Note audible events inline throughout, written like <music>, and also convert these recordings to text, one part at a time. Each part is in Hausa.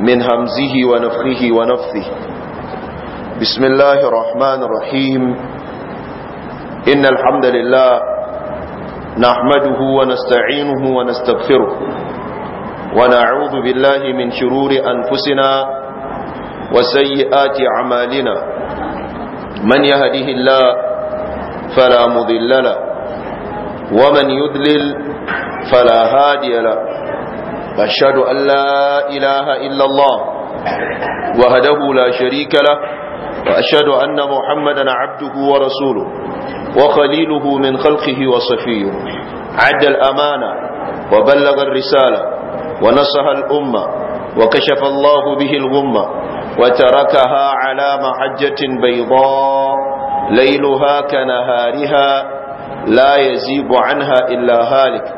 من همزه ونفخه ونفثه بسم الله الرحمن الرحيم إن الحمد لله نحمده ونستعينه ونستغفره ونعوذ بالله من شرور أنفسنا وسيئات أعمالنا من يهده الله فلا مضل له ومن يذلل فلا هادي له وأشهد أن لا إله إلا الله وهده لا شريك له وأشهد أن محمدا عبده ورسوله وخليله من خلقه وصفيه عد الأمانة وبلغ الرسالة ونصح الأمة وكشف الله به الغمة وتركها على محجة بيضاء ليلها كنهارها لا يزيب عنها إلا هالك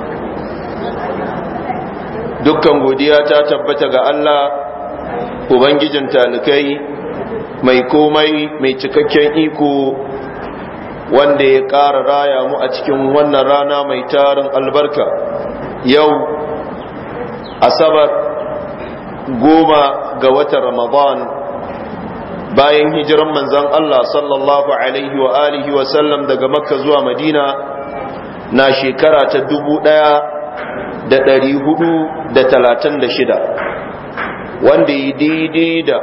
dukkan godiya ta tabbata ga Allah ubangijin talikai mai komai mai cikakken iko wanda ya ƙara raya mu a cikin wannan rana mai tarin albarka yau asabar goma ga wata ramadan bayan hijiran manzan Allah sallallahu alaihi wa alihi wa daga makka zuwa madina na shekara ta dubu ɗaya da ɗari hudu da talatin da shida wanda yi daidai da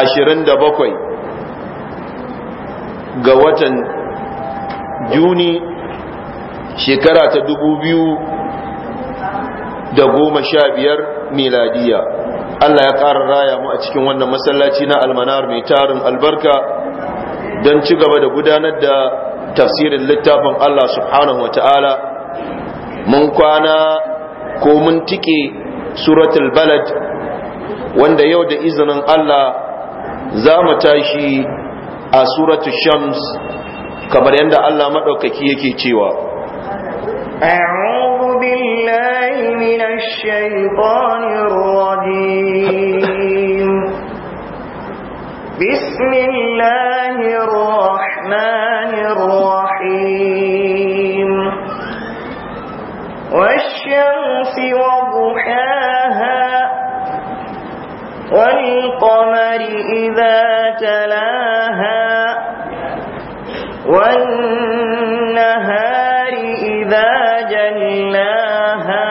ashirin da bakwai ga watan juni shekara ta dubu biyu da goma sha biyar miladiya Allah ya ƙara raya mu a cikin wannan masallaci na almanar mai tarin albarka don ci gaba da gudanar da tafsirin littafin Allah subhanahu wa ta'ala mun kwana ko mun tike suratul balad wanda yau da izinin Allah za mu tashi a suratul shams kamar yadda Allah maɗaukaki yake cewa أعوذ بالله من الشيطان الرجيم بسم الله الرحمن والشمس وضحاها والقمر إذا تلاها والنهار إذا جلاها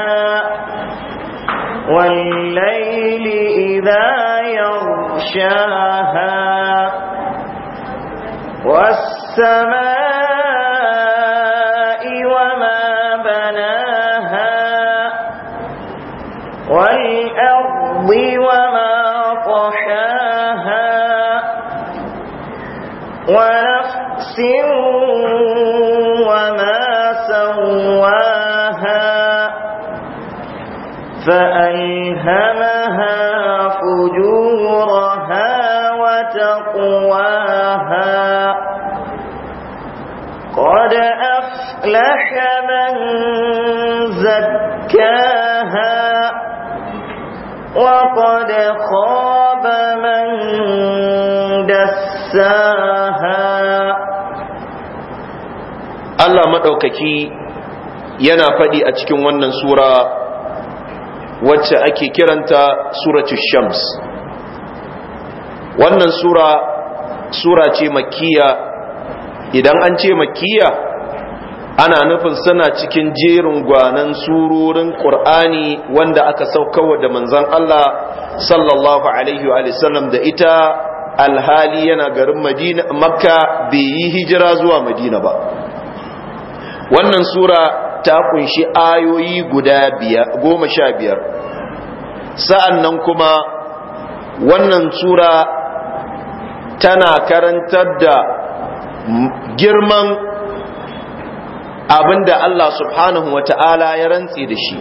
والليل إذا يغشاها والسماء ألهمها فجورها وتقواها قد أفلح من زكاها وقد خاب من دساها Allah maɗaukaki yana faɗi a cikin wannan sura wacce ake kiranta suratu shams wannan sura sura ce makkiya idan an ce makkiya ana nufin suna cikin jerin gwanan surorin ƙur'ani wanda aka saukawa da manzan Allah sallallahu alaihi wa sallam da ita alhali yana garin madina makka bai yi hijira zuwa madina ba wannan sura ta kunshi ayoyi guda goma sha biyar sa'an nan kuma wannan sura tana karantar da girman abin da Allah subhanahu wa ta'ala ya rantse da shi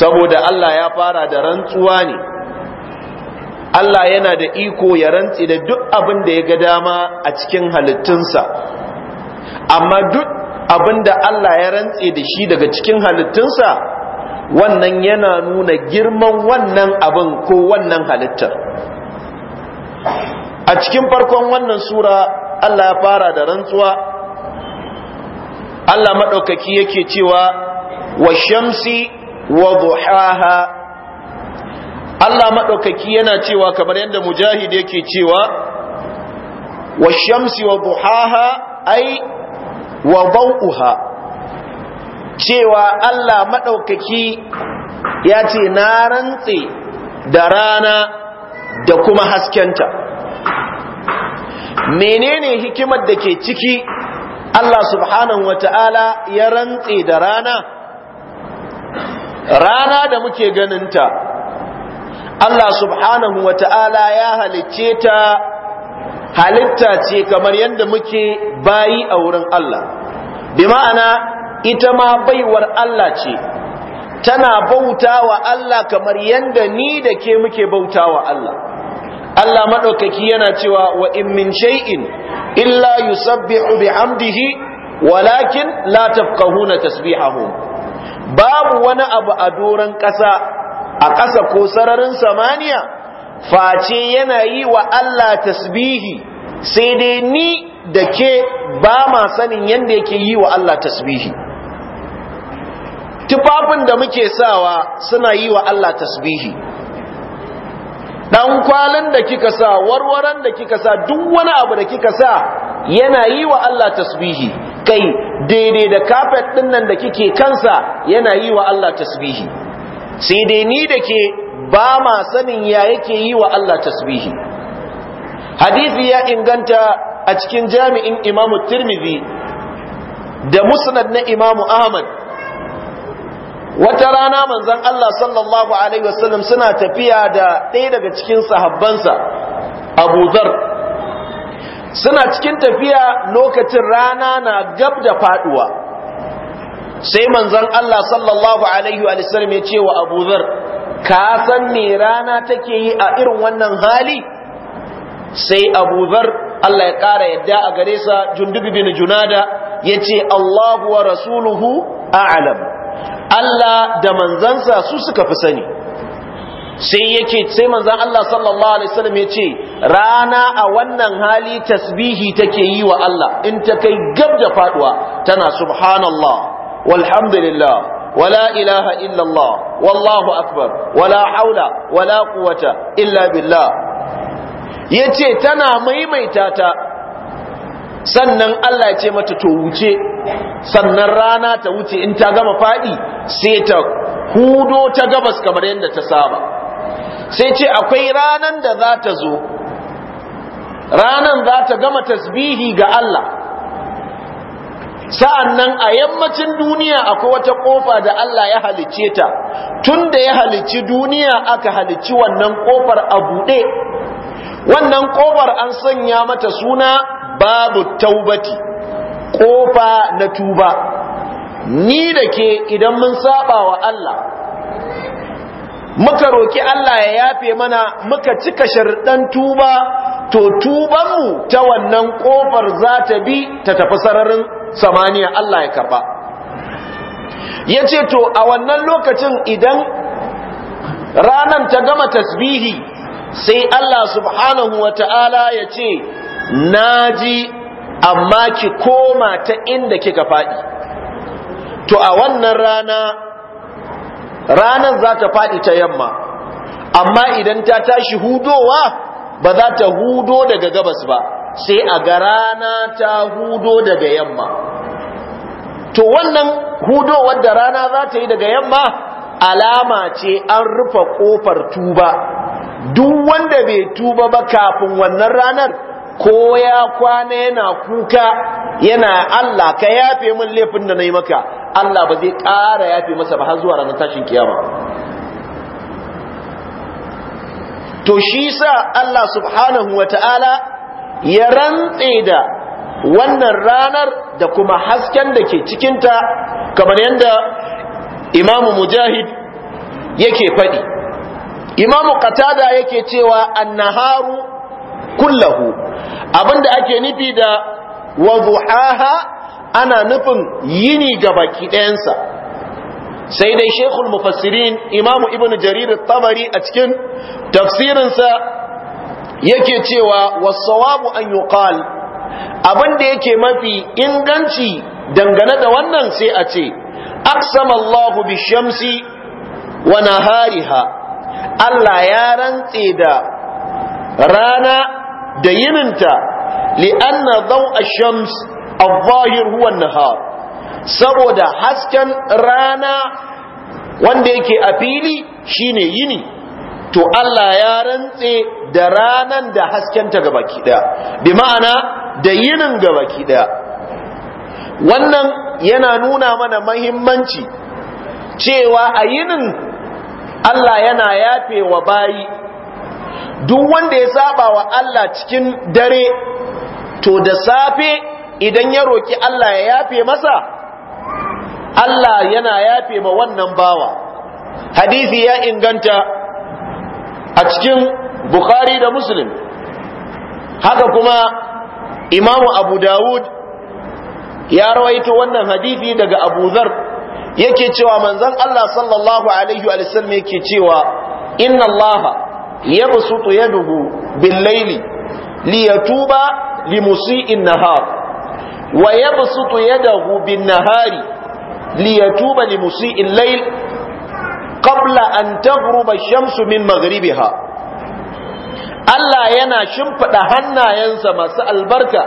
saboda Allah ya fara da rantsuwa ne Allah yana da iko ya rantse da duk abin da ya ga dama a cikin halittunsa amma duk abinda Allah ya rantse da shi daga cikin halittunsa wannan yana nuna girman wannan abin ko wannan halittar a cikin farkon wannan sura Allah ya fara da rantsuwa Allah maɗaukaki yake cewa wa shamsi wa duhaha Allah maɗaukaki yana cewa kamar yadda mujahid yake cewa wa shamsi wa duhaha ai wa bau'uha cewa Allah maɗaukaki ya ce na rantse da rana da kuma haskenta menene hikimar da ke ciki Allah subhanahu wa ya rantse da rana rana da muke ganinta Allah subhanahu wa ya halicce ta halitta ce kamar yadda muke bayi a wurin Allah bi ma'ana ita ma baiwar Allah ce tana bauta wa Allah kamar yadda ni da ke muke bauta wa Allah Allah maɗaukaki yana cewa wa in min shay'in illa yusabbihu bihamdihi walakin la tafqahuna tasbihahum babu wani abu a doron ƙasa a ƙasa ko sararin samaniya face yana yi wa Allah tasbihi sai dai ni da ke ba ma sanin yadda yake yi wa Allah tasbihi tufafin da muke sawa suna yi wa Allah tasbihi dan kwalin da kika sa warwaran da kika sa duk wani abu da kika sa yana yi wa Allah tasbihi kai daidai da kafet din da kike kansa yana yi wa Allah tasbihi sai dai ni da ke ba ma sanin ya yake yi wa Allah tasbihi hadisi ya inganta a cikin jami'in imamu tirmidhi da musnad na imamu ahmad wata rana manzan Allah sallallahu alaihi wasallam suna tafiya da ɗaya daga cikin sahabbansa Abu Dhar suna cikin tafiya lokacin rana na gab da faduwa sai manzan Allah sallallahu alaihi wasallam ya ce wa Abu Dhar ka san me rana take yi a irin wannan hali sai Abu Dhar Allah ya ƙara yadda a gare sa Jundub bin Junada yace Allahu wa rasuluhu a'lam Allah da manzansa su suka fi sani sai yake sai manzan Allah sallallahu alaihi wasallam yace rana a wannan hali tasbihi take yi wa Allah in ta kai gab da faduwa tana subhanallah walhamdulillah wala ilaha illallah wallahu akbar wala haula wala quwwata illa billah yace tana maimaita ta sannan Allah ya ce mata to wuce sannan rana ta wuce in ta gama fadi sai ta hudo ta gabas kamar yadda ta saba sai ce akwai ranan da za ta zo ranan za ta gama tasbihi ga Allah sa'annan a yammacin duniya akwai wata ƙofa da Allah ya halicce ta tun da ya halicci duniya aka halicci wannan ƙofar a buɗe wannan ƙofar an sanya mata suna babu taubati ƙofa na tuba ni da ke idan mun saba wa Allah muka roƙi Allah ya yafe mana muka cika sharɗan tuba to tubanmu ta wannan kofar za ta bi ta tafi sararin samaniya Allah ya karba ya ce to a wannan lokacin idan ranar ta gama tasbihi sai Allah subhanahu wa ta'ala ya ce na ji amma ki koma ta inda kika faɗi to a wannan rana ranar za ta faɗi ta yamma amma idan ta tashi hudowa ba za ta hudo daga gabas ba sai a ga rana ta hudo daga yamma to wannan hudo wadda rana za ta yi daga yamma alama ce an rufe kofar tuba duk wanda bai tuba ba kafin wannan ranar ko ya kwana yana kuka yana Allah ka yafe min laifin da nayi maka Allah ba zai ƙara yafe masa ba har zuwa ranar tashin kiyama to shi sa Allah subhanahu wa ta'ala ya rantse da wannan ranar da kuma hasken da ke cikinta kamar yadda imamu mujahid yake faɗi imamu katada yake cewa annaharu kullahu abinda ake nufi da wa ana nufin yini ga baki ɗayansa sai dai shekul mufassirin imamu ibn jarir tabari a cikin tafsirinsa yake cewa wasawabu an yuqal abin da yake mafi inganci dangane da wannan sai a ce aksamallahu bi shamsi wa nahariha Allah ya rantse da rana da yininta li'anna daw ash-shams adh-dhahir huwa an-nahar saboda hasken rana wanda yake a fili shine yini to Allah ya rantse da ranan da haskenta ta daya bi ma'ana da yinin gaba daya wannan yana nuna mana mahimmanci cewa a yinin Allah yana yafe wa bayi duk wanda ya saba wa Allah cikin dare to da safe idan ya roki Allah ya yafe masa Allah yana yafe ma wannan bawa hadisi ya inganta a cikin Bukhari da Muslim haka kuma Imamu Abu Dawud ya rawaito wannan hadisi daga Abu Zar yake cewa manzon Allah sallallahu alaihi wa sallam yake cewa inna Allah yabsutu yaduhu bil-laili liyatuba limusi'in nahar wa yabsutu yadahu bin-nahari liyatuba li musii'il layl qabla an taghruba ash-shamsu min magaribi maghribiha Allah yana shimfiɗa hannayensa masu albarka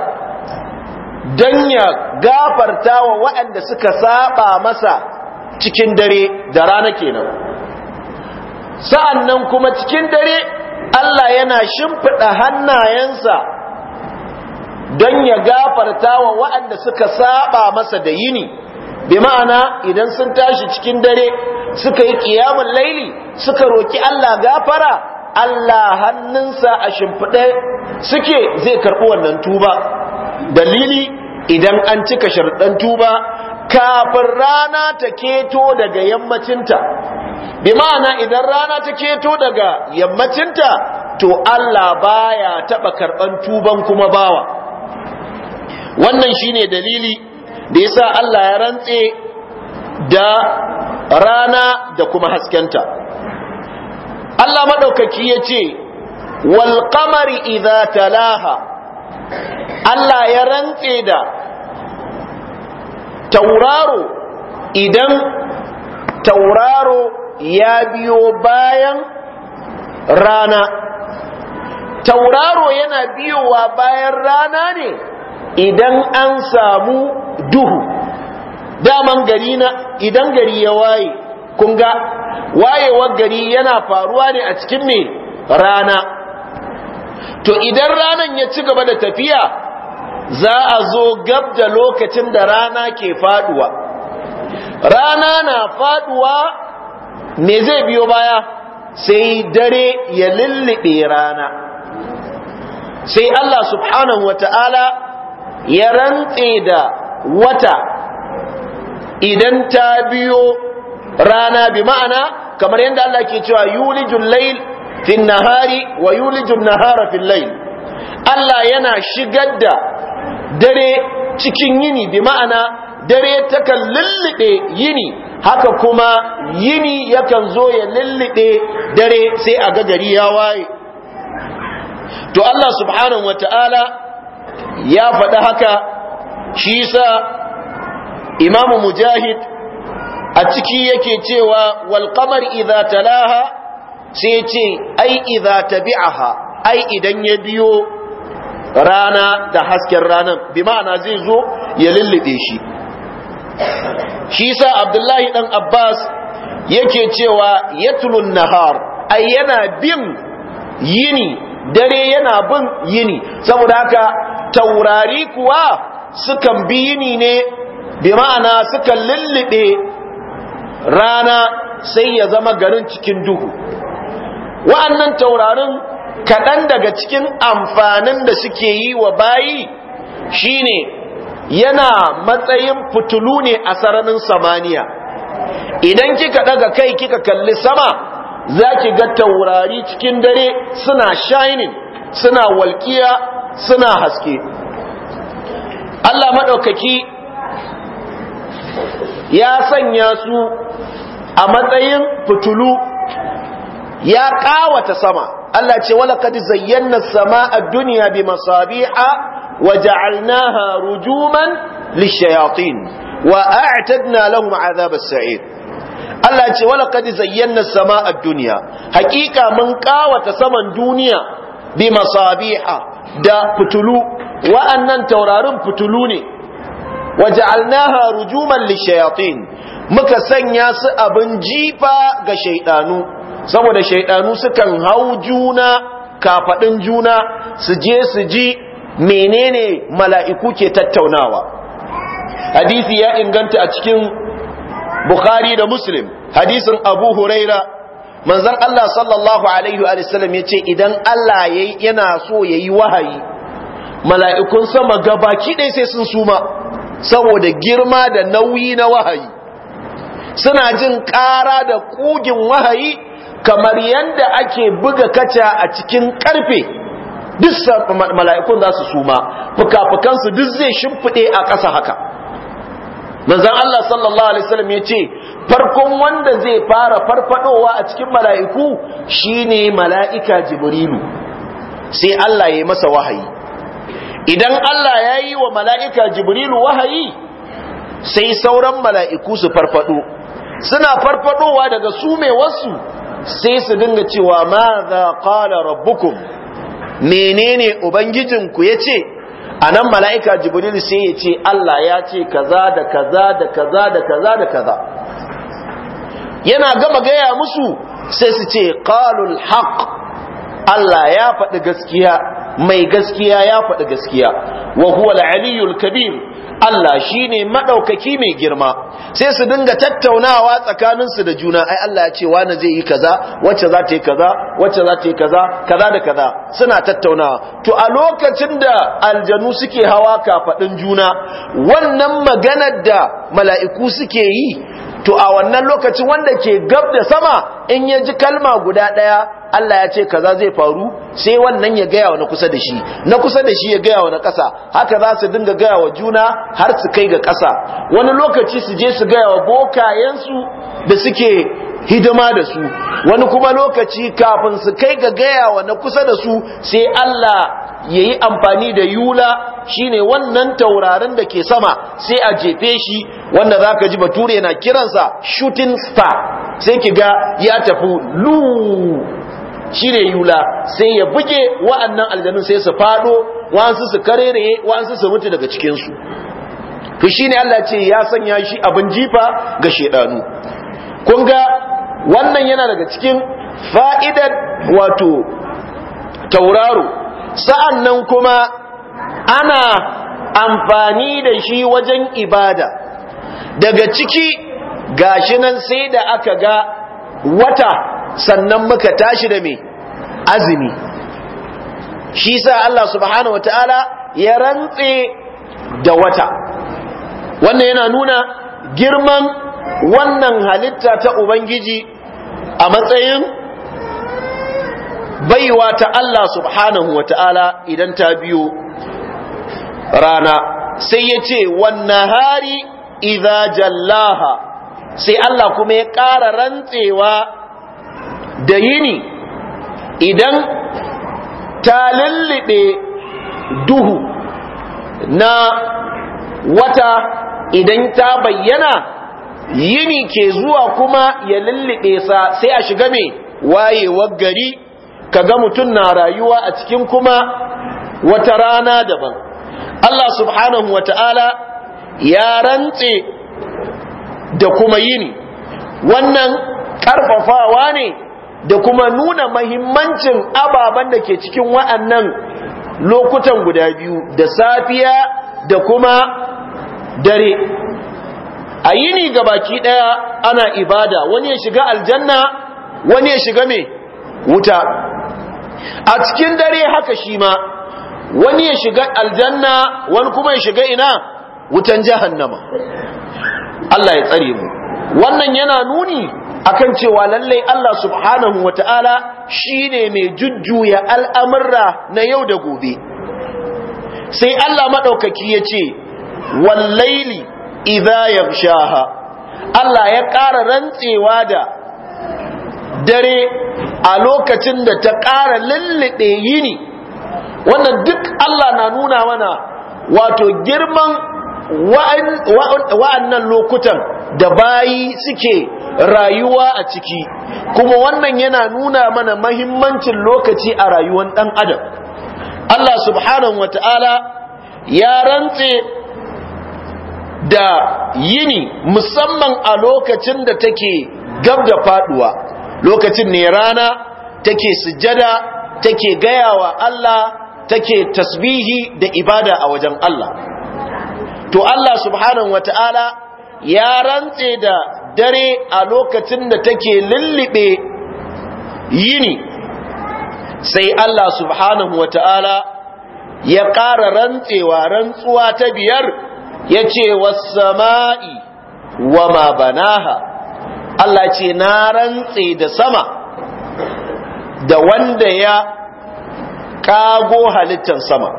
dan ya gafarta wa waɗanda suka saba masa cikin dare da rana kenan sa'annan kuma cikin dare Allah yana shimfiɗa hannayensa don ya gafarta wa waɗanda suka saɓa masa da yini bi ma'ana idan sun tashi cikin dare suka yi ƙiyamun laili suka roki Allah gafara Allah hannunsa a shimfiɗe suke zai karɓi wannan tuba dalili idan an cika sharɗan tuba kafin rana ta keto daga yammacinta bi ma'ana idan rana ta keto daga yammacinta to Allah baya taɓa karɓan tuban kuma bawa wannan shine dalili da yasa Allah ya rantse da rana da kuma haskenta Allah madaukaki ya ce wal qamari idza talaha Allah ya rantse da tauraro idan tauraro ya biyo bayan rana tauraro yana biyowa bayan rana ne idan an samu duhu daman gari na idan gari ya waye kun wayewar gari yana faruwa ne a cikin me rana to idan ranan ya ci gaba da tafiya za a zo gab da lokacin da rana ke faduwa rana na faduwa me zai biyo baya sai dare ya lulluɓe rana sai Allah subhanahu wa ta'ala ya rantse da wata idan ta biyo rana bi ma'ana kamar yadda Allah ke cewa yulijul layl fin nahari wa yulijul nahara fil layl Allah yana shigar da dare cikin yini bi ma'ana dare takan lullube yini haka kuma yini yakan zo ya lullube dare sai a gari ya waye to Allah subhanahu wataala ya faɗi haka shi sa imamu mujahid a ciki yake cewa walƙamar ta talaha sai ce ai a ha, ai idan ya biyo rana da hasken ranar bi ma'ana zai zo ya lullube shi shi sa abdullahi ɗan abbas yake cewa ya tulun nahar ai yana bin yini dare yana bin yini saboda haka taurari kuwa sukan bini ne bi ma'ana sukan lullube rana sai ya zama garin cikin duhu wa'annan taurarin kaɗan daga cikin amfanin da suke yi wa bayi shine yana matsayin fitulu ne a saranin samaniya idan kika daga kai kika kalli sama za ki ga taurari cikin dare suna shining suna walƙiya suna haske Allah maɗaukaki ya sanya su a matsayin fitulu ya ƙawata sama Allah ce wala kadi zayyana sama a duniya bi masabiha wa ja'alnaha rujuman lishayatin wa a'tadna lahum azab as Allah ce wala kadi zayyana sama a duniya hakika mun ƙawata saman duniya bi masabiha da fitulu wa'annan taurarin fitulu ne waja'alnaha rujuman lishayatin muka sanya su abin jifa ga shaidanu saboda shaidanu sukan hau juna kafadin juna su je su ji menene mala'iku ke tattaunawa hadisi ya inganta a cikin bukhari da muslim hadisin abu huraira manzon Allah sallallahu alaihi wa sallam ce, idan Allah yayi yana so yayi wahayi mala'ikun sama gabaki dai sai sun suma saboda girma da nauyi na wahayi suna jin ƙara da ƙugin wahayi kamar yadda ake buga kaca a cikin ƙarfe, duk mala'ikun za su suma fuka-fukansu duk zai shimfiɗe a ƙasa haka manzon Allah sallallahu alaihi wasallam ya ce farkon wanda zai fara farfadowa a cikin mala'iku shine mala'ika jibrilu sai Allah ya masa wahayi idan Allah ya yi wa mala'ika jibrilu wahayi sai sauran mala'iku su farfado suna farfadowa daga su mai wasu sai su dinga cewa ma za ƙala rabbukum menene ubangijinku ya ce a nan mala'ika jibril sai ya ce Allah ya ce kaza da kaza da kaza da kaza da kaza yana gama gaya musu sai su ce ƙalul haqq Allah ya faɗi gaskiya mai gaskiya ya faɗi gaskiya wa huwa al-aliyyul kabir Allah shi ne maɗaukaki mai girma sai su dinga tattaunawa tsakaninsu da juna ai Allah ya ce wani zai yi kaza wacce za ta yi kaza wacce za ta yi kaza kaza da kaza suna tattaunawa to a lokacin da aljanu suke hawa kafaɗin juna wannan maganar da mala'iku suke yi to a wannan lokacin wanda ke gab da sama in ya ji kalma guda ɗaya Allah ya ce kaza zai faru sai wannan ya gaya wa na kusa da shi na kusa da shi ya gaya wa na ƙasa haka za su dinga gaya wa juna har su kai ga ƙasa wani lokaci su je su gaya wa bokayensu da suke hidima da su wani kuma lokaci kafin su kai ga gaya wa na kusa da su sai Allah ya yi amfani da yula shine wannan taurarin da ke sama sai a jefe shi wanda za ka ji bature na kiransa shooting star sai kiga ya tafi lu shine yula sai ya buge wa'annan aljanun sai su fado wa'ansu su karere wa'ansu su mutu daga cikinsu. su to shine Allah ce ya sanya shi abin jifa ga shedanu kun ga wannan yana daga cikin fa'idar wato tauraro sa'annan kuma ana amfani da shi wajen ibada daga ciki gashi nan sai da aka ga wata sannan muka tashi da mai. azumi shi sa Allah subhanahu ta'ala ya rantse da wata wannan yana nuna girman wannan halitta ta ubangiji a matsayin baiwa ta Allah subhanahu ta'ala idan ta biyo rana sai ya ce wannan hari idza jallaha sai Allah kuma ya ƙara rantsewa da yini idan ta lullube duhu na wata idan ta bayyana yini ke zuwa kuma ya lullube sa sai a shiga mai wayewar gari kaga mutum na rayuwa a cikin kuma wata rana daban Allah subhanahu wa ta'ala ya rantse da kuma yini wannan ƙarfafawa ne da kuma nuna mahimmancin ababen da ke cikin wa'annan lokutan guda biyu da safiya da kuma dare a yini ga baki ɗaya ana ibada wani ya shiga aljanna wani ya shiga mai wuta a cikin dare haka shi ma wani ya shiga aljanna wani kuma ya shiga ina wutan jahannama Allah ya tsare mu wannan yana nuni akan cewa lallai Allah subhanahu wata'ala shine mai jujjuya al'amurra na yau da gobe sai Allah madaukaki yace wallaili idza yaghshaha Allah ya ƙara rantsewa da dare a lokacin da ta ƙara lullube yini wannan duk Allah na nuna mana wato girman wa'annan lokutan da bayi suke rayuwa a ciki kuma wannan yana nuna mana mahimmancin lokaci a rayuwar ɗan adam Allah subhanahu wa ta'ala ya rantse da yini musamman a lokacin da take gab da faduwa lokacin ne rana take sujjada take gayawa Allah take tasbihi da ibada a wajen Allah to Allah subhanahu wa ta'ala ya rantse da dare a lokacin da take lullube yini sai Allah subhanahu wa ta'ala ya ƙara rantsewa rantsuwa ta biyar ya ce wasama'i wa ma banaha Allah ce na rantse da sama da wanda ya ƙago halittar sama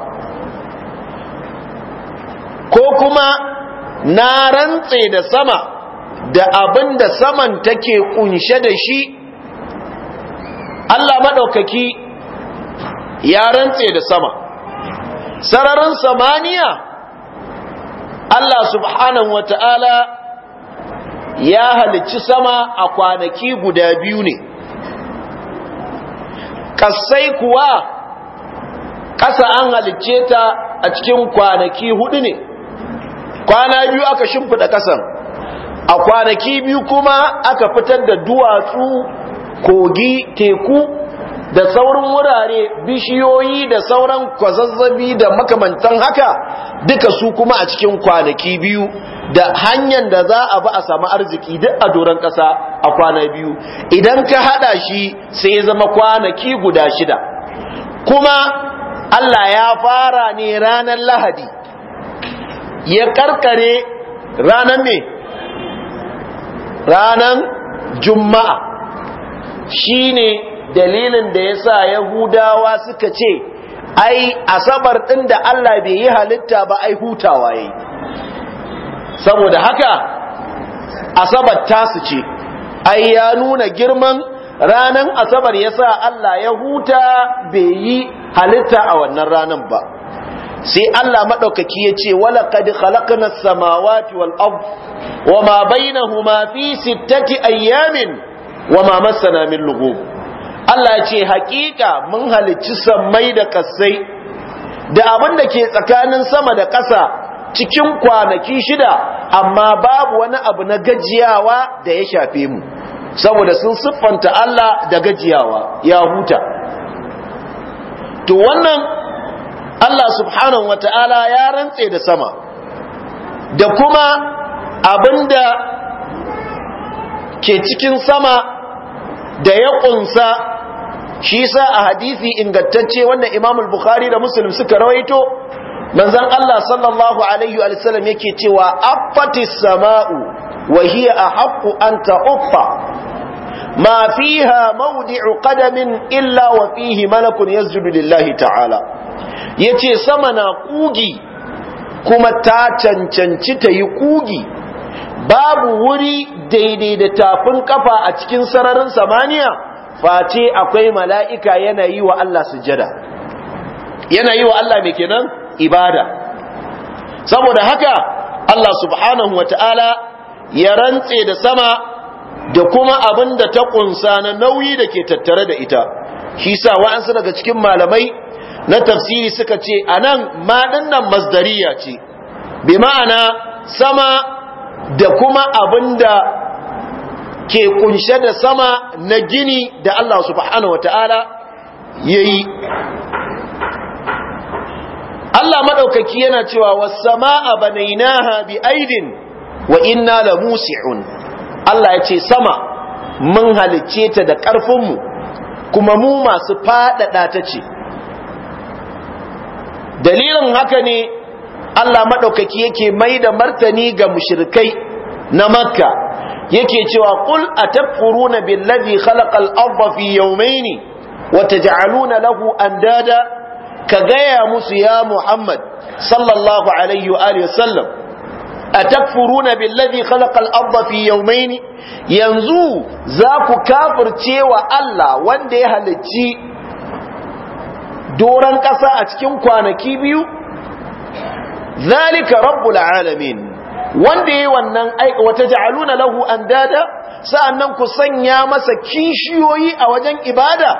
ko kuma na rantse da sama da abin da saman take kunshe da shi Allah maɗaukaki ya rantse da sama sararin samaniya Allah subhanahu wa ta'ala ya halicci sama a kwanaki guda biyu ne kasai kuwa ƙasa an halicce ta a cikin kwanaki hudu ne kwana biyu aka shimfida kasan a kwanaki biyu kuma aka fitar da duwatsu kogi teku da saurin wurare bishiyoyi da sauran kwazazzabi da makamantan haka duka su kuma a cikin kwanaki biyu da hanyar da za a bi a samu arziki duk a doron ƙasa a kwana biyu idan ka hada shi sai ya zama kwanaki guda shida kuma Allah ya fara ne ranar lahadi ya karkare ranan ne ranan juma'a shine dalilin da yasa yahudawa suka ce ai asabar ɗin da Allah bai yi halitta ba ai hutawa yayi saboda haka asabar tasu ce ai ya nuna girman ranan asabar ya sa Allah ya huta bai yi halitta a wannan ranan ba sai Allah maɗaukaki ya ce wala kadi khalaqna samawati wal ard wa ma bainahuma fi sittati ayyamin wa ma massana min lughub Allah ya ce hakika mun halicci sammai da kasai da abin da ke tsakanin sama da ƙasa cikin kwanaki shida amma babu wani abu na gajiyawa da ya shafe mu saboda sun siffanta Allah da gajiyawa ya huta to wannan Allah subhanahu wata'ala ya rantse da sama da kuma abinda ke cikin sama da ya kunsa shi sa a hadisi ingantacce wanda Imam al-Bukhari da Muslim suka rawaito manzon Allah sallallahu alaihi wa sallam yake cewa affatis sama'u wa hiya ahqqu an ta'uffa ma fiha mawdi'u qadamin illa wa fihi malakun yasjudu lillahi ta'ala ya ce sama na kugi kuma ta cancanci ta yi kugi babu wuri daidai da tafin kafa a cikin sararin samaniya face akwai mala'ika yanayi wa Allah sujada yanayi wa Allah mai kenan ibada saboda haka Allah subhanahu wa ta'ala ya rantse da sama da kuma abin da ta ƙunsa na nauyi da ke tattare da ita shi sa wa'ansu daga cikin malamai na tafsiri suka ce anan nan dinnan masdariya ce bi ma'ana sama da kuma da ke kunshe da sama na gini da Allah subhanahu ya yi. Allah maɗaukaki yana cewa was-samaa banainaha bi aidin wa inna la musi'un Allah ya ce sama mun halicce ta da ƙarfinmu kuma mu masu faɗaɗa ta ce dalilin haka ne Allah maɗaukaki yake mai da martani ga mushirikai na makka yake cewa a atakfuruna billazi khalaqal arda fi yaumaini. Wata taj'aluna lahu andada ka gaya musu ya Muhammad sallallahu alaihi wa alihi a atakfuruna billazi khalaqal arda fi yaumaini yanzu za ku kafirce wa Allah wanda ya halicci doron ƙasa a cikin kwanaki biyu zalika rabbul alamin wanda yi wannan aika wata ja'aluna lahu andada sa'annan ku sanya masa kishiyoyi a wajen ibada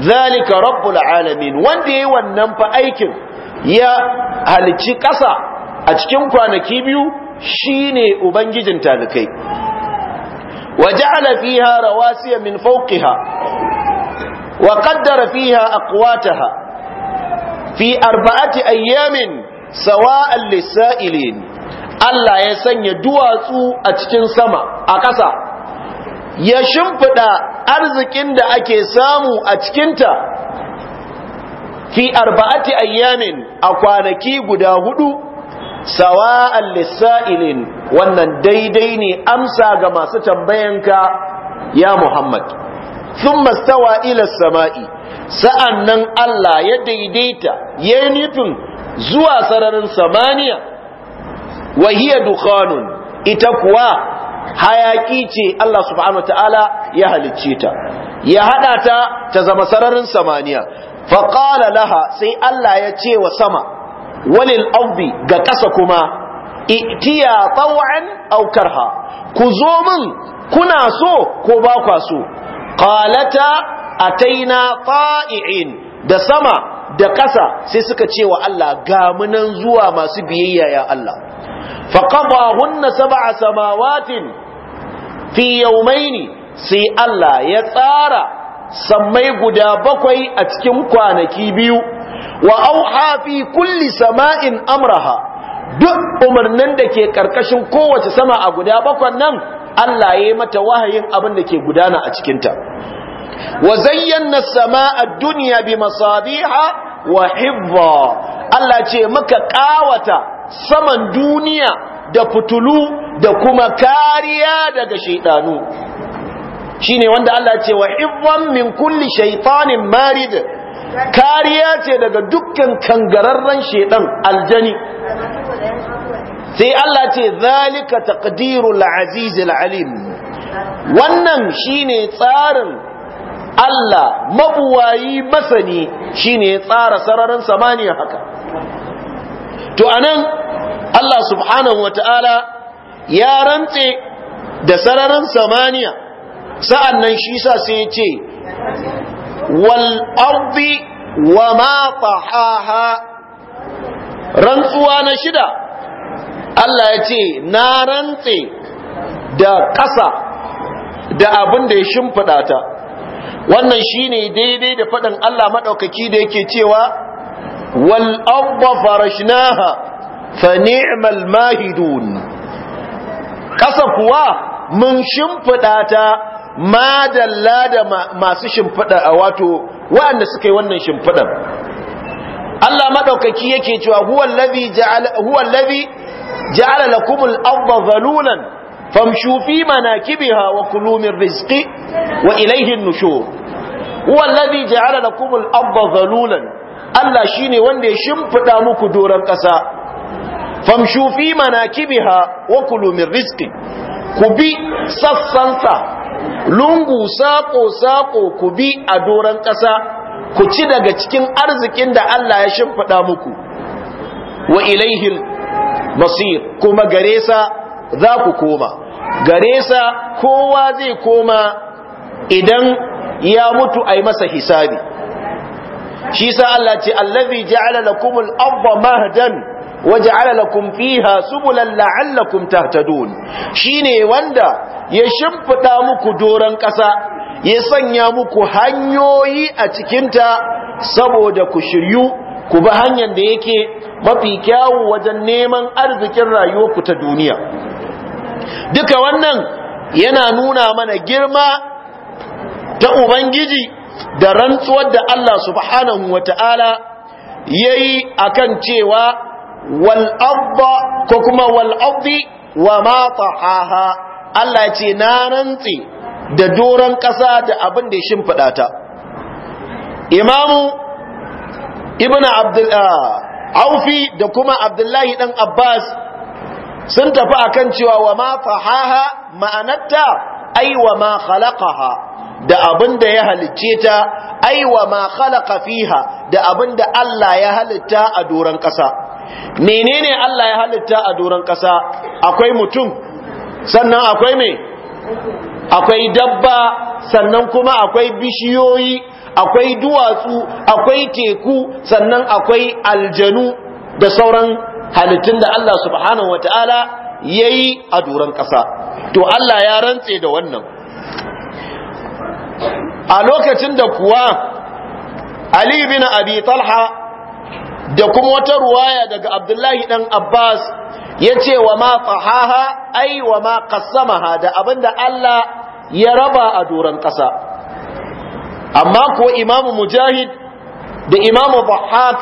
zalika rabbul alamin wanda yi wannan fa aikin ya halici ƙasa a cikin kwanaki biyu Shi ne ubangijin talikai waja'ala fiha rawasiya min fawqiha wa qaddara fiha aqwataha fi arba'ati ayyamin sawa'an lisa'ilin Allah ya sanya duwatsu a cikin sama a ƙasa ya shimfida arzikin da ake samu a cikinta fi arba'ati ayyamin a kwanaki guda hudu sawa'an lisa'ilin wannan daidai ne amsa ga masu tambayanka ya Muhammad Sun mastawa ilar sama'i sa'annan Allah ya daidaita yayin nufin zuwa sararin samaniya wa hiya ita kuwa hayaki ce Allah subhanahu ta'ala ya halicci ta ya haɗa ta ta zama sararin samaniya faƙala laha sai Allah ya ce wa sama walil aubi ga ƙasa kuma itiya taw'an aw ku zo min kuna so ko ba kwa so qalata ataina fa'i'in da sama da ƙasa sai suka ce wa Allah ga munan zuwa masu biyayya ya Allah faqadahunna sab'a samawatin fi yawmaini sai Allah ya tsara sammai guda bakwai a cikin kwanaki biyu wa auha fi kulli sama'in amraha duk umarnin da ke karkashin kowace sama a guda bakwan nan Allah ya yi mata wahayin abin da ke gudana a cikinta wa zayyana sama'a duniya bi masabiha wa hibba Allah ce muka kawata saman duniya da fitulu da kuma kariya daga shaidanu shine wanda Allah ce wa hibban min kulli shaytanin marid kariya ce daga dukkan kangararren shedan aljani sai Allah ce zalika taqdirul azizil alim wannan shine tsarin Allah mabuwayi masani shine ya tsara sararin samaniya haka to anan Allah subhanahu wataala ya rantse da sararin samaniya sa'annan shi sa sai ya ce wal ardi wa ma tahaha rantsuwa na shida Allah ya ce na rantse da ƙasa da abin da ya shimfiɗa ta wannan shine daidai da faɗin Allah maɗaukaki da yake cewa wal abba farashnaha fa ni'mal mahidun ƙasa kuwa mun shimfiɗa ta madalla da masu shimfiɗa wato waɗanda suka yi wannan shimfiɗan. Allah maɗaukaki yake cewa huwa allazi ja'ala lakumul arda zalulan famshu fi manakibiha wa kulu min rizqi wa ilayhi an-nushur huwa alladhi ja'ala lakumul arda zalulan Allah shine wanda ya shimfiɗa muku doran ƙasa. famshu fi manakibiha wa kulu min rizqi ku bi sassansa lungu sako sako ku bi a doron ƙasa. ku ci daga cikin arzikin da Allah ya shimfida muku wa masir kuma gare sa za ku koma gare sa kowa zai koma idan ya mutu a masa hisabi shi sa Allah ce allazi ja'ala lakumul arda mahdan wa ja'ala lakum fiha subulan la'allakum tahtadun shine wanda ya shimfida muku doran kasa ya sanya muku hanyoyi a cikinta saboda ku shiryu ku bi hanyar da yake mafi kyawu wajen neman arzikin rayuwarku ta duniya duka wannan yana nuna mana girma ta ubangiji da rantsuwar da Allah subhanahu wata'ala yayi akan cewa wal ko kuma wal wa ma tahaha Allah ce na rantsi da doron ƙasa da abin da ya shimfiɗa ta imamu ibn ah, aufi da kuma abdullahi ɗan abbas sun tafi akan cewa wa ma fahaha ma'anarta ai wa ma khalaqaha da abinda ya halicce ta ai wa ma khalaqa fiha da abinda Allah ya halitta a doran kasa menene Allah ya halitta a doran kasa akwai mutum sannan akwai me akwai dabba sannan kuma akwai bishiyoyi akwai duwatsu akwai teku sannan akwai aljanu da sauran halittun da Allah subhanahu wataala yayi a duran ƙasa to Allah ya rantse da wannan a lokacin da kuwa Ali bin Abi Talha da kuma wata ruwaya daga Abdullahi dan Abbas yace wa ma fahaha ai wa ma qassamaha da abinda Allah ya raba a duran ƙasa amma ko imamu mujahid da imamu bahak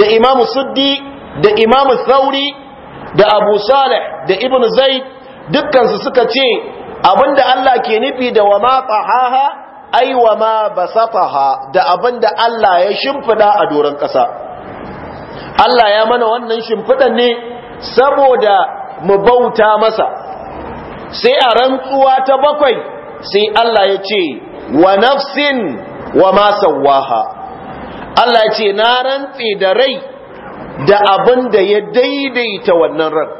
da imamu suddi da imamu sauri da abu salih da ibn zaid dukkansu suka ce abinda Allah ke nufi da wa ma tahaha ai wa ma basataha da abinda Allah ya shimfida a doron ƙasa Allah ya mana wannan shimfidan ne saboda mu bauta masa sai a rantsuwa ta bakwai sai Allah ya ce wa nafsin wa ma sawaha Allah ce na rantse da rai da abin da ya daidaita wannan ran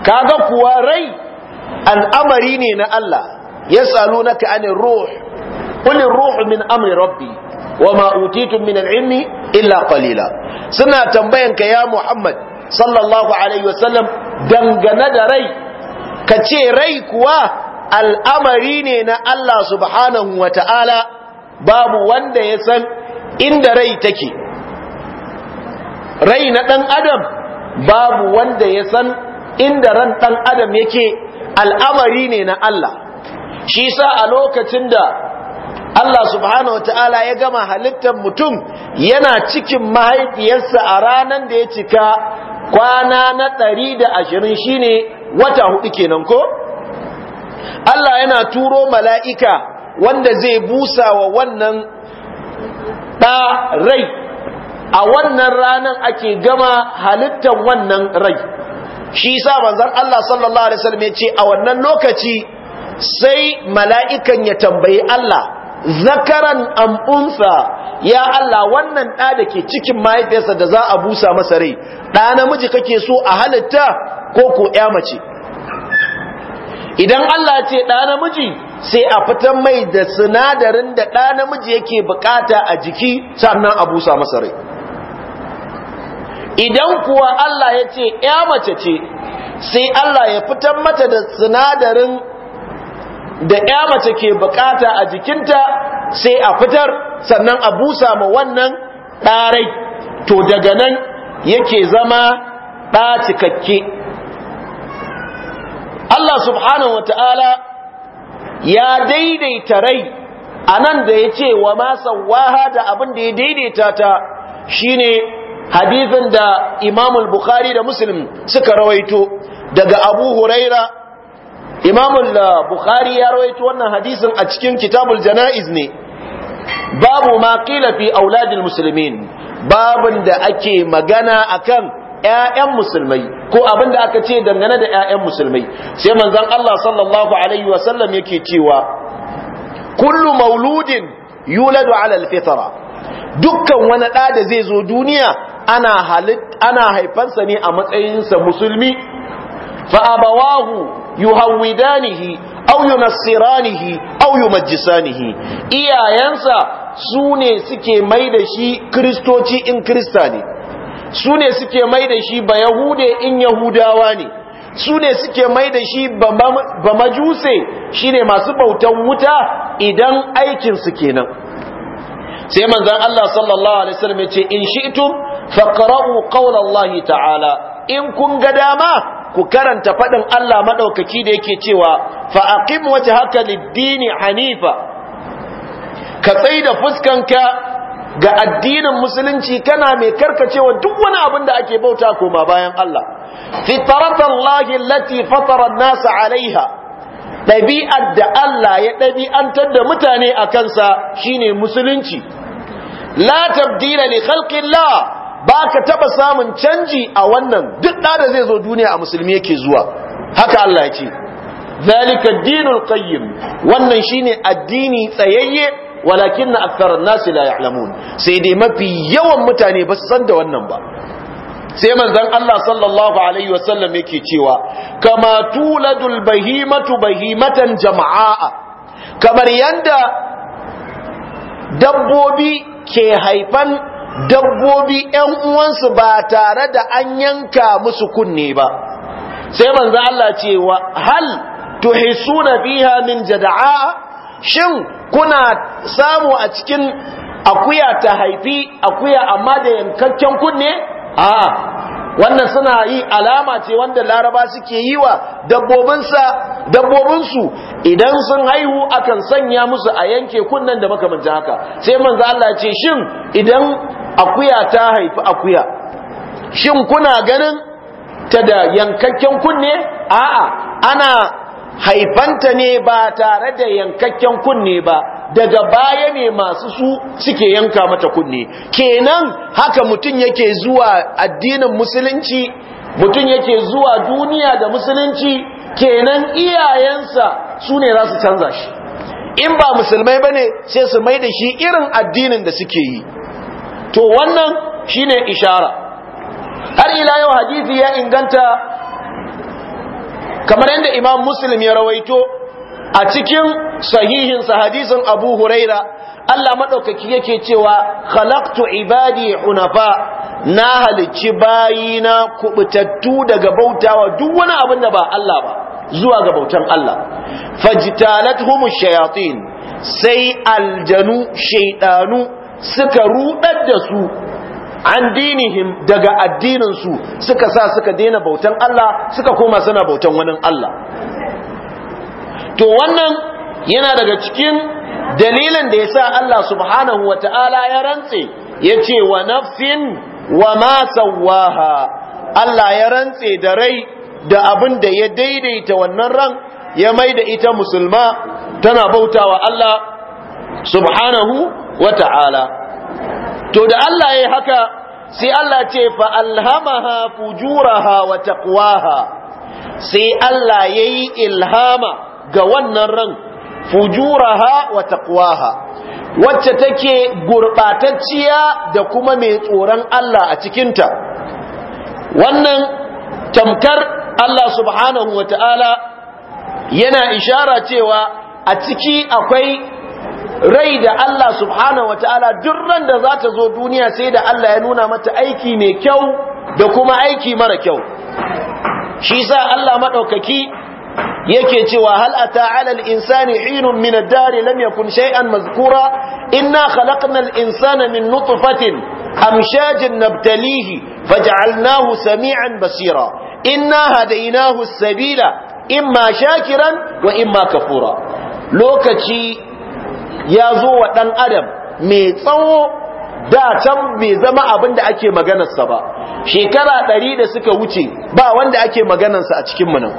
kaga kuwa rai al'amari ne na Allah yasalunaka anir ruh qul ruh min amri rabbi wama utitum min al-ilmi illa qalila suna tambayanka ya Muhammad sallallahu alaihi wasallam dangane da rai kace rai kuwa al'amari ne na Allah subhanahu wa ta'ala babu wanda ya san inda rai take rai na ɗan adam babu wanda ya san inda ran ɗan adam yake al'amari ne na Allah shi sa a lokacin da Allah subhanahu wa ta'ala ya gama halittar mutum yana cikin mahaifiyarsa a ranar da ya cika kwana na ɗari da ashirin shine wata hudu kenan ko? Allah yana turo mala'ika wanda zai busa wa wannan ɗa rai a wannan ranar ake gama halittar wannan rai shi sa manzon Allah sallallahu Alaihi wasallam ya ce a wannan lokaci sai mala'ikan ya tambayi Allah zakaran am ya Allah wannan ɗa da ke cikin mahaifiyarsa da za a busa masa rai ɗa namiji kake so a halitta ko ko ya mace idan Allah ce ɗa namiji sai a fitar mai da sinadarin da ɗa namiji yake bukata a jiki sannan a busa masa rai idan kuwa Allah ya ce ‘ya mace ce sai Allah ya fitar mata da sinadarin da ‘ya mace ke bukata a jikinta sai a fitar sannan a busa ma wannan ɗarai to daga nan yake zama ɗa cikakke Allah subhanahu wata'ala ya daidaita rai a nan da ya ce wa masan waha da abin da ya daidaita ta Shi ne hadithin da imamul bukhari da muslim suka rawaito daga abu huraira imamul bukhari ya rawaito wannan hadisin a cikin kitabul jana'iz ne babu ma kila fi auladil musulmin babin da ake magana akan ƴaƴan musulmai ko abin da aka ce dangane da ƴaƴan musulmai sai manzon Allah sallallahu alaihi Sallam yake cewa kullu mauludin yuladu ala alfitra dukkan wani da da zai zo duniya ana halit ana haifansa ne a matsayin sa musulmi fa abawahu yuhawidanihi aw yunassiranihi aw yumajjisanihi iyayensa su ne suke mai da shi kristoci in kirista ne su ne suke mai da shi ba yahude in yahudawa ne su ne suke mai da shi ba majuse shi ne masu bautan wuta idan aikinsu kenan sai manzan Allah sallallahu Alaihi wasallam ya ce in shi'tum faqra'u qawla Allah ta'ala in kun ga dama ku karanta faɗin Allah maɗaukaki da yake cewa fa wata haka lid hanifa ka da fuskanka ga addinin musulunci kana mai karkacewa duk wani abin da ake bauta koma bayan Allah fitratallahi allati fatara an-nasa alaiha dabi'ar da Allah ya dabi'antar da mutane a kansa shine musulunci la tabdila li khalqillah baka taba samun canji a wannan duk da da zai zo duniya a musulmi yake zuwa haka Allah yake zalika ad-dinul qayyim wannan shine addini tsayayye Walakin na aktharan nasu la ya'lamun sai dai mafi yawan mutane ba su san da wannan ba sai manzan Allah sallallahu alaihi wasallam yake cewa kama tuladul bahimatu bahimatan jama'a kamar yanda dabbobi ke haifan dabbobi 'yan uwansu ba tare da an yanka musu kunne ba sai manzan Allah cewa hal tuhisuna fiha min jada'a shin kuna samu a cikin akuya ta haifi akuya amma da yankakken kunne a wannan suna yi alama ce wanda laraba suke yi wa dabbobinsu idan sun haihu akan sanya musu a yanke kunnen da makamanta haka sai manzo Allah ce shin idan akuya ta haifi akuya shin kuna ganin ta da yankakken kunne a'a ana haifanta ne ba tare da yankakken kunne ba daga baya ne masu su suke yanka mata kunne kenan haka mutum yake zuwa addinin musulunci mutum yake zuwa duniya da musulunci kenan iyayensa su ne za su canza shi in ba musulmai ba ne sai su mai da shi irin addinin da suke yi to wannan shine ishara har ila yau hadisi ya inganta kamar yadda imam muslim ya rawaito a cikin sahihin hadisin abu huraira Allah maɗaukaki yake cewa khalaqtu ibadi hunafa na halicci bayina kubutattu daga bautawa duk wani abin da ba Allah ba zuwa ga bautan Allah fajtalathum shayatin sai aljanu shaydanu suka rudar da su an dinihim daga addininsu suka sa suka daina bautan Allah suka koma suna bautan wani Allah to wannan yana daga cikin dalilin da ya sa Allah subhanahu wa ta'ala ya rantse ya ce wa nafsin wa ma sawaha Allah ya rantse da rai da abin da ya daidaita wannan ran ya mai da ita musulma tana bautawa Allah subhanahu wa ta'ala to da Allah ya haka sai Allah ce fa alhamaha fujuraha wa taqwaha sai Allah ya yi ilhama ga wannan ran fujuraha wa taqwaha wacce take gurbatacciya da kuma mai tsoron Allah a cikinta wannan tamkar Allah subhanahu wa ta'ala yana ishara cewa a ciki akwai rai da Allah subhanahu wataala duk ran da za ta zo duniya sai da Allah ya nuna mata aiki mai kyau da kuma aiki mara kyau shi sa Allah madaukaki yake cewa hal ata ala al insani hinun min ad dari lam yakun shay'an mazkura inna khalaqna al insana min nutfatin amshajin nabtalihi faj'alnahu sami'an basira inna hadaynahu as-sabila imma shakiran wa imma kafura lokaci ya zo wa ɗan adam mai tsawo da can bai zama abin da ake maganarsa ba shekara ɗari da suka wuce ba wanda ake maganarsa a cikin nan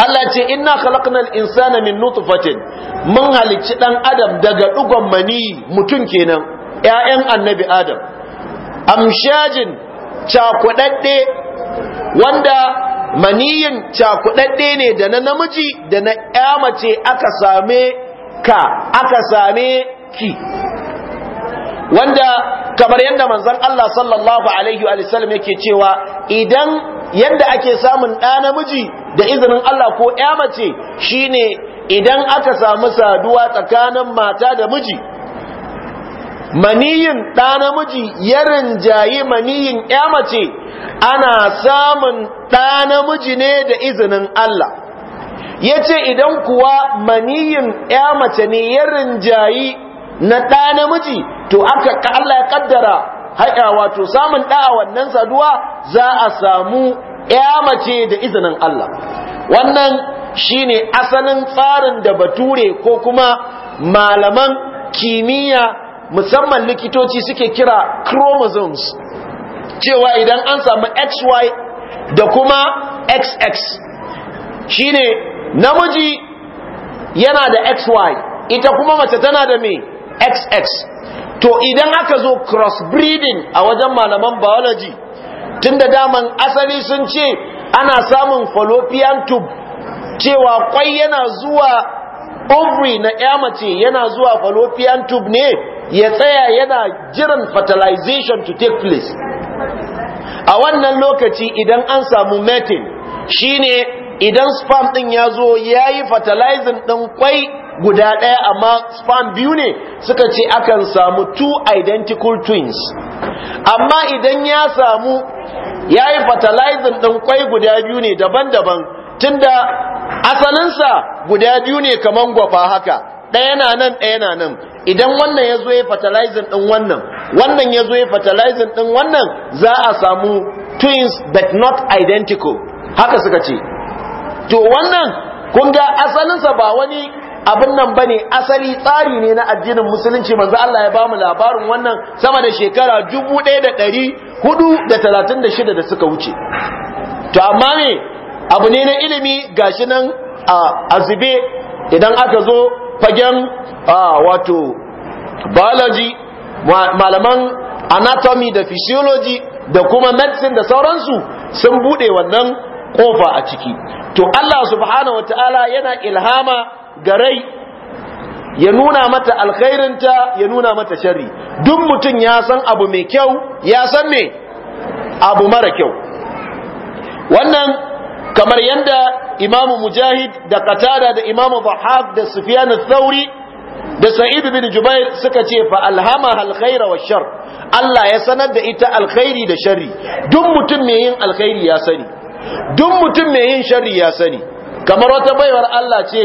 Allah ce inna khalaqnal insana min nutufatin mun halicci ɗan adam daga ɗugon mani mutum kenan Yayan annabi adam amshajin cakuɗaɗɗe, wanda maniyin cakuɗaɗɗe ne da na namiji da na ya mace aka same ka aka same ki wanda kamar yadda manzon Allah sallallahu alaihi wa sallam yake cewa idan yadda ake samun ɗa namiji da izinin Allah ko ƴa mace shine idan aka samu saduwa tsakanin mata da miji maniyin ɗa namiji ya rinjayi maniyin ƴa mace ana samun ɗa namiji ne da izinin Allah ya ce idan kuwa maniyin ya mace ne ya rinjayi na ɗa namiji to aka Allah ya ƙaddara haƙa wato samun ɗa a wannan saduwa za a samu ya mace da izinin Allah wannan shine asalin tsarin da bature ko kuma malaman kimiyya musamman likitoci suke kira chromosomes cewa idan an samu xy da kuma xx shine namiji yana da xy ita kuma mace tana da me xx to idan aka zo cross breeding a wajen malaman biology tunda daman asali sun ce ana samun fallopian tube cewa kwai yana zuwa ovary na ya mace yana zuwa fallopian tube ne ya tsaya yana jiran fertilization to take place a wannan lokaci idan an samu mating shine idan sperm din ya zo ya yi fertilizing din kwai guda ɗaya amma sperm biyu ne suka ce akan samu two identical twins amma idan ya samu ya yi fertilizing din kwai guda biyu ne daban-daban tunda asalinsa guda biyu ne kamar gwafa haka ɗaya na nan ɗaya na nan idan wannan ya zo ya fertilizing ɗin wannan wannan ya zo ya fertilizing ɗin wannan za a samu twins but not identical haka suka ce to wannan kun ga asalinsa ba wani abin nan bane asali tsari ne na addinin musulunci manzo Allah ya bamu labarin wannan sama da shekara 1436 da suka wuce to amma ne abu ne na ilimi gashi nan a zube idan aka zo fagen wato biology malaman anatomy da physiology da kuma medicine da sauransu sun bude wannan kofa a ciki to Allah subhanahu wataala yana ilhama ga rai ya nuna mata alkhairinta ya nuna mata sharri duk mutum ya san abu mai kyau ya san me abu mara kyau wannan kamar yadda imamu mujahid da qatada da imamu dhahab da sufyan al da sa'id bin jubair suka ce fa alhamaha alkhaira washar Allah ya sanar da ita alkhairi da sharri duk mutum mai yin alkhairi ya sani duk mutum mai yin sharri ya sani kamar wata baiwar Allah ce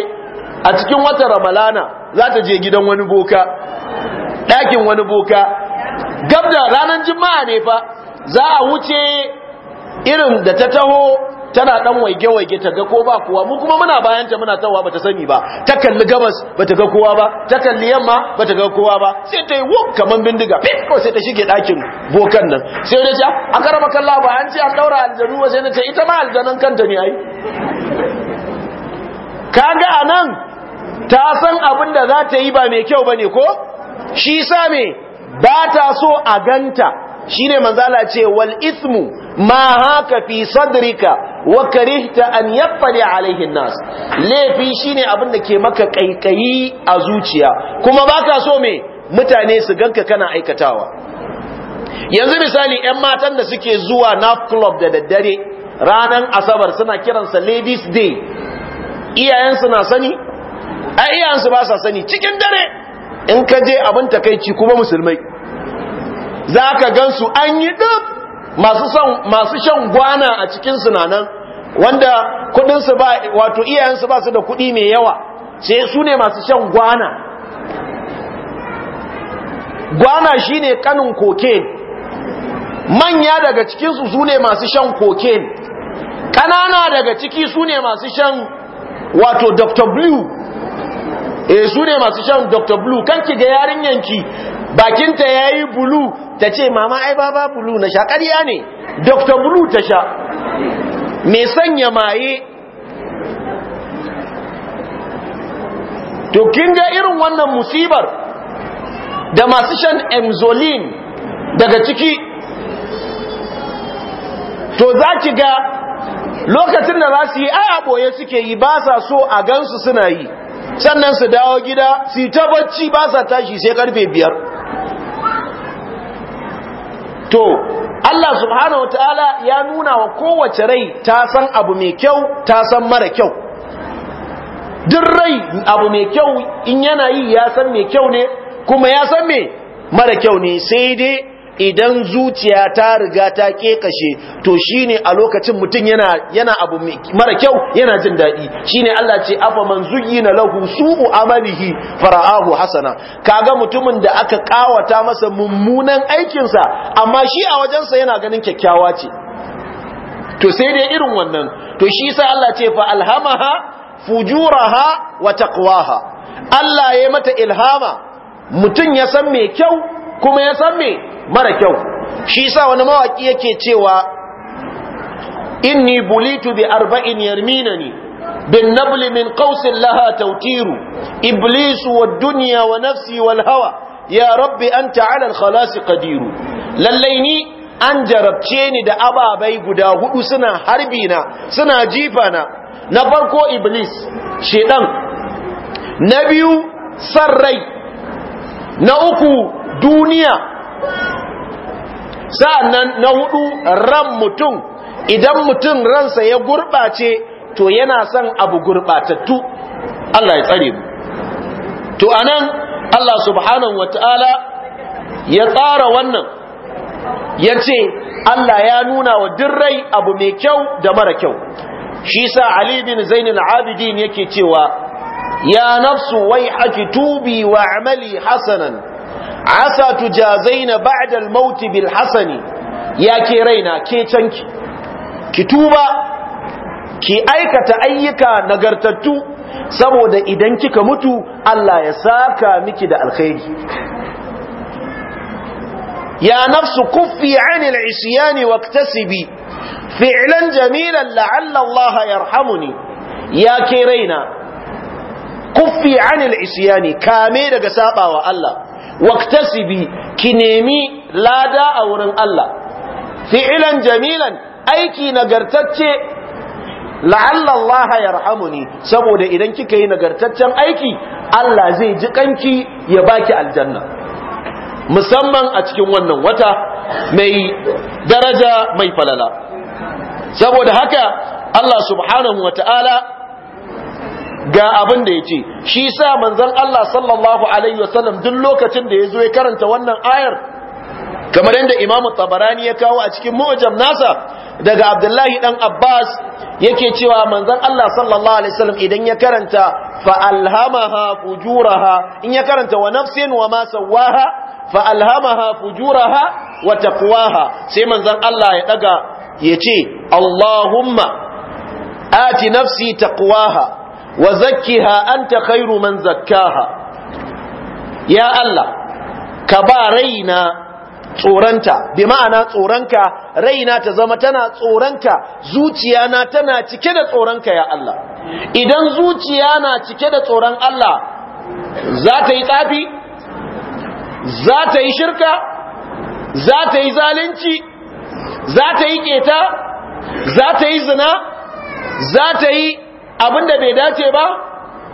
a cikin wata ramalana za ta je gidan wani boka ɗakin wani boka gabda ranar jima'a ne fa za a wuce irin da ta taho tana dan waige waige ta ga ko ba kowa mu kuma muna bayan ta muna tawa bata sani ba ta kalli gabas bata ga kowa ba ta kalli yamma bata ga kowa ba sai ta yi wuk kaman bindiga fit ko sai ta shige dakin bokan nan sai ta ce ah, a karama kalla ba an ce an daura aljanu ba sai ta ita ma aljanan kanta ne ai kaga anan ta san abin da za ta yi ba mai kyau bane ko shi sa me ba ta so a ganta shine manzala ce wal ismu ma haka fi sadrika wa karihta an yaffali alaihin nas laifi shine abin da ke maka kaikayi a zuciya kuma baka so me mutane su ganka kana aikatawa yanzu misali 'yan matan da suke zuwa naf club da daddare ranan asabar suna kiransa ladies day iyayensu na sani a iyayensu ba sa sani cikin dare in ka je abin takaici kuma musulmai za ka gansu an yi dab masu masu shan gwana a cikin su nan wanda kudin su ba wato iyayen su ba su da kudi mai yawa sai su ne masu shan gwana gwana shine kanin cocaine manya daga cikin su su ne masu shan cocaine kanana daga ciki su ne masu shan wato Dr. Blue eh su ne masu shan Dr. Blue kanki ki ga yarinyanki bakinta ya yi bulu ta ce mama ai baba bulu na sha ƙarya ne dr bulu ta sha mai sanya maye to ga irin wannan musibar da masu shan emzolin daga ciki to za ki ga lokacin da za su yi ai boye suke yi ba sa so a gansu suna yi sannan su dawo gida su yi ta bacci ba sa tashi sai karfe biyar to Allah subhanahu ta'ala ya nuna wa kowace rai ta san abu mai kyau ta san mara kyau duk rai abu mai kyau in yana yi ya san mai kyau ne kuma ya san mai mara kyau ne sai dai idan zuciya ta riga ta kekashe to shine a lokacin mutum yana yana abu mara kyau yana jin dadi shine Allah ce afa man zuyyina lahu su'u amalihi fara'ahu hasana kaga mutumin da aka kawata masa mummunan aikin sa amma shi a wajensa yana ganin kyakkyawa ce to sai dai irin wannan to shi sai Allah ce fa alhamaha fujuraha wa taqwaha Allah ya mata ilhama mutum ya san me kyau kuma ya san me mara kyau shi yasa wani mawaki yake cewa inni bulitu bi arba'in yarminani bin nabl min qausin laha tawtiru iblis wad dunya wa nafsi wal hawa ya rabbi anta ala al khalas qadiru lallaini an jarabce ni da ababai guda hudu suna harbi na suna jifa na na farko iblis shedan na biyu san rai na uku duniya nan na hudu ran mutum idan mutum ransa ya gurɓace, to yana son abu gurɓatattu. Allah ya tsare mu to anan Allah subhanahu wataala ya tsara wannan ya ce Allah ya nuna wa dirrai abu mai kyau da mara kyau shi sa Ali bin Zainul Abidin yake cewa ya nafsu wai aki tubi wa amali hasanan asa tujazaina ba'da al-maut bil hasani ya raina ke canki ki tuba ki aikata ayyuka nagartattu saboda idan kika mutu Allah ya saka miki da alkhairi ya nafsu kuffi 'anil isyani waktasibi fi'lan jamilan la'alla Allah yarhamuni ya ke raina kuffi 'anil isyani kame daga sabawa Allah waktasibi ki nemi lada a wurin Allah fi'ilan jamilan aiki nagartacce ya Allah yarhamuni saboda idan kika yi nagartaccen aiki Allah zai ji kanki ya baki aljanna musamman a cikin wannan wata mai daraja mai falala saboda haka Allah subhanahu wa ta'ala ga abin da ya ce shi sa manzan Allah sallallahu alaihi wasallam duk lokacin da ya zo ya karanta wannan ayar kamar yadda imamu tabarani ya kawo a cikin mu'jam nasa daga abdullahi dan abbas yake cewa manzon Allah sallallahu alaihi wasallam idan ya karanta fa fujuraha in ya karanta wa nafsin wa ma Fa'alhamaha fujuraha wa taqwaha sai manzon Allah ya daga ce Allahumma ati nafsi taqwaha wa zakkiha anta khairu man zakkaha ya Allah ka ba raina tsoranta bi ma'ana tsoronka raina ta zama tana tsoranka, zuciya na tana cike da tsoranka. ya Allah idan zuciya na cike da tsoron Allah za ta yi tsafi za ta yi shirka za ta yi zalunci za ta yi keta za ta yi zina za ta yi abinda bai dace ba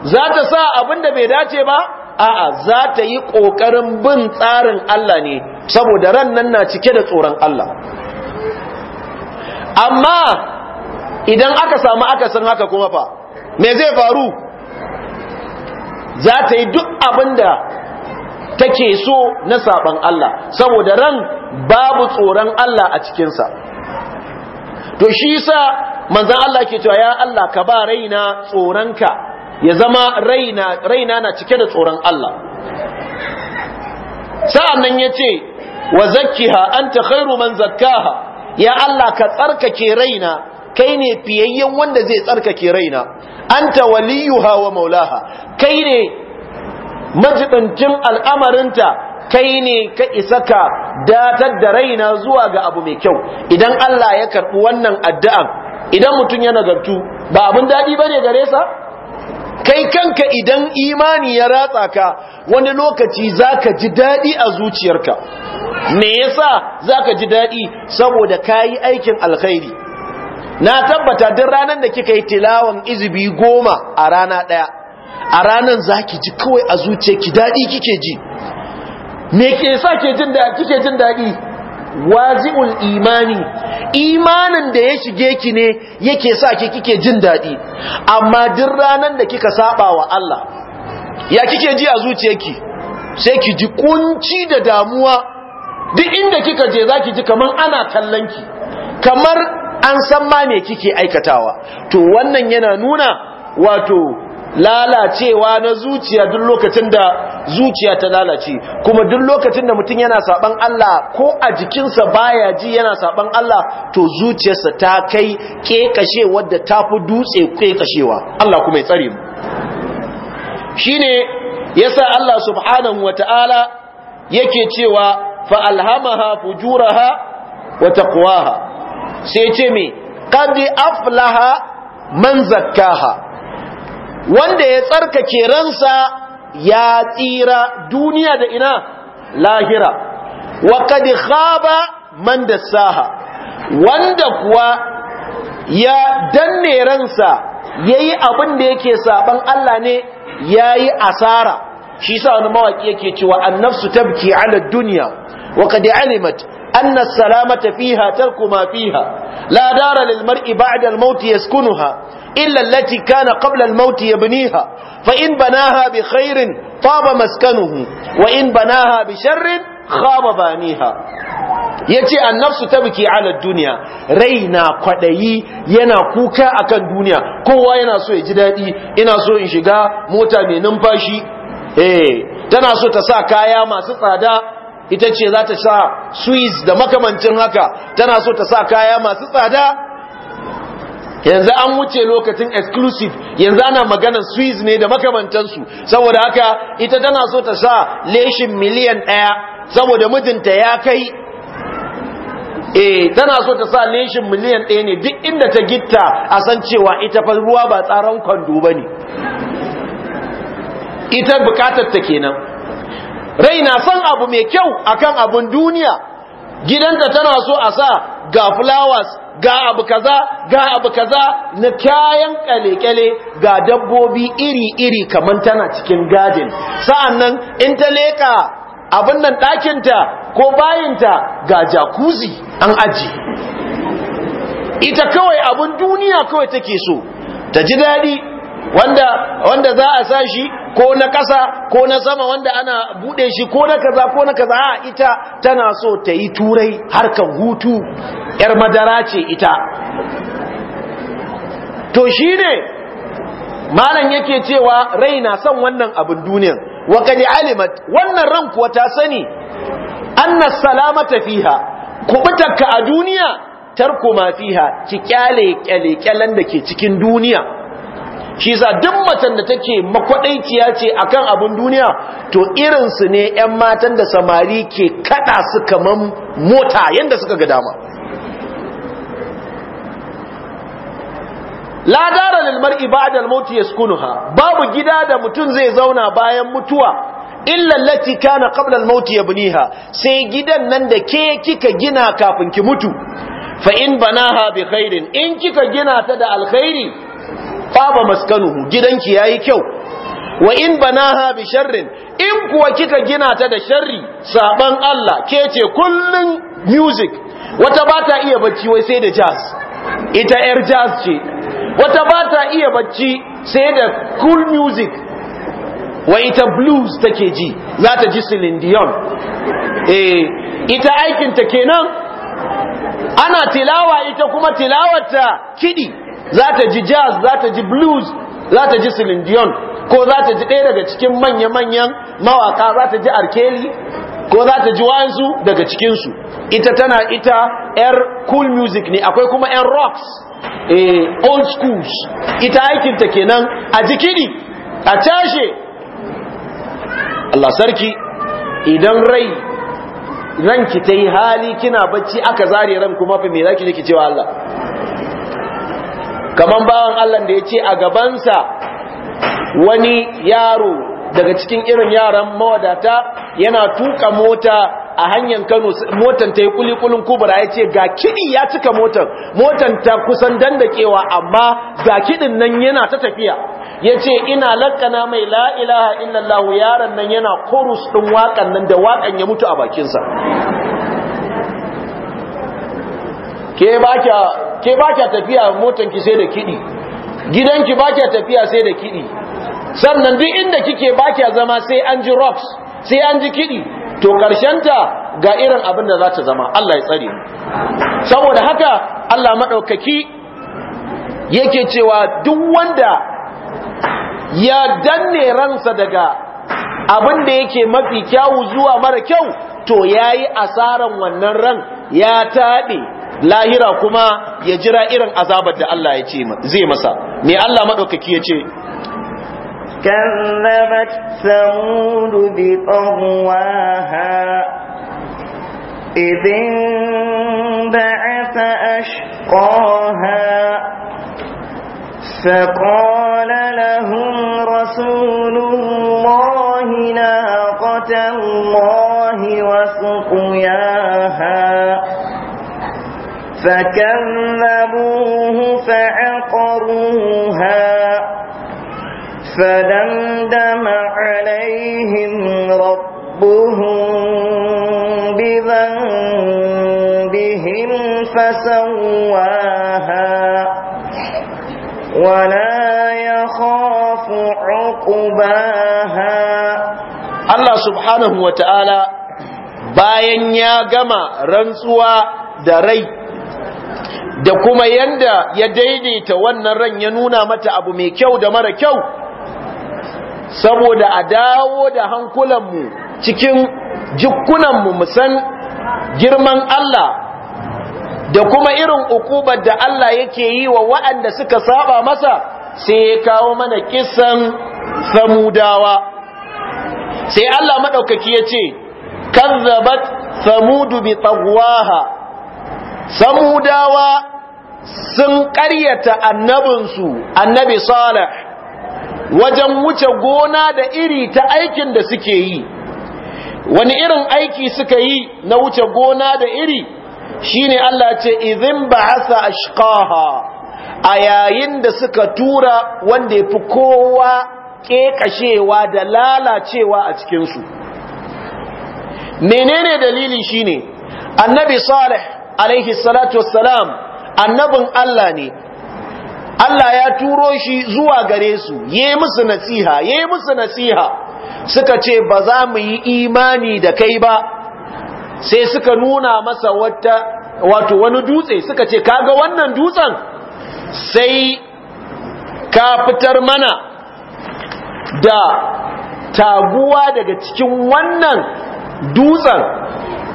za ta sa abinda bai dace ba a'a za ta yi kokarin bin tsarin Allah ne saboda ran nan na cike da tsoron Allah amma idan aka samu aka san haka kuma fa me zai faru za ta yi duk abinda take so na saban Allah saboda ran babu tsoron Allah a cikinsa to shi yasa manzan Allah ke cewa ya Allah ka ba raina tsoronka ya zama raina raina na cike da tsoron Allah sa'annan yace wa zakkiha anta khairu man zakkaha ya Allah ka tsarkake raina kai ne fiyayyen wanda zai tsarkake raina anta waliyuha wa maulaha kai ne majibincin al'amarinta kai ne ka isa ka datar da raina zuwa ga abu mai kyau idan Allah ya karɓi wannan addu'an idan mutum ya nagartu ba abin daɗi ba ne gare sa kai kanka idan imani ya ratsa ka wani lokaci za ka ji daɗi a zuciyarka me yasa za ka ji daɗi saboda ka yi aikin alkhairi na tabbata duk ranar da kika yi tilawan izibi goma a rana ɗaya a ranar za ki ji kawai a zuciyarki daɗi kike ji me ke sa kike jin daɗi wazi'ul imani imanin da ya shige ki ne yake sa ki kike jin daɗi amma duk ranan da kika saba wa Allah ya kike ji a zuciyarki sai ki ji kunci da damuwa duk inda kika je zaki ji kamar ana kallon ki kamar an san ma me kike aikatawa to wannan yana nuna wato lalacewa na zuciya duk lokacin da zuciya ta lalace kuma duk lokacin da mutum yana saban Allah ko a jikinsa baya ji yana saban Allah to zuciyarsa ta kai kekashe wadda ta fi dutse kekashewa Allah kuma ya tsare mu shine yasa Allah subhanahu wata'ala yake cewa fa alhamaha fujuraha wa taqwaha sai ce me qad aflaha man zakkaha wanda ya tsarkake ransa ya tsira duniya da ina lahira wa kad khaba man dassaha wanda kuwa ya danne ransa yayi abin da yake saban Allah ne yayi asara shi yasa wani mawaki yake cewa an tabki ala dunya wa kad alimat أن السلامة فيها ترك ما فيها لا دار للمرء بعد الموت يسكنها إلا التي كان قبل الموت يبنيها فإن بناها بخير طاب مسكنه وإن بناها بشر خاب بانيها yace annafsu tabki ala dunya raina kwadayi yana kuka akan duniya kowa yana so ya ji dadi ina so in shiga mota mai numfashi eh tana so ta sa kaya masu tsada ita ce za ta sa swiss da makamancin haka tana so ta sa kaya masu tsada yanzu an wuce lokacin exclusive yanzu ana magana swiss ne da makamantansu saboda haka ita tana so ta sa leshin miliyan ɗaya saboda mijinta ya kai e tana so ta sa leshin miliyan ɗaya ne duk inda ta gitta a san cewa ita fa ruwa ba tsaron kwando ba ne ita bukatar ta kenan rai na san abu mai kyau akan abun duniya gidanta tana so a sa ga flowers ga abu kaza ga abu kaza na kayan kale-kale ga dabbobi iri-iri kamar tana cikin gadin sa'annan in ta leka abin nan ɗakinta ko bayinta ga jakuzi an aji ita kawai abin duniya kawai take so ta ji daɗi wanda wanda za a sa shi ko na kasa, ko na sama wanda ana buɗe shi ko na kaza ko na kaza a ita tana so ta yi turai harkar hutu ‘yar madara ce ita to shi ne malam yake cewa rai na son wannan abin duniyan wa kadi alimat wannan ran kuwa ta sani anna salamata fiha kubutarka a duniya tarko ma fiha ki kyale kyale kyalen da ke cikin duniya shi za duk macen da take makwaɗaiciya ce akan abin duniya to irinsu ne 'yan matan da samari ke kaɗa su kamar mota yadda suka ga dama Ladarar ilmar lil mar'i ba'da al-maut babu gida da mutum zai zauna bayan mutuwa illa allati kana qabla al-maut yabniha sai gidan nan da ke kika gina kafin ki mutu fa in banaha bi khairin in kika gina ta da alkhairi faba maskanuhu gidanki yayi kyau wa in banaha bi sharrin in kuwa kika gina ta da sharri saban Allah ke ce kullun music wata ba iya bacci wai sai da jazz ita yar jazz ce wata ba iya bacci sai da cool music wa ita blues take ji za ta ji Celine Dion eh ita aikinta kenan ana tilawa ita kuma ta kidi za ta ji jazz za ta ji blues za ta ji silindiyon ko za ta ji ɗaya daga cikin manya-manyan mawaka za ta ji arkeli ko za ta ji wayansu daga cikinsu ita tana ita yar cool music ne akwai kuma air rocks eh, old schools ita aikinta kenan a jikini a tashe Allah sarki idan rai ranki ta yi hali kina bacci aka zare ran kuma fi mai zaki ne ki cewa Allah kaman bawan Allah da ya ce a gabansa wani yaro daga cikin irin yaran mawadata yana tuka mota a hanyar Kano motan ta yi kulikulin kubura ya ce ga kidi ya cika motan motan ta kusan dandakewa amma ga kidin nan yana ta tafiya ya ce ina lakana mai la'ilaha illallahu yaran nan yana korus ɗin waƙan nan da waƙan ya mutu a bakinsa ke ba kya tafiya motanki sai da kiɗi gidanki ba kya tafiya sai da kiɗi sannan duk inda kike ba kya zama sai an ji rocks sai an ji kiɗi to ta ga irin abin da za ta zama Allah ya tsare saboda haka Allah maɗaukaki yake cewa duk wanda ya danne ransa daga abin da yake mafi kyawu zuwa mara kyau to ya yi asaran wannan ran ya taɗe lahira kuma ya jira irin azabar da Allah ya ce zai masa me Allah maɗaukaki ya ce kallabat samud bi qawaha idin ba'atha ashqaha فقال لهم رسول الله ناقة الله وسقياها فكذبوه فعقروها فدمدم عليهم ربهم بذنبهم فسواها ولا يخاف عقباها الله سبحانه وتعالى باين يا gama رنسوا دري da kuma yanda ya daidaita wannan ran ya nuna mata abu mai kyau da mara kyau saboda a dawo da hankulanmu cikin jikunanmu musan girman Allah da kuma irin ukubar da Allah yake yi wa waɗanda suka saba masa sai ya kawo mana kisan samudawa sai Allah maɗaukaki ya ce kazzabat samudu bi tagwaha samudawa sun ƙaryata annabinsu annabi salih wajen wuce gona da iri ta aikin da suke yi wani irin aiki suka yi na wuce gona da iri shine Allah ce izin ba'asa ashqaha a yayin da suka tura wanda ya fi kowa kekashewa da lalacewa a cikinsu menene dalili shine annabi salih alaihi salatu wassalam annabin Allah ne Allah ya turo shi zuwa gare su yi musu nasiha yi musu nasiha suka ce ba za mu yi imani da kai ba sai suka nuna masa wata wato wani dutse suka ce kaga wannan dutsen sai ka fitar mana da taguwa daga cikin wannan dutsen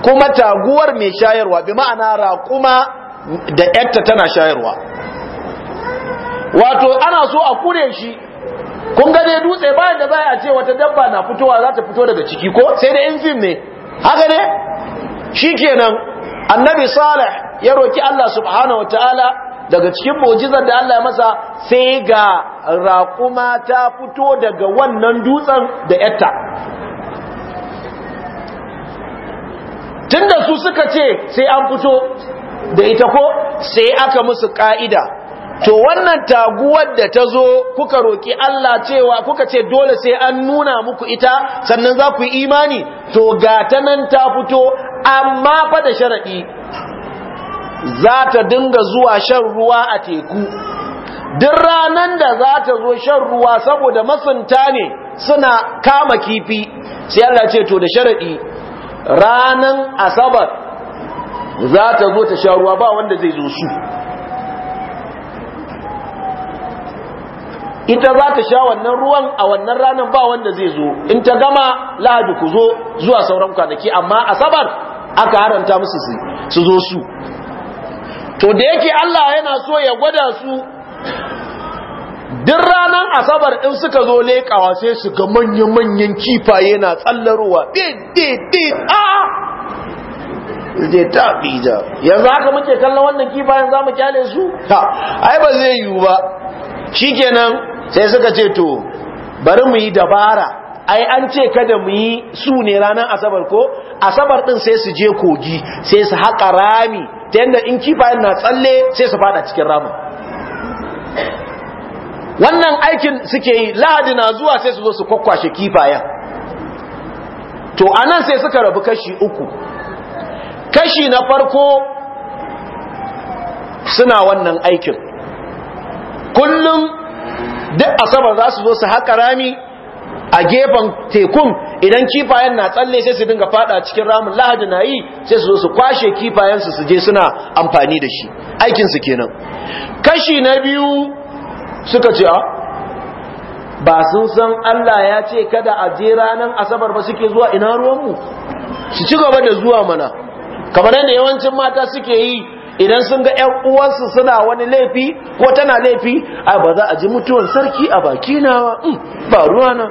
kuma taguwar mai shayarwa bi ma'ana raƙuma da yarta tana shayarwa wato ana so a kure shi kun ga dai dutse bayan da za a ce wata dabba na fitowa za ta fito daga ciki ko sai da injin ne haka ne Shi kenan annabi salih ya roki Allah subhanahu wataala daga cikin mu'jizar da Allah ya masa sai ga raƙuma ta fito daga wannan dutsen da yarta tunda su suka ce sai an fito da ita ko sai aka musu ka'ida to wannan taguwar da ta zo kuka roki Allah cewa kuka ce dole sai an nuna muku ita sannan za ku yi imani to ga ta nan ta fito amma fa da sharaɗi za ta dinga zuwa shan ruwa a teku duk ranan da za ta zo shan ruwa saboda masunta ne suna kama kifi sai Allah ce to da sharaɗi ranan asabar za ta zo ta sha ruwa ba wanda zai zo su ita za ta sha wannan ruwan a wannan ranar ba wanda zai zo in ta gama lahadi ku zo zuwa sauran kwanaki amma asabar aka haranta musu su zo su to da yake Allah yana so ya gwada su duk ranar asabar in suka zo lekawa sai su ga manya-manyan kifaye na tsallarowa ɗin ɗin zai ta bija yanzu haka muke kallon wannan kifayen za mu kyale su ha ai ba zai yiwu ba shikenan sai suka ce to bari mu yi dabara ai an ce kada mu yi su ne ranar asabar ko asabar ɗin sai su je kogi sai su haƙa rami ta yadda in kifayen na tsalle sai su fada cikin ramin wannan aikin suke yi lahadi na zuwa sai su zo su kwakwashe kifayen to anan sai suka rabu kashi uku kashi na farko suna wannan aikin kullum duk asabar za su zo su haƙa rami a gefen tekun idan kifayen na tsalle sai su dinga fada cikin ramin lahadi na yi sai su zo su kwashe kifayen su je suna amfani da shi aikinsu kenan kashi na biyu suka ce ah, ba sun san Allah ya ce kada a je ranar asabar ba suke zuwa ina ruwanmu su ci gaba da zuwa mana kamar yadda yawancin mata suke yi idan sun ga ƴan uwansu suna wani laifi ko tana laifi a ba za a ji mutuwan sarki a baki na mm, ba ruwa na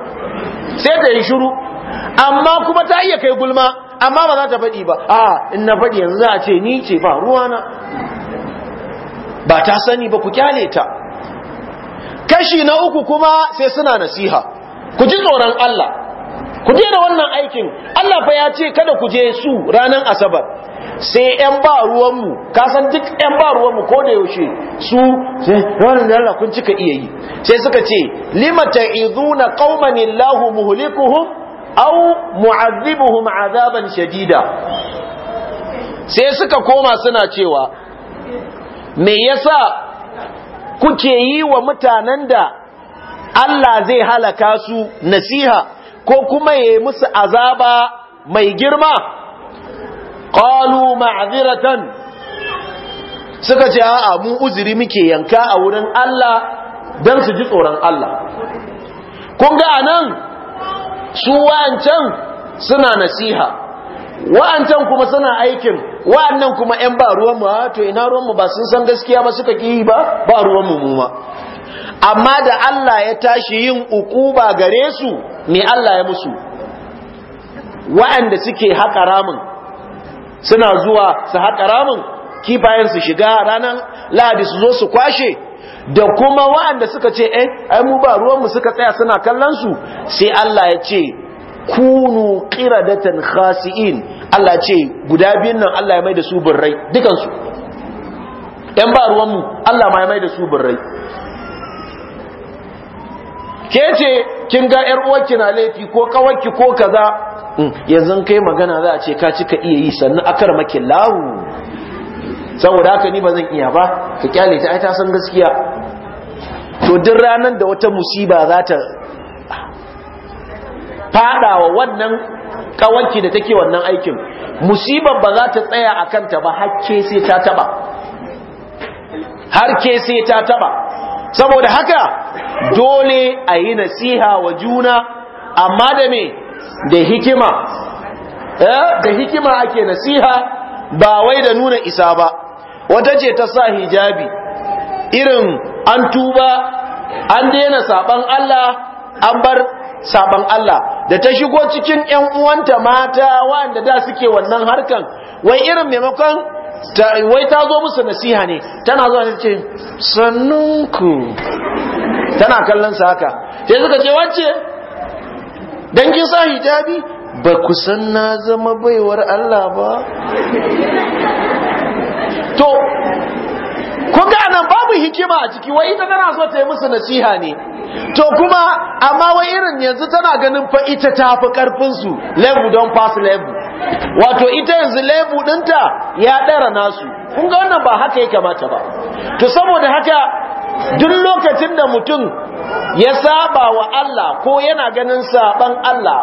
sai ta yi shiru amma kuma ta iya kai gulma amma ba za ta faɗi ba a in na faɗi yanzu za a ce ni ce ba ruwa na ba ta sani ba ku kyale ta kashi na uku kuma sai suna nasiha ku ji tsoron Allah ku je da wannan aikin Allah fa ya ce kada ku je su ranar asabar sai yan ba ruwanmu kasan duk yan ba ruwanmu ko da yaushe su wani da kun cika iya yi sai suka ce limata na qauman lahu muhlikuhum au mu'azzibuhum azaban shadida sai suka koma suna cewa me yasa kuke yi wa mutanen da Allah zai halaka su nasiha ko kuma ya yi musu azaba mai girma qalu ma'ziratan suka ce a'a mu uzuri muke yanka a wurin Allah dan su ji tsoron Allah kun ga anan su wa'ancan suna nasiha wa'ancan kuma suna aikin wa'annan kuma ƴan ba ruwan mu to ina ruwan mu ba sun san gaskiya ba suka ki ba ba ruwan mu ma amma da Allah ya tashi yin ukuba gare su me Allah ya musu wa'anda suke haƙa ramin suna zuwa su haƙa ramin kifayen su shiga ranar lahadi su zo su kwashe da kuma wa'anda suka ce eh ai mu ba ruwanmu suka tsaya suna kallon su sai Allah ya ce kunu qiradatan khasi'in Allah ce guda biyun nan Allah ya mai da su dukan dukansu ‘yan ba ruwanmu Allah ma ya mai da su burrai ke ce kin ga yar uwarki na laifi ko kawarki ko kaza mm, yanzu kai magana za a ce ka cika iya yi sannan akar maki lahu saboda haka ni ba zan iya ba ka kyale ta ai ta san gaskiya to duk ranar da wata musiba za ta fada wa wannan kawanki da take wannan aikin musibar ba za ta tsaya a kanta ba har ke sai ta taba har ke sai ta taba saboda haka dole a yi nasiha wa juna amma da me da hikima eh, da hikima ake nasiha ba wai da nuna isa ba wata ce ta sa hijabi irin an tuba an daina saban Allah an bar saban Allah da ta shigo cikin 'yan uwanta mata wa'anda da suke wannan harkan wai irin maimakon wai ta zo musu nasiha ne tana zuwa ta ce sannunku tana kallon sa haka sai suka ce wacce dan kin sa hijabi ba ku san na zama baiwar Allah ba to kun ga nan babu hikima a ciki wai ita tana so ta yi musu nasiha ne to kuma amma wai irin yanzu tana ganin fa ita ta fi karfin su level don pass level wato ita yanzu lebu ɗinta ya ɗara nasu kun ga wannan ba haka ya kamata ba to saboda haka duk lokacin da mutum ya saba wa Allah ko yana ganin saban Allah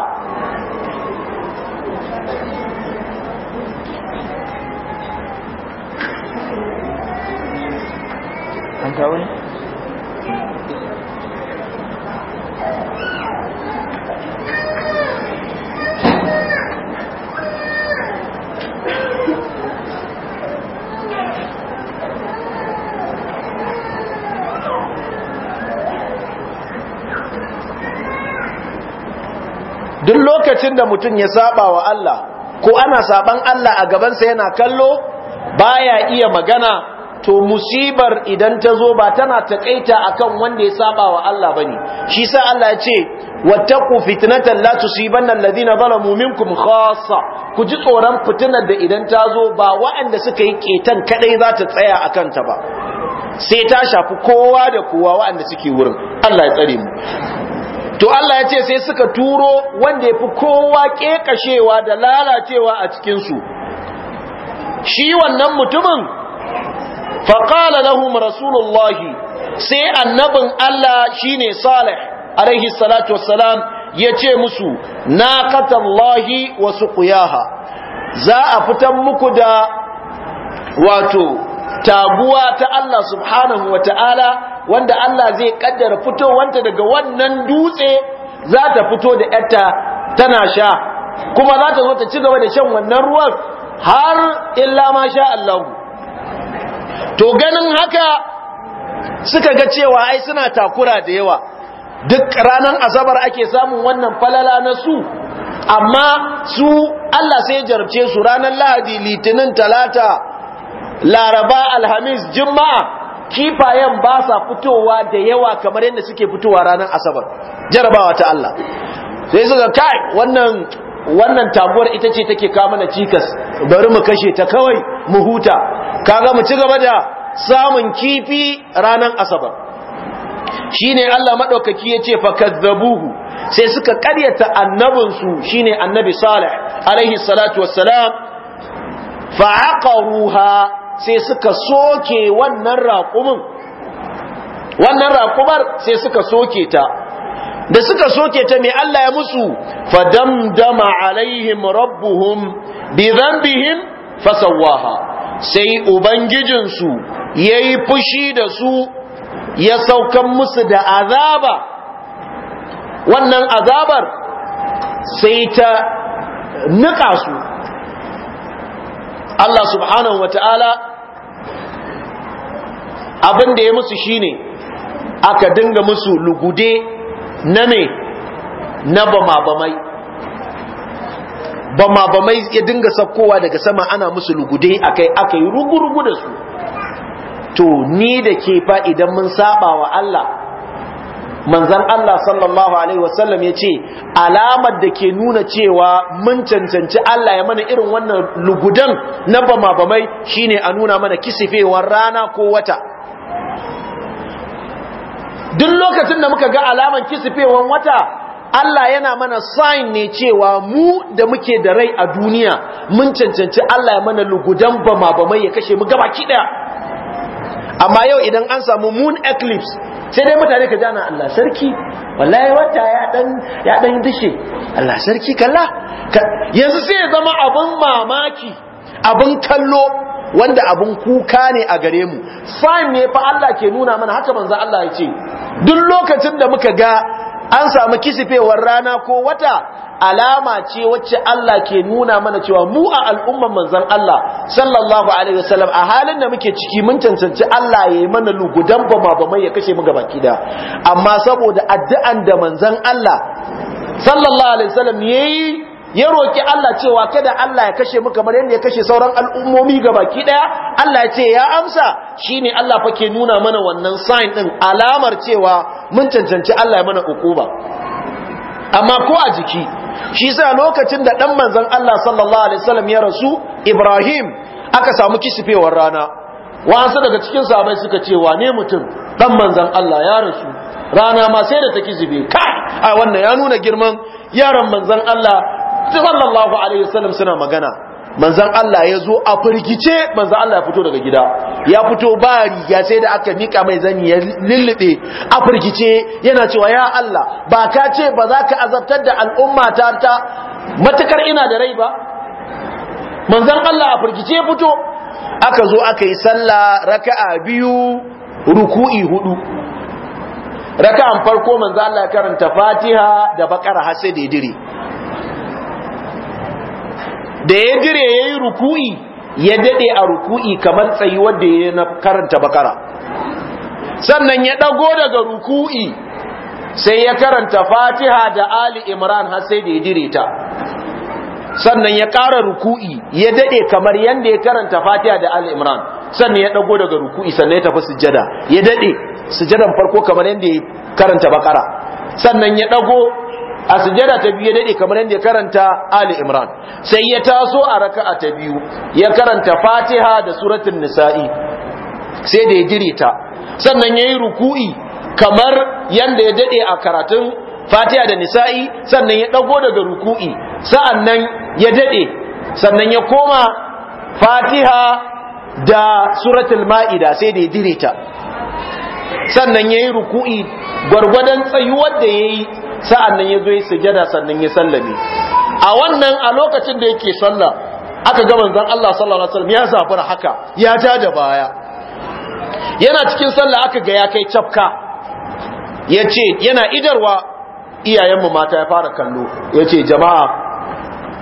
duk lokacin da mutum ya saba wa Allah ko ana saban Allah a gabansa yana kallo baya iya magana to musibar idan ta zo ba tana takaita akan wanda ya saba wa Allah bane shi sa Allah ya ce wattaqu fitnatan la tusibanna alladhina zalamu minkum khassa ku ji tsoron fitinar da idan ta zo ba waɗanda suka yi ketan kadai za ta tsaya akan ta ba sai ta shafi kowa da kowa waɗanda suke wurin Allah ya tsare mu to Allah ya ce sai suka turo wanda ya fi kowa ƙeƙashewa da lalacewa a cikinsu shi wannan mutumin faƙala lahum rasulullahi sai annabin Allah shi ne salih alaihi salatu wasalam ya ce musu na Lahi wasu ƙuyaha. za a fitan muku da wato taguwa ta Allah subhanahu wa ta'ala wanda Allah zai kaddara fitowanta daga wannan dutse za ta fito da yarta tana sha kuma za ta zo ta ci gaba da shan wannan ruwan har illa ma sha Allah to ganin haka suka ga cewa ai suna takura da yawa duk ranar asabar ake samun wannan falala na su amma su Allah sai ya jarabce su ranar lahadi litinin talata laraba alhamis juma'a kifayen ba sa fitowa da yawa kamar yadda suke fitowa ranar asabar jarabawa ta Allah sai suka kai wannan wannan taguwar ita ce take kama na cikas bari mu kashe ta kawai mu huta kaga mu ci gaba da samun kifi ranar asabar shine Allah madaukaki yace fakazzabuhu sai suka karyata annabinsu shine annabi Salih alaihi salatu wassalam aqaruha sai suka soke wannan raƙumin wannan raƙumar sai suka soke ta da suka soke ta mai Allah ya musu fadamdama alaihim rabbuhum bi dhanbihim fasawaha sai ubangijin su yayi fushi da su ya saukan musu da azaba wannan azabar sai ta nika su Allah subhanahu wa ta'ala abin da ya musu shine aka dinga musu lugude na me na bama-bamai bama-bamai ya dinga sakkowa daga sama ana musu lugude akai aka yi rugu-rugu da su to ni da ke fa idan mun saba wa Allah manzan Allah sallallahu alaihi wasallam ya ce alamar da ke nuna cewa mun cancanci Allah ya mana irin wannan lugudan na bama-bamai shine a nuna mana kisifewar rana ko wata duk lokacin da muka ga alaman kisifewan wata Allah yana mana sign ne cewa mu da muke da rai a duniya mun cancanci Allah ya mana lugudan bama bama ya kashe mu gabaki daya amma yau idan an samu moon eclipse sai dai mutane ka jana Allah sarki wallahi wata ya dan ya dan dishe Allah sarki kalla yanzu sai ya zama abin mamaki abin kallo wanda abun kuka ne a gare mu sign ne fa Allah ke nuna mana haka manzo Allah ya ce duk lokacin da muka ga an samu kisifewar rana ko wata alama ce wacce Allah ke nuna mana cewa mu a al'umman manzon Allah sallallahu alaihi wasallam a halin da muke ciki mun cancanci Allah yayi mana lugudan ba bama ya kashe mu gabaki da amma saboda addu'an da manzon Allah sallallahu alaihi wasallam yayi ya roƙi Allah cewa kada Allah ya kashe mu kamar yadda ya kashe sauran al'ummomi ga baki ɗaya, Allah ya ce ya amsa shine Allah fa ke nuna mana wannan sign din alamar cewa mun cancanci Allah ya mana ukuba amma ko a jiki shi sa lokacin da dan manzon Allah sallallahu alaihi wasallam ya rasu Ibrahim aka samu kisifewar rana wasu daga cikin sahabbai suka ce wane mutum dan manzon Allah ya rasu rana ma sai da ta kisibe kai a wannan ya nuna girman yaran manzon Allah sallallahu alaihi wasallam suna magana manzan Allah ya zo a firgice manzan Allah ya fito daga gida ya fito ba riga sai da aka mika mai zani ya lullube a furgice yana cewa ya Allah ba ka ce ba za ka azabtar da al'umma ta ta matukar ina da rai ba manzan Allah a furgice ya fito aka zo aka yi sallah raka'a biyu ruku'i hudu raka'an farko manzan Allah ya karanta Fatiha da Bakara har sai da dire da ya dire ya yi ruku'i ya daɗe a ruku'i kamar tsayuwar da ya na karanta bakara sannan ya ɗago daga ruku'i sai ya karanta fatiha da ali imran har sai da ya dire ta sannan ya ƙara ruku'i ya daɗe kamar yadda ya karanta fatiha da ali imran sannan ya ɗago daga ruku'i sannan ya tafi sujjada ya daɗe sujjadan farko kamar yadda ya karanta bakara sannan ya ɗago a sujada ta biyu ya dade kamar yadda ya karanta Ali Imran sai ya taso a raka'a ta biyu ya karanta Fatiha da suratul Nisa'i sai da ya jirita sannan yayi ruku'i kamar yanda ya dade a karatun Fatiha da Nisa'i sannan ya dago daga ruku'i sa'annan ya dade sannan ya koma Fatiha da suratul Ma'ida sai da ya jirita sannan yayi ruku'i gwargwadon tsayuwar da yayi sa'an nan ya zo ya sujada sannan ya sallame a wannan a lokacin da yake sallah aka ga zan Allah sallallahu alaihi wasallam ya zafara haka ya ja da baya yana cikin sallah aka ga ya kai cafka yace yana idarwa iyayenmu mata ya fara kallo ya ce jama'a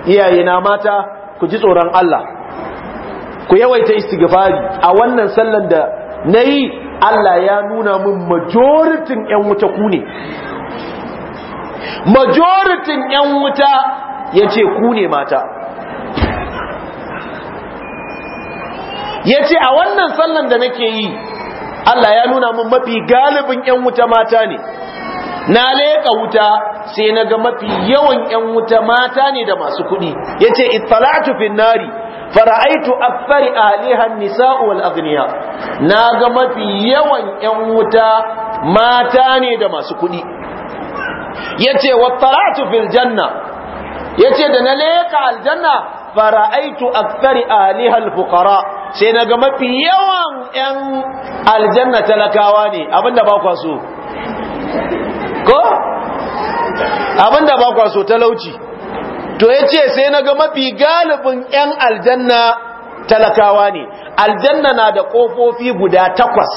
iyayena mata ku ji tsoron Allah ku yawaita istighfari a wannan sallan da na yi Allah ya nuna min majoritin yan wuta ku ne majoritin 'yan wuta ya ce ku ne mata ya ce a wannan sallan da nake yi Allah ya nuna min mafi galibin 'yan wuta mata ne na leƙa wuta sai na ga mafi yawan 'yan wuta mata ne da masu kuɗi ya ce ittalatu fin nari fara'aitu akthari alihan nisa'u wal aghniya na ga mafi yawan 'yan wuta mata ne da masu kuɗi yace wattalatu fil janna yace da na leka aljanna fara'aitu aktsari alihal fuqara' sai na ga mafi yawan 'yan aljanna talakawa ne abinda ba kwa so ko? abinda ba so talauci to ya ce sai na ga mafi galibin 'yan aljanna talakawa ne aljanna na da ƙofofi guda takwas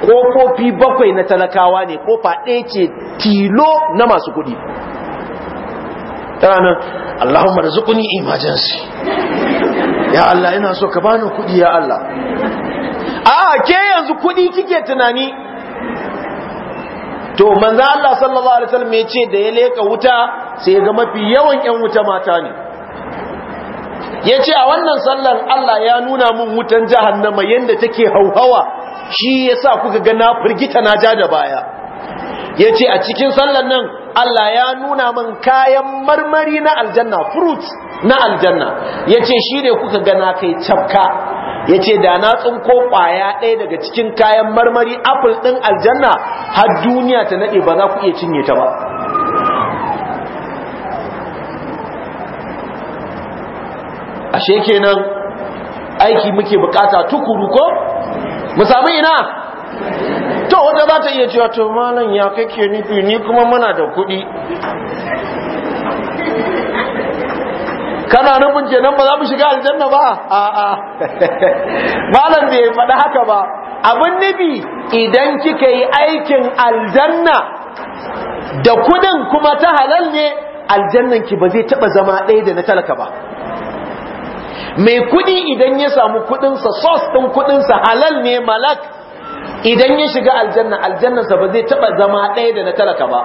kofofi bakwai na talakawa ne kofa ɗaya ce tilo na masu kuɗi tana nan Allahumma rizquni emergency ya Allah ina so ka bani kuɗi ya Allah a ke yanzu kuɗi kike tunani to manza Allah sallallahu alaihi wasallam ya ce da ya leka wuta sai ya ga mafi yawan yan wuta mata ne ya ce a wannan sallar Allah ya nuna mun wutan jahannama yadda take hauhawa shi ya sa kuka gana firgita na ja da baya Ya ce a cikin sallar nan Allah ya nuna min kayan marmari na aljanna fruit na aljanna Ya ce shi ne kuka gana na kai cafka ce da na tsinko kwaya ɗaya daga cikin kayan marmari apple ɗin aljanna har duniya ta naɗe ba za ku iya cinye ta ba ashe kenan aiki muke bukata tukuru ko mu sami ina to wata za ta iya cewa to malam ya kake nufi ni kuma muna da kuɗi kana nufin kenan ba za mu shiga aljanna ba a'a <laughs> malam bai faɗi haka ba abin nufi idan kika yi aikin aljanna da kudin kuma ta halal ne aljannan ki ba zai taɓa zama ɗaya da na talaka ba mai kudi idan ya samu kudinsa sos ɗin kudinsa halal ne malak idan ya shiga aljanna aljannansa ba zai taba zama ɗaya da na talaka ba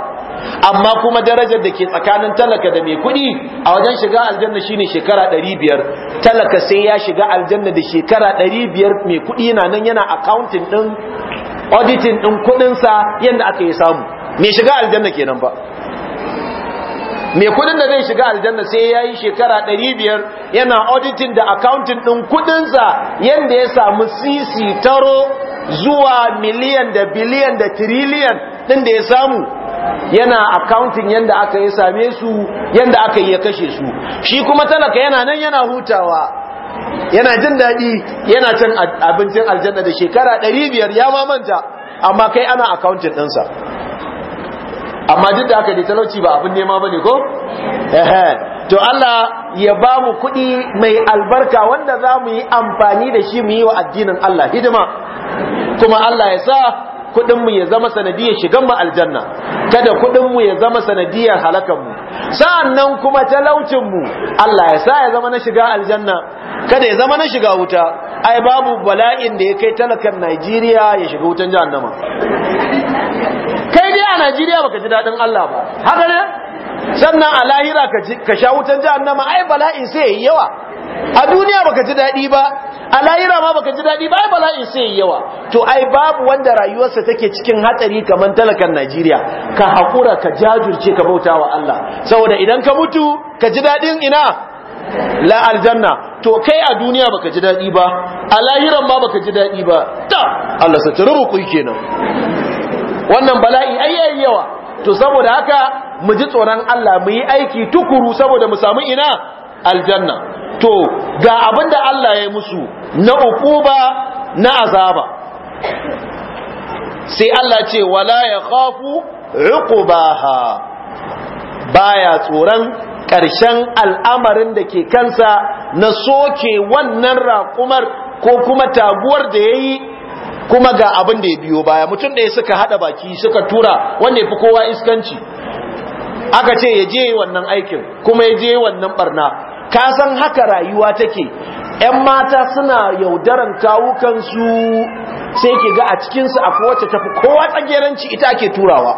amma kuma darajar da ke tsakanin talaka da mai kuɗi a wajen shiga aljanna shine shekara ɗari biyar talaka sai ya shiga aljanna da shekara ɗari biyar mai kuɗi na nan yana akawuntin ɗin auditin ɗin kuɗinsa yadda aka yi samu mai shiga aljanna kenan ba mai kudin da zai shiga aljanna sai ya yi shekara 500 yana auditing da accounting ɗin kudinsa yadda ya samu sisi taro zuwa miliyan da biliyan da tiriliyan ɗin da ya samu yana accounting yadda aka yi same su yadda aka yi ya kashe su shi kuma talaka yana nan yana hutawa yana jin daɗi yana cin abincin aljanna da shekara 500 ya mamanta amma kai ana accounting ɗinsa amma duk da aka dai talauci ba abin nema ba ne ko to Allah ya ba mu kuɗi mai albarka wanda za mu yi amfani da shi mu yi wa addinin Allah hidima kuma Allah ya sa kuɗinmu ya zama sanadiyar shigan mu aljanna kada kuɗinmu ya zama sanadiyar halakanmu sa'annan kuma talaucinmu Allah ya sa ya zama na shiga aljanna kada ya zama na shiga wuta ai babu bala'in da ya kai talakan Najeriya ya shiga wutan jahannama kai dai a Najeriya baka ji dadin Allah ba haka ne sannan a lahira ka sha wutan jahannama ai bala'i sai yayi yawa a duniya baka ji dadi ba a lahira ma baka ji dadi ba ai bala'i sai yayi yawa to ai babu wanda rayuwarsa take cikin hatsari kamar talakan Najeriya ka hakura ka jajurce ka bautawa Allah saboda idan ka mutu ka ji dadin ina la aljanna to kai a duniya baka ji dadi ba a lahiran ma baka ji dadi ba ta Allah sa tararu kenan wannan bala'i ayyayi yi yawa to saboda haka mu ji tsoron Allah mu yi aiki tukuru saboda mu samu ina aljanna to ga abin da Allah ya musu na ukuba na azaba sai Allah ce wala ya khafu uqubaha baya tsoron ƙarshen al'amarin da ke kansa na soke wannan raƙumar ko kuma taguwar da yayi kuma ga abin da ya biyo baya mutum da ya suka hada baki suka tura wanda ya fi kowa iskanci aka ce ya je wannan aikin kuma ya je wannan barna ka san haka rayuwa take ‘yan mata suna yaudaran kawukansu sai ke ga a cikinsu a kowace tafi kowa tsageranci ita ake turawa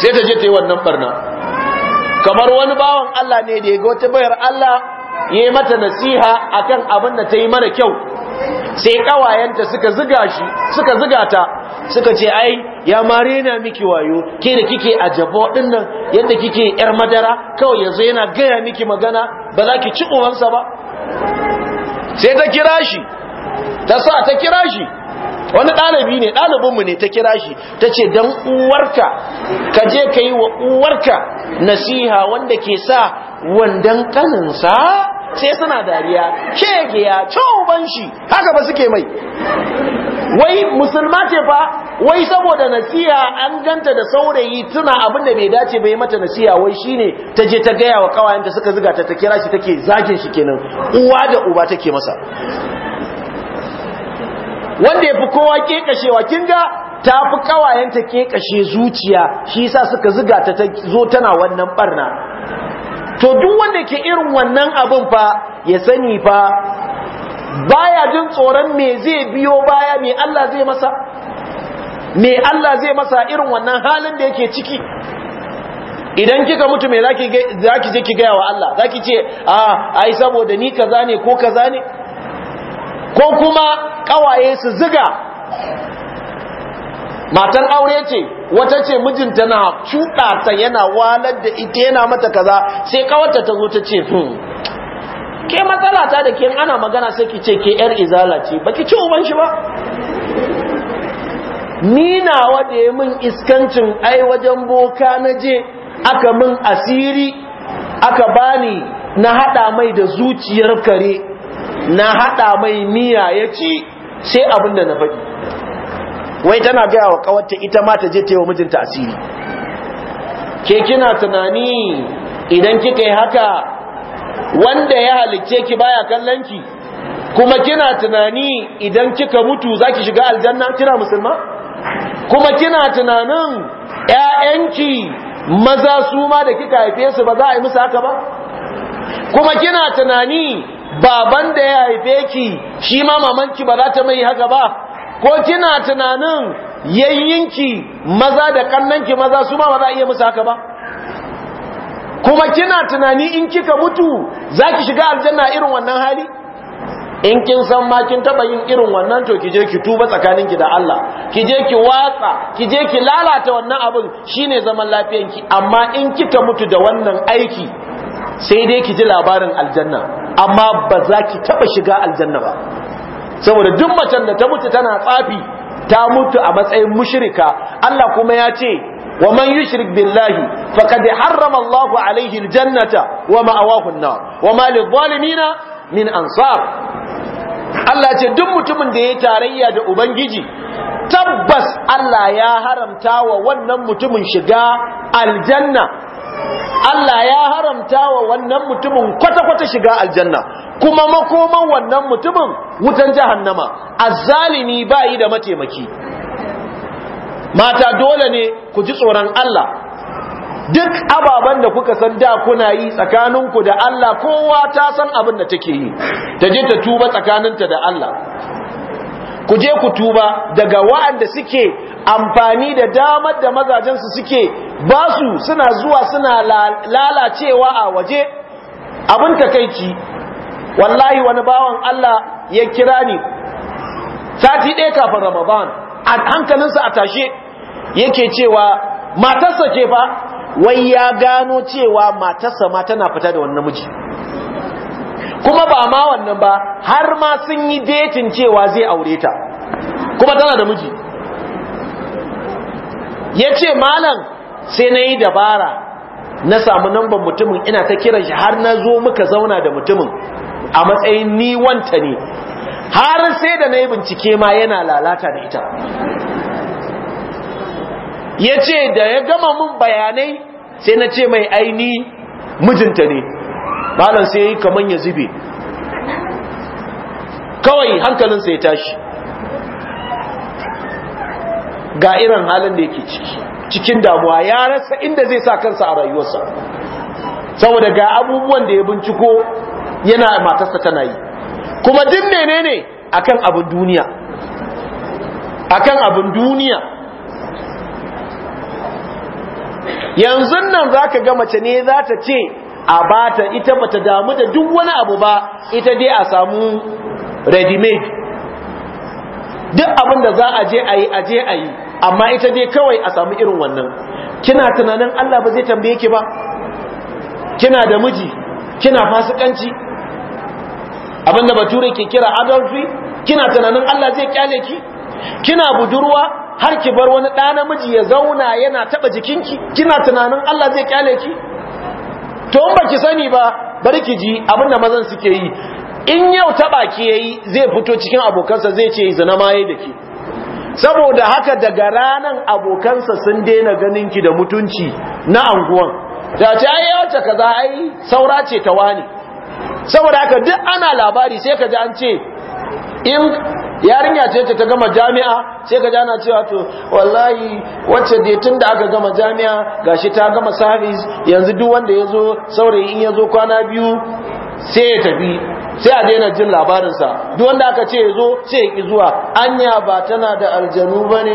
sai ta je ta yi wannan barna kamar wani bawan Allah ne da ya ga wata bayar Allah ya yi mata nasiha akan abin da ta yi mana kyau sai kawayenta suka ziga shi suka ziga ta suka ce ai ya mare na miki wayo ke da kike a jabo din yadda kike yar madara kawai yanzu yana gaya miki magana ba za ki ci uwansa ba sai ta kira shi ta sa ta kira shi wani ɗalibi ne ɗalibinmu ne ta kira shi ta ce don uwarka ka je ka yi wa uwarka nasiha wanda ke sa wandan kaninsa sai suna dariya kegeya ya ban shi haka ba suke mai wai musulma ce fa wai saboda nasiya an ganta da saurayi tuna abin da bai dace bai mata nasiya wai shine ta je ta gaya wa kawayenta suka zuga ta ta kira shi take zagin shi kenan uwa da uba take masa wanda ya fi kowa kekashewa kin ga ta fi kawayenta kekashe zuciya shi sa suka ziga ta zo tana wannan barna to duk wanda ke irin wannan abin fa ya sani fa baya jin tsoron me zai biyo baya me Allah zai masa me Allah zai masa irin wannan halin da yake ciki idan kika mutu me zaki zaki je ki gaya wa Allah zaki ce a ah, ai saboda ni kaza ne ko kaza ne ko kuma kawaye su ziga matan aure ce wata ce mijinta na cuɗa ta yana walar da ita yana mata kaza sai kawarta ta zo ta ce hmm ke matsala ta da ke ana magana sai ki ce ke yar izala ce baki ci uban shi ba ni na da ya min iskancin ai wajen boka na je aka min asiri aka bani na hada mai da zuciyar kare na hada mai miya ya ci sai abin da na faɗi wai tana gaya wa kawarta ita ma ta je ta yi wa mijinta asiri ke kina tunani idan kika yi haka wanda ya halicce ki baya kallon ki kuma kina tunani idan kika mutu zaki shiga aljanna kina musulma kuma kina tunanin ƴaƴanki maza su ma da kika haife su ba za a yi musu haka ba kuma kina tunani baban da ya haife ki shi ma mamanki ba za ta mai haka ba ko kina tunanin yayyinki maza da kannanki maza su ma ba za a iya musu haka ba kuma kina tunani in kika mutu za ki shiga aljanna irin wannan hali in kin san ma kin taba yin irin wannan to kije ki tuba tsakaninki da Allah kije ki watsa kije ki lalata wannan abin shine zaman lafiyar ki. amma in kika mutu da wannan aiki sai dai ki labarin aljanna amma ba za ki taba shiga aljanna ba saboda duk macen da ta mutu tana tsafi ta mutu a matsayin mushrika Allah kuma ya ce wa man yushrik billahi faqad harrama Allahu alaihi aljannata wa ma'awahu an-nar wa ma lidh-dhalimina min ansar Allah ce duk mutumin da ya tarayya da ubangiji tabbas Allah ya haramta wa wannan mutumin shiga aljanna Allah ya haramta wa wannan mutumin kwata-kwata shiga aljanna kuma makoman wannan mutumin wutan jahannama azzalimi ba yi da mataimaki mata dole ne ku ji tsoron Allah duk ababen da kuka san da kuna yi tsakaninku da Allah kowa ta san abin da take yi ta je ta tuba tsakaninta da Allah ku je ku tuba daga wa'anda suke amfani da damar da mazajensu suke basu suna zuwa suna lalacewa a waje abin takaici wallahi wani bawan Allah ya kira ni sati ɗaya kafin ramadan a hankalinsa a tashe yake cewa matarsa ke fa wai ya gano cewa matarsa ma tana fita da wani namiji kuma ba ma wannan ba har ma sun yi detin cewa zai aure ta kuma tana da miji ya ce malam sai na yi dabara na samu namban mutumin ina ta kiran shi har na zo muka zauna da mutumin a matsayin ni wanta ne har sai da na yi bincike ma yana lalata da ita ya ce da ya gama mun bayanai sai na ce mai aini mijinta ne malam sai yayi kaman ya zube kawai hankalin sai ya tashi ga irin halin da yake ciki cikin damuwa ya rasa inda zai sa kansa a rayuwarsa saboda ga abubuwan da ya binciko yana matarsa tana yi kuma duk menene akan abin duniya akan abin duniya yanzu nan za ka ga mace ne za ta ce a bata ita bata damu da duk wani abu ba ita dai a samu ready made duk abin da za a je a yi a je a yi amma ita dai kawai a samu irin wannan kina tunanin Allah ba zai tambaye ki ba kina da miji kina fasikanci abinda bature ke kira adultery kina tunanin Allah zai kyale ki kina budurwa har ki bar wani ɗa namiji ya zauna yana taba jikinki kina tunanin Allah zai kyale ki to ba baki sani ba bari ji abin da mazan suke yi in yau ta baki yayi zai fito cikin abokansa zai ce zina ma da ke. saboda haka daga ranan abokansa sun daina ganin ki da mutunci na anguwan da ta ai wata kaza ai saura ce ta wani saboda haka duk ana labari sai ka ji an ce in yarinya ce ta gama jami'a sai ka jana cewa to wallahi wacce dai tun da aka gama jami'a gashi ta gama service yanzu duk wanda ya zo saurayi in ya zo kwana biyu sai ya tafi sai a daina jin labarinsa duk wanda aka ce ya zo sai ya ki zuwa anya ba tana da aljanu ba ne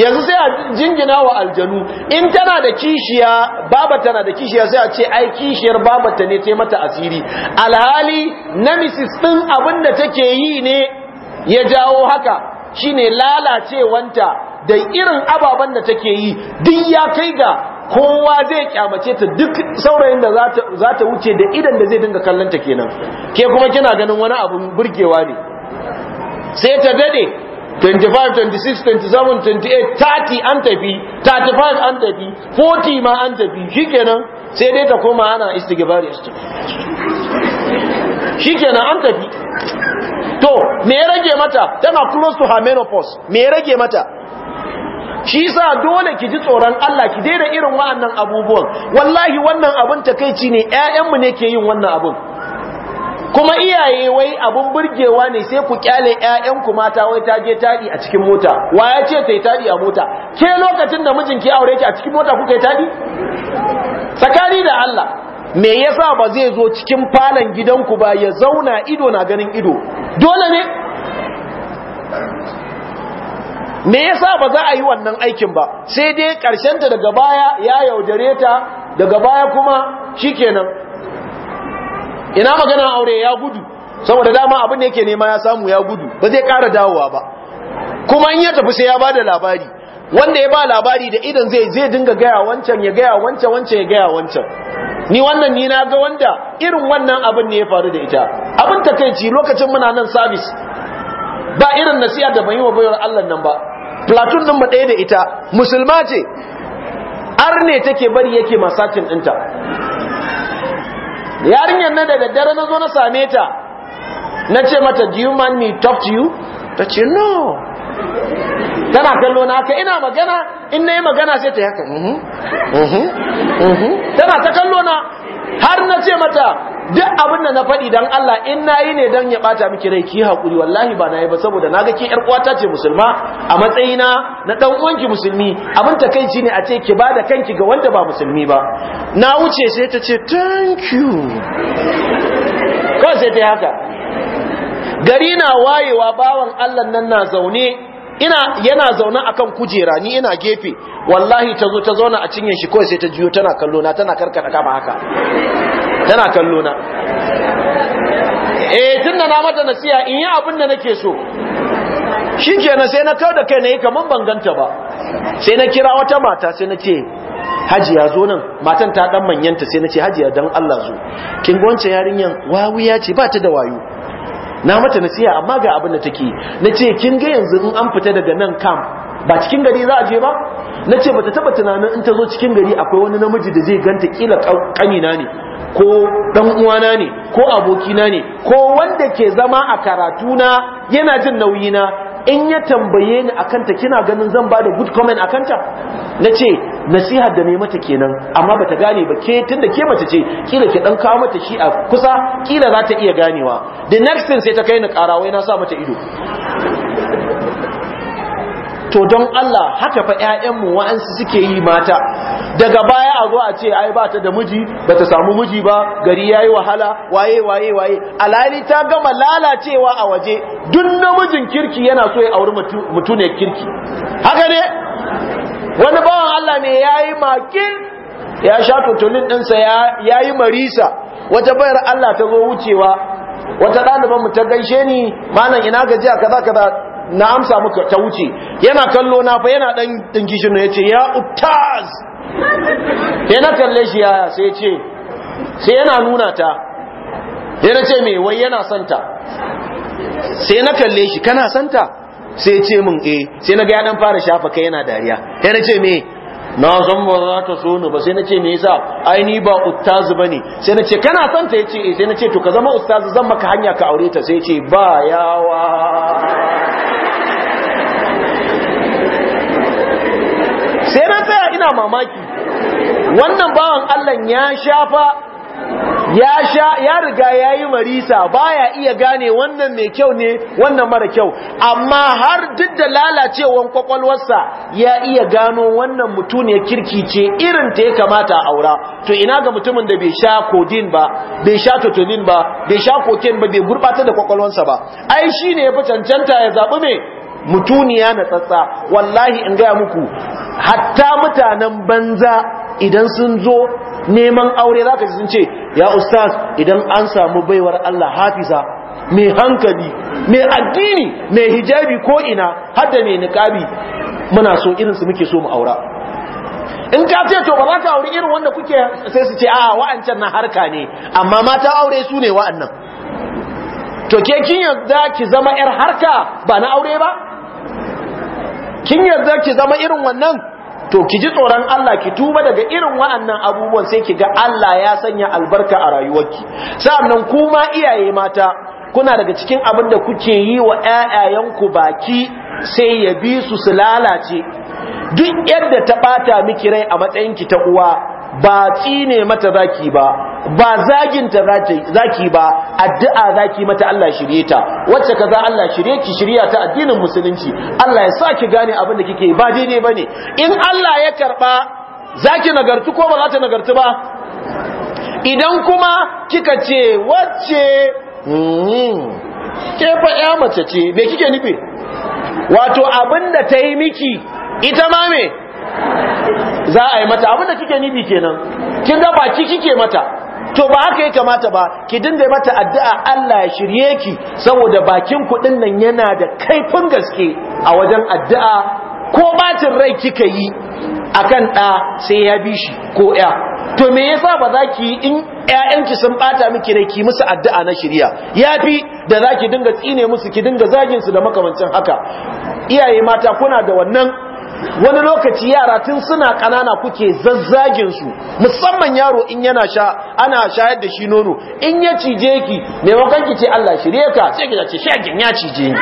yanzu sai a jingina wa aljanu in tana da kishiya baba tana da kishiya sai a ce ai kishiyar babata ta ne ta mata asiri alhali na misis din abin da take yi ne ya jawo haka shine lalacewanta da irin ababen da take yi duk ya kai ga kowa zai kyamace ta duk saurayin da za ta wuce da idan da zai dinga kallon ta kenan ke kuma kina ganin wani abu burgewa ne sai ta dade 25 26 27 28 30 an tafi 35 an tafi 40 ma an tafi shikenan sai dai ta koma ana istighfari istighfari shikenan an tafi to me ya rage mata tana close to her menopause me ya rage mata shi yasa dole ki ji tsoron Allah ki daina irin wa'annan abubuwan wallahi wannan abun takeici ne ƴaƴanmu ne ke yin wannan abun kuma iyaye wai abun burgewa ne sai ku kyale ƴaƴanku mata wai ta je tadi a cikin mota wa ya ce tai tadi a mota ke lokacin da mijinki aure ki a cikin mota kuka yi tadi tsakani da Allah me yasa ba zai zo cikin falon gidanku ba ya zauna ido na ganin ido dole ne me yasa ba za a yi wannan aikin ba sai dai ta daga baya ya yaudare ta daga baya kuma shikenan ina magana aure ya gudu saboda dama abin da yake nema ya samu ya gudu ba zai ƙara dawowa ba kuma in ya tafi sai ya bada labari wanda ya ba labari da idan zai zai dinga gaya wancan ya gaya wancan wancan ya gaya wancan ni wannan ni na ga wanda irin wannan abin ne ya faru da ita abin ta ci lokacin muna nan sabis, ba irin nasiya da ban yi wa bayar Allah nan ba Platun din ba ɗaya da ita musulma ce arne take bari yake masakin dinta. yarinyar nan da daddare na zo na same ta na ce mata do you mind me talk to you ta ce no tana kallo na ka ina magana in na yi magana sai ta haka tana ta kallo na har na ce mata duk abin da na faɗi don Allah in na yi ne don ya ɓata miki rai ki hakuri, wallahi ba na yi ba saboda na ga ki ƴar ce musulma a matsayina na ɗan ki musulmi abin ta kai ne a ce ki ba da kanki ga wanda ba musulmi ba na wuce sai ta ce thank you kawai sai ta yi haka gari na wayewa bawan Allah nan na zaune ina yana zaune akan kujera ni ina gefe wallahi tazo ta zauna a cinyen shi kawai sai ta jiyo tana kallo na tana karkata kama haka tana kallo na eh tunda na mata nasiha in yi abin da nake so shikenan sai na kawo da kai nayi kaman ban ganta ba sai na kira wata mata sai na ce ya zo nan matan ta dan manyanta sai na ce ya dan Allah zo kin gonce yarinyan wawiya ce ba ta da wayo na mata nasiha amma ga abin da take nace kin ga yanzu in an fita daga nan kam ba cikin gari za a je ba nace bata taba tunanin in ta zo cikin gari akwai wani namiji da zai ganta kila kanina ne ko dan uwana ne ko abokina ne ko wanda ke zama a karatu na yana jin nauyi na in ya tambaye ni akan ta kina ganin zan ba da good comment akan ta na nasihat da mai mata kenan amma bata gane ba ke tunda ke mace ce kila ki dan kawo mata shi a kusa kila za ta iya ganewa the next thing sai ta kai ni ƙara wai na sa mata ido to don Allah haka fa ƴaƴan mu wa'ansu suke yi mata daga baya a zo a ce ai ba ta da miji bata samu miji ba gari yayi wahala waye waye waye alali ta gama lalacewa a waje duk namijin kirki yana so ya auri mutune kirki haka ne wani bawan Allah ne ya yi makin ya sha tutulin ɗinsa ya yi marisa wata bayar Allah ta zo wucewa wata ɗaliban mu ta gaishe ni malam ina gajiya kaza kaza na amsa muka ta wuce yana kallo na fa yana ɗan ɗingishin ya yace ya uttaz sai kalle shi ya, sai ce sai yana nuna ta sai ce me wai yana santa sai na kalle shi kana santa sai ce min eh sai na ga ya dan fara shafa kai yana dariya sai na ce me na san ba za ta so ni ba sai na ce me yasa ai ni ba ustazu bane sai na ce kana son ta yace eh sai na ce to ka zama ustazu zan maka hanya ka aure ta sai ce ba yawa sai na tsaya ina mamaki wannan bawan Allah ya shafa ya sha ya riga ya yi marisa baya iya gane wannan mai kyau ne wannan mara kyau amma har duk da lalacewan kwakwalwarsa ya iya gano wannan ya kirki ce irin ta ya kamata a aura to ina ga mutumin da bai sha kodin ba bai sha totonin ba bai sha koken ba bai gurbata da kwakwalwarsa ba ai shi ne ya fi cancanta ya zaɓi mai mutuniya na tsatsa wallahi in gaya muku hatta mutanen banza idan sun zo neman aure za ka sun ce ya ustaz idan an samu baiwar Allah hafisa, mai hankali mai addini mai hijabi ko ina har mai niqabi muna so irinsu muke so mu aura in ka ce to ba za ka aure irin wanda kuke sai su ce a wa'ancan na harka ne amma mata aure su ne wa'annan to ke kin yadda ki zama yar harka ba na aure ba kin yadda ki zama irin wannan to ki ji tsoron Allah ki tuba daga irin wa'annan abubuwan sai ki ga Allah ya sanya albarka a rayuwarki sa'annan kuma iyaye mata kuna daga cikin abin da kuke yi wa ƴaƴayenku baki sai ya bi su su lalace duk yadda ta bata miki rai a matsayinki ta uwa ba tsine mata zaki ba ba zaginta zaki ba addu'a zaki mata Allah shirye ta wacce kaza Allah shirye ki shirya ta addinin musulunci Allah ya sa ki gane abin da kike ba daidai bane in Allah ya karba zaki nagartu ko ba za ta nagartu ba idan kuma kika ce wacce hmm. ke fa ya mace ce me kike nufi wato abin da ta yi miki ita ma me za a yi mata abin da kike nufi kenan kin ga ki kike mata to ba aka yi kamata ba ki dinga mata addu'a Allah ya shirye ki saboda bakin ku nan yana da kaifin gaske a wajen addu'a ko batin rai kika yi akan ɗa sai ya bi shi ko ya to me yasa ba za ki in ƴaƴanki sun bata miki ne ki musu addu'a na shirya yafi da zaki ki dinga tsine musu ki dinga zagin su da makamancin haka iyaye mata kuna da wannan wani lokaci yara tun suna kanana kuke zazzagin su musamman yaro in yana sha ana shayar da shi nono in ya cije ki wakan ki ce Allah shirye ka sai ki ce shegin ya cije ni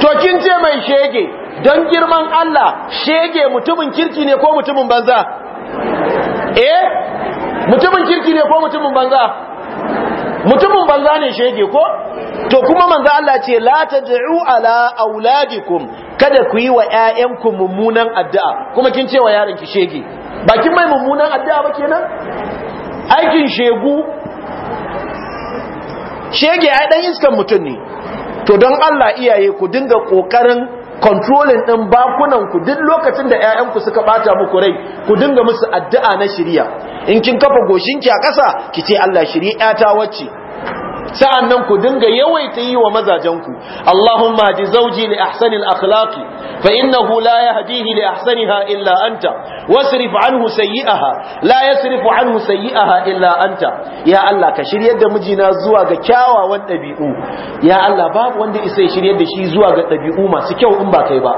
to kin ce mai shege don girman Allah shege mutumin kirki ne ko mutumin banza eh mutumin kirki ne ko mutumin banza mutumin banza ne shege ko to kuma manzo Allah ce la tad'u ala auladikum kada ku yi wa ƴaƴanku mummunan addu'a kuma kin ce wa yaron ki shege Ba kin mai mummunan addu'a ba kenan aikin shegu shege ai dan iskan mutum ne to don Allah iyaye ku dinga kokarin controlling din bakunan ku duk lokacin da ƴaƴanku suka bata muku rai ku dinga musu addu'a na shiriya in kin kafa goshinki a ƙasa ki ce Allah shiri ƴata wacce sa'annan ku dinga yawaita yi wa mazajenku Allahumma ji zauji li ahsanil akhlaqi fa innahu la yahdihi li ahsaniha illa anta wasrif anhu sayyi'aha la yasrifu anhu sayyi'aha illa anta ya Allah ka shirya da mijina zuwa ga kyawawan ɗabi'u ya Allah babu wanda isa ya shirya da shi zuwa ga ɗabi'u masu kyau in ba kai ba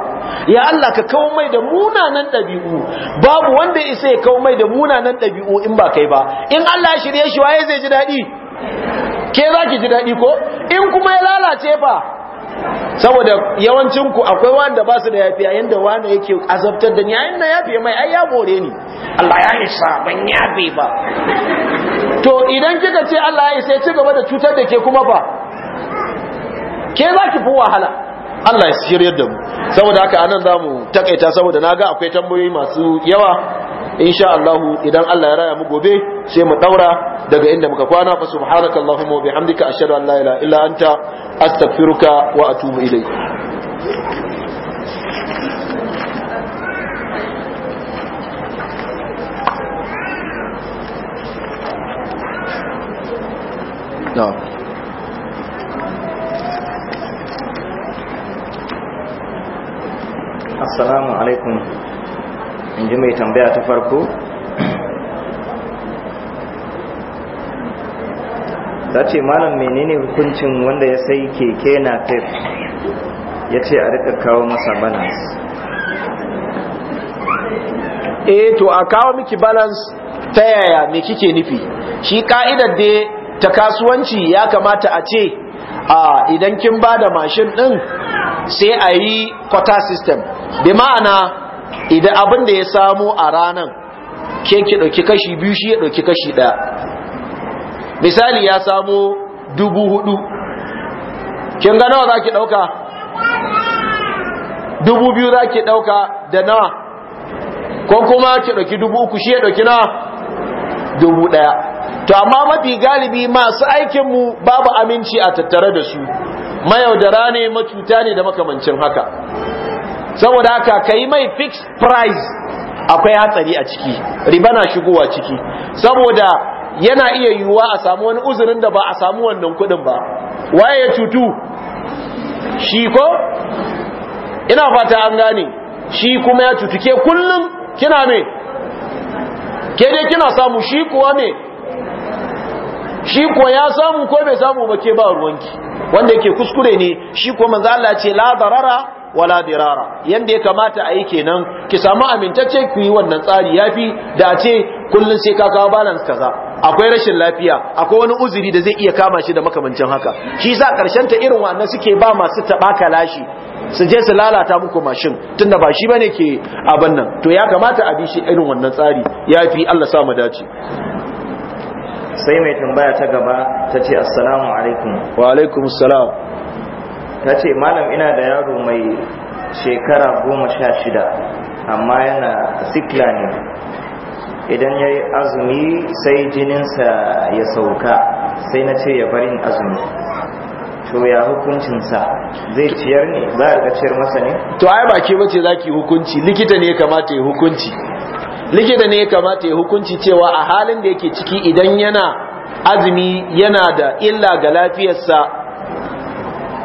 ya Allah ka kawo mai da munanan ɗabi'u babu wanda isa ya kawo mai da munanan ɗabi'u in ba kai ba in Allah ya shirya shi waye zai ji daɗi ke za ki ji daɗi ko in kuma ya lalace fa saboda yawancin ku akwai wanda ba su da yafiya yanda wanda yake azabtar da ni na fiye mai ai ya bore ni Allah ya isa ban yafi ba to idan kika ce Allah ya isa ya ci gaba da cutar da ke kuma fa ke za ki fi wahala Allah ya shiryar da mu saboda haka anan mu takaita saboda na ga akwai tambayoyi masu yawa insha Allah idan Allah ya raya mu gobe sai mu daura daga inda muka kwana fa subhanaka allahumma wa bihamdika ashhadu an la ilaha illa anta astaghfiruka wa atubu ilayk No. Assalamu in ji mai tambaya ta farko ta ce malam menene hukuncin wanda ya sai keke na tef ya ce a rika kawo masa balans eh to a kawo miki balans ta yaya me kike nufi shi ka'idar da ta kasuwanci ya kamata a ce a idan kin ba da mashin din sai a yi kwata system bi ma'ana idan abin da ya samu a ranan ke ki ɗauki kashi biyu shi ya ɗauki kashi ɗaya misali ya samu dubu hudu kin ga nawa za ki ɗauka dubu biyu za ki ɗauka da nawa ko kuma ki ɗauki dubu uku shi ya ɗauki nawa dubu ɗaya to amma mafi galibi masu aikinmu babu aminci a tattare da su mayaudara ne matuta ne da makamancin haka saboda haka kai mai fixed price akwai hatsari a ciki riba na shigowa ciki saboda yana iya yiwuwa a samu wani uzurin da ba a samu wannan kuɗin ba waye ya cutu shi ko ina fata an gane shi kuma ya cutu ke kullum kina me ke dai kina samu shi kuwa me shi ko ya samu ko bai samu ba ke ba ruwanki wanda yake kuskure ne shi kuma manzo ce la darara wala dirara yanda ya kamata a yi kenan ki samu amintacce ku yi wannan tsari yafi da a ce kullum sai ka kawo balance kaza akwai rashin lafiya akwai wani uzuri da zai iya kama shi da makamancin haka shi za karshen ta irin wannan suke ba masu taba kalashi su je su lalata muku mashin tunda ba shi bane ke abin nan to ya kamata a bi shi irin wannan tsari yafi Allah sa mu dace sai mai tambaya ta gaba ta ce assalamu alaikum wa alaikum ta ce malam ina da yaro mai shekara goma sha shida amma yana sikla ne idan ya yi azumi sai jininsa ya sauka sai na ce ya bari azumi to ya hukuncinsa zai ciyar ne za a ciyar masa ne to ai baki za ki hukunci likita ne ya kamata ya hukunci likita ne ya kamata ya hukunci cewa a halin da yake ciki idan yana azumi yana da illa ga lafiyarsa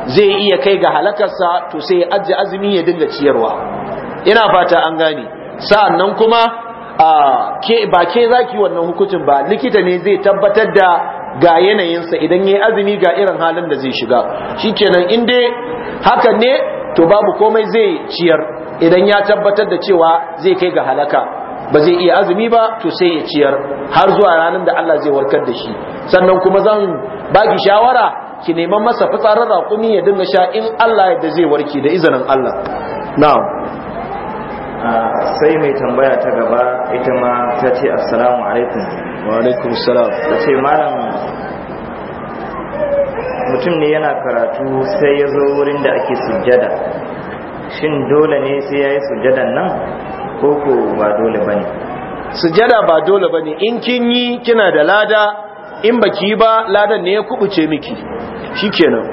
zai iya kai ga halakarsa to sai ya ajiye azumi ya dinga ciyarwa ina fata an gane sa'annan kuma ba ke zaki wannan hukuncin ba likita ne zai tabbatar da ga yanayinsa idan ya yi azumi ga irin halin da zai shiga shi kenan in dai haka ne to babu komai zai ciyar idan ya tabbatar da cewa zai kai ga halaka ba zai iya azumi ba to sai ya ciyar har zuwa ranar da Allah zai warkar da shi sannan kuma zan baki shawara ki neman masa fitsarin raƙumi ya dinga sha in Allah yadda zai warke da izinin Allah na'am sai mai tambaya ta gaba ita ma ta ce assalamu alaikum wa alaikum salam ta ce malam mutum ne yana karatu sai ya zo wurin da ake sujjada shin dole ne sai ya yi sujjadan nan ko ko ba dole ba ne sujjada ba dole ba ne in kin yi kina da lada in baki yi ba ladan ne ya kubuce miki shikenan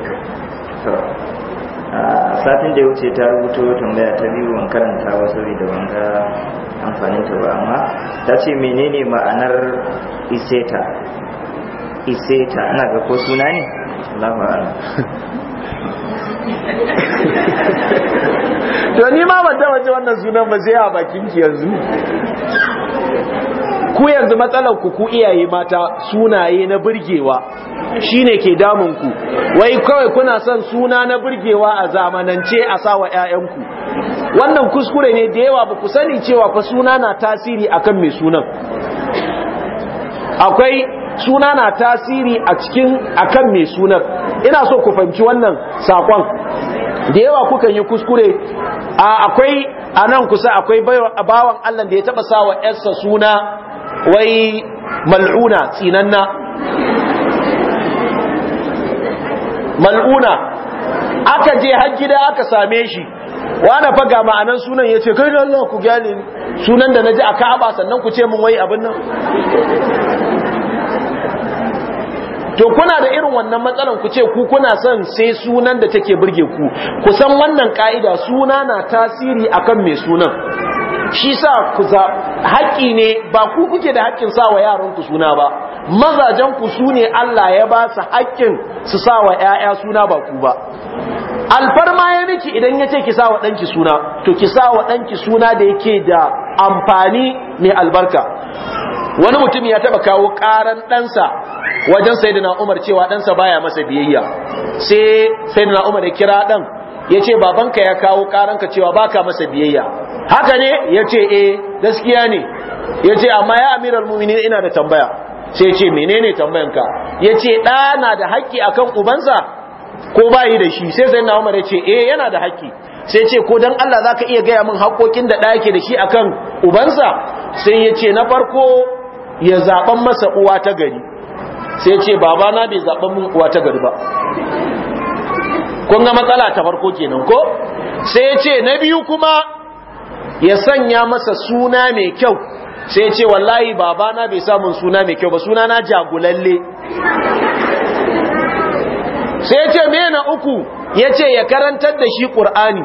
satin da ya wuce ta rubuto tambaya ta biyu wani karanta wasu, saboda da wanda amfanin ta ba amma ta ce menene ma'anar iseta iseta ana ga ko suna ne Allahu to ni ma ban taba ji wannan sunan ba sai a bakin ki yanzu ku yanzu matsalar ku ku iyaye mata sunaye na burgewa shine ke damun ku wai kawai kuna son suna na burgewa a zamanance a sawa ƴaƴan ku? wannan kuskure ne da yawa ba ku sani cewa fa suna na tasiri akan mai sunan akwai suna na tasiri a cikin akan mai sunan ina so ku fahimci wannan sakon da yawa kukan yi kuskure akwai a nan kusa akwai bawan Allah da ya taba sawa ƴarsa suna wai mal'una tsinanna mal'una aka je har gida aka same shi wani faga ma'anan sunan ya ce kai Allah ku gyale sunan da na ji a ka'aba sannan ku ce mun wai abin nan to kuna da irin wannan matsalan ku ce ku kuna son sai sunan da take burge ku ku san wannan ka'ida suna na tasiri akan mai sunan shi sa ku za haƙƙi ne ba ku kuke da haƙƙin sa wa yaran ku suna ba mazajen ku su ne Allah ya ba su haƙƙin su sa wa ƴaƴa suna ba ku ba alfarma ya miki idan ya ce ki sa wa ɗanki suna to ki sa wa ɗanki suna da yake da amfani mai albarka wani mutum ya taɓa kawo ƙaran ɗansa wajen da Na'umar cewa ɗansa baya masa biyayya sai da Umar ya kira ɗan ya ce babanka ya kawo karanka cewa baka masa biyayya haka ne ya ce eh gaskiya ne ya ce amma ya amiral mumini ina da tambaya sai ce menene tambayanka ya ce ɗa na da haƙƙi akan ubansa ko bayi da shi sai zai na umar ya ce eh yana da haƙƙi sai ce ko don Allah za ka iya gaya min haƙoƙin da ɗa yake da shi akan ubansa sai ya ce na farko ya zaɓan masa uwa ta gari sai ce babana bai zaɓan min uwa ta gari ba kun ga matsala ta farko kenan ko sai ya ce na biyu kuma ya sanya masa suna mai kyau sai ya ce wallahi babana bai samun suna mai kyau ba suna na jagulalle sai ya ce mena na uku ya ce ya karantar da shi ƙur'ani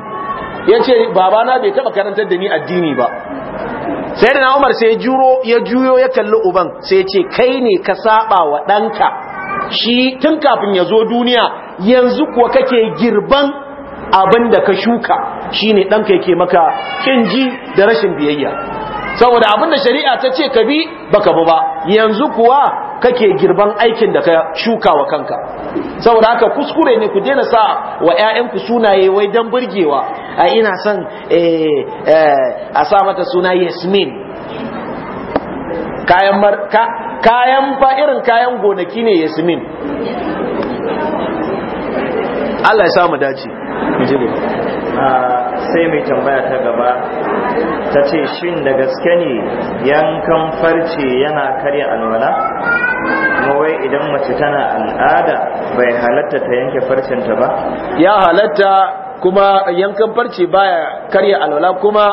ya ce babana bai taɓa karantar da ni addini ba sai da na umar sai ya juyo ya kalli uban sai ya ce kai ne ka saba wa ɗanka shi tun kafin ya zo duniya yanzu kuwa kake girban abin da ka shuka shi ne ɗanka yake maka ji da rashin biyayya saboda abin da shari'a ta ce ka bi baka ka ba yanzu kuwa kake girban aikin da ka shuka wa kanka saboda haka kuskure ne ku daina sa wa 'ya'yanku sunaye wai don burgewa a ina son eh, eh, a sa mata suna yasmin kayan marka kayan fa irin kayan gonaki ne yasmin Allah ya sa mu dace ah, sai mai tambaya ta gaba ta ce shin da gaske ne yankan farce yana karya alwala Mu wai idan mace tana al'ada bai halatta ta yanke farcenta ba ya halatta kuma yankan farce baya karya alwala kuma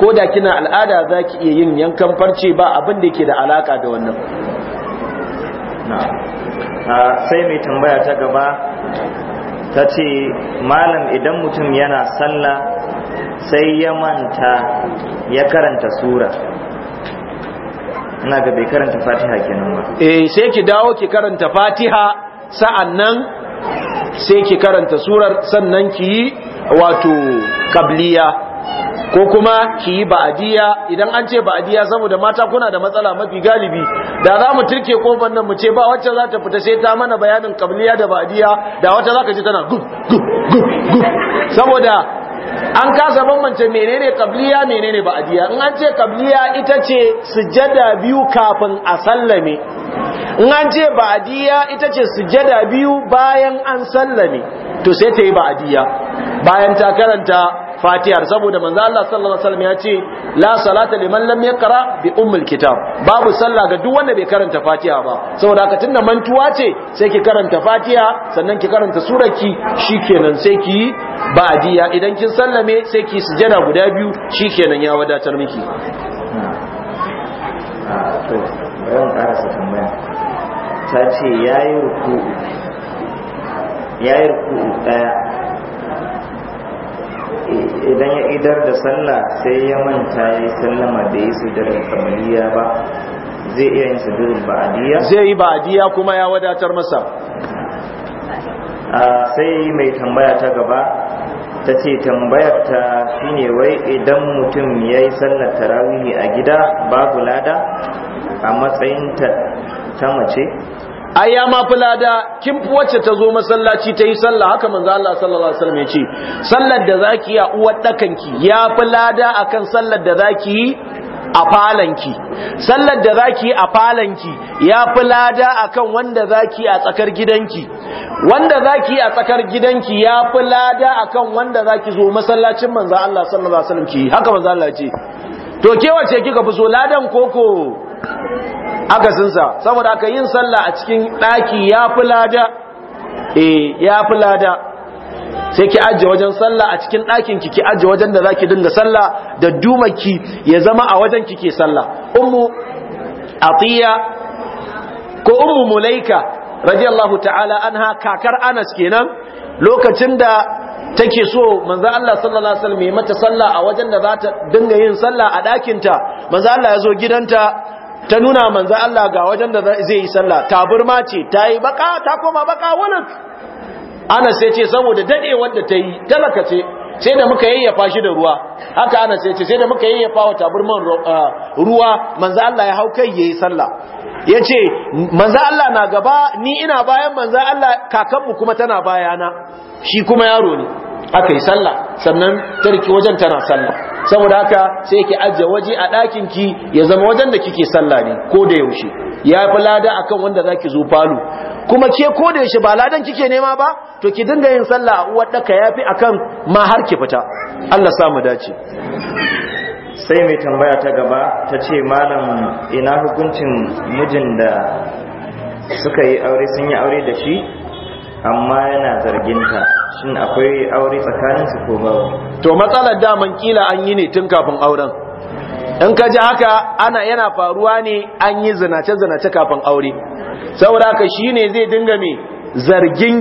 ko da kina al'ada za ki iya yin yankan farce ba abin da yake da alaka da wannan sai mai tambaya ta gaba ta ce malam idan mutum yana sallah sai ya manta ya karanta sura ina ga bai karanta fatiha kenan ba eh sai ki dawo ki karanta fatiha sa'annan sai ki karanta surar sannan ki wato kabliya ko kuma ki yi ba'adiyya idan an ce ba'adiyya saboda mata kuna da matsala mafi galibi da za mu turke kofar nan mu ce ba wacce za ta fita sai ta mana bayanin kabliya da ba'adiyya da wacce za ka ji tana gub gub gub gub saboda an kasa bambance menene kabliya menene ba'adiyya in an ce kabliya ita ce sujada biyu kafin a sallame in an ce ba'adiyya ita ce sujada biyu bayan an sallame to sai ta yi ba'adiyya bayan ta karanta fatihar saboda manzo Allah sallallahu alaihi wasallam ya ce la salata liman lam yaqra bi ummul kitab babu sallah ga duk wanda bai karanta fatiya ba saboda haka tunda mantuwa ce sai ki karanta fatiha sannan ki karanta surarki shikenan sai ki ba'diya idan kin sallame sai ki sujada guda biyu shikenan ya wadatar miki ah, ta ce ya yi ruku ɗaya idan ya idar da sallah sai ya manta ya yi sallama da yi sujudar kamaliya ba zai iya yin sujudar ba'adiyya zai yi ba'adiyya kuma ya wadatar masa sai mai tambaya ta gaba ta ce tambayar ta shine wai idan mutum ya yi sallar tarawihi a gida babu lada a matsayin ta mace Aya ya ma fulada kin fi wacce ta zo masallaci ta yi sallah haka manzo Allah sallallahu alaihi wasallam ya ce sallar da zaki ya uwar dakanki ya fulada akan sallar da zaki a falanki sallar da zaki a falanki ya fi lada akan wanda zaki a tsakar gidanki wanda zaki a tsakar gidanki ya fi lada akan wanda zaki zo masallacin manzo Allah sallallahu alaihi wasallam ki haka manzo Allah ce to ke wacce kika fi so ladan koko akasinsa saboda aka yin sallah a cikin ɗaki ya fi lada eh ya fi lada sai ki ajiye wajen sallah a cikin ɗakin ki ki ajiye wajen da zaki dinga sallah da dumaki ya zama a wajen ki ke sallah ummu atiya ko ummu mulaika radiyallahu ta'ala anha kakar anas kenan lokacin da take so manzo Allah sallallahu alaihi wasallam ya mata sallah a wajen da za ta dinga yin sallah a ɗakinta manzo Allah ya zo gidanta ta nuna manzo Allah ga wajen da zai yi sallah taburma ce ta yi baka ta koma baka wannan ana sai ce saboda dade wanda ta yi talaka ce sai da muka yayyafa shi da ruwa haka ana sai ce sai da muka yayyafa wa taburman ah, ruwa manzo Allah ya hau kai yayi sallah yace manzo Allah na gaba ni ina bayan manza Allah kakanmu kuma tana bayana shi kuma yaro ne aka yi sallah sannan tarki wajen tana sallah saboda haka sai ki ajiye waje a ɗakin ki ya zama wajen da kike sallah ne ko da yaushe ya fi lada akan wanda zaki zo falo kuma ke ko da yaushe ba ladan kike nema ba to ki dinga yin sallah a uwar ya fi akan ma har ki fita Allah sa mu dace sai mai tambaya ta gaba ta ce malam ina hukuncin mijin da suka yi aure sun yi aure da shi amma yana zarginta shin akwai aure tsakanin su ko ba to matsalar daman kila an yi ne tun kafin auren in ka ji haka ana yana faruwa ne an yi zinace zinace kafin aure saboda ka shine zai dinga me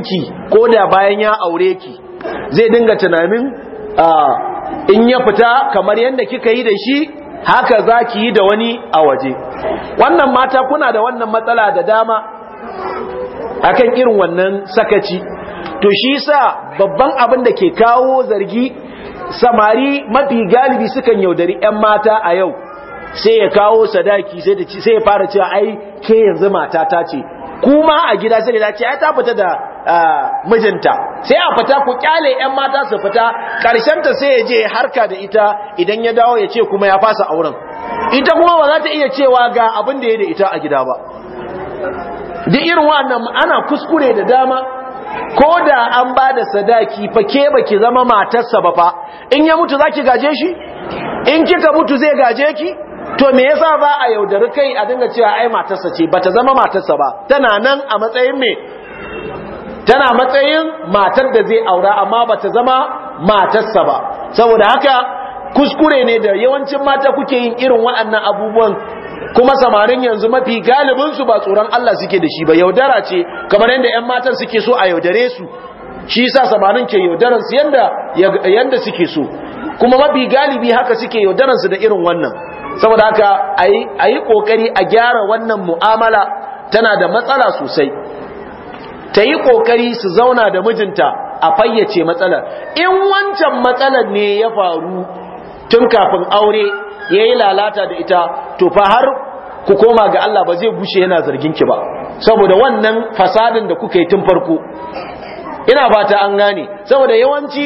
ki ko da bayan ya aure ki zai dinga tunanin in ya fita kamar yadda kika yi da shi haka za ki yi da wani a waje wannan mata kuna da wannan matsala da dama akan irin wannan sakaci to shi sa babban abin da ke kawo zargi samari mafi galibi sukan yaudari 'yan mata a yau sai ya kawo sadaki sai ya fara cewa ai ke yanzu mata ta ce kuma a gida sai da ce ai ta fita da mijinta sai a fita ku kyale 'yan mata su fita Karshen ta sai ya je harka da ita idan ya dawo ya ce kuma ya fasa auren ita kuma ba za ta iya cewa ga abin da ya da ita a gida ba da irin wannan ana kuskure da dama ko da an ba da sadaki fa ke ba zama matarsa ba fa in ya mutu zaki gaje shi in kika mutu zai gaje ki to me yasa ba a yaudari kai a dinga cewa ai matarsa ce bata zama matarsa ba tana nan a matsayin me tana matsayin matar da zai aura amma bata zama matarsa ba saboda haka kuskure ne da yawancin mata kuke yin irin waɗannan abubuwan kuma samarin yanzu mafi galibin su ba tsoron Allah suke da shi ba yaudara ce kamar yadda ƴan matan suke so a yaudare su shi yasa samarin ke yaudaran su yanda yanda suke so kuma mafi galibi haka suke yaudaran su da irin wannan saboda haka ayi ayi kokari a gyara wannan mu'amala tana da matsala sosai ta yi kokari su zauna da mijinta a fayyace matsalar in wancan matsalar ne ya faru tun kafin aure yayi lalata da ita to fa har ku koma ga Allah ba zai gushe yana zargin ki ba saboda wannan fasadin da kuka yi tun farko ina fata an gane saboda yawanci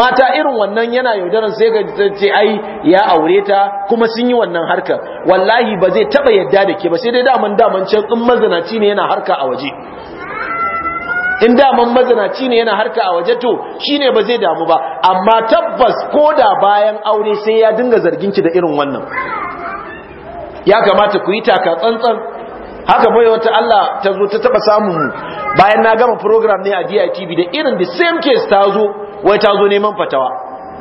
mata irin wannan yana yaudarar sai ga ce ai ya aure ta kuma sun yi wannan harkar wallahi ba zai taba yadda da ke ba sai dai daman daman can in mazinaci ne yana harka a waje in daman mazanaci ne yana harka a waje to shine ba zai damu ba amma tabbas ko da bayan aure sai ya dinga zargin ki da irin wannan ya kamata ku yi taka tsantsan haka bai wata Allah ta zo ta taba samun bayan na gama program ne a DITV da irin the same case ta zo wai ta zo neman fatawa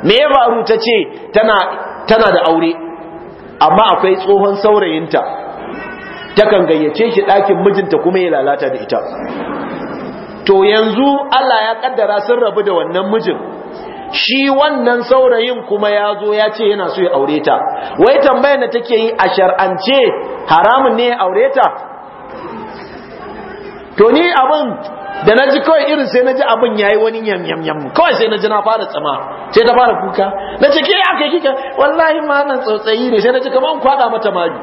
me ya faru ta ce tana tana da aure amma akwai tsohon saurayinta takan gayyace shi ɗakin mijinta kuma ya lalata da ita to yanzu Allah ya kaddara sun rabu da wannan mijin shi wannan saurayin kuma ya zo ya ce yana so ya aure ta wai tambayar da take yi a shar'ance haramun ne ya aure ta to ni abin da na ji kawai irin sai na ji abin ya yi wani yamyamyam kawai sai na ji na fara tsama sai ta fara kuka na ce ke aka kika wallahi ma nan tsotsayi ne sai na ji kamar kwada mata mari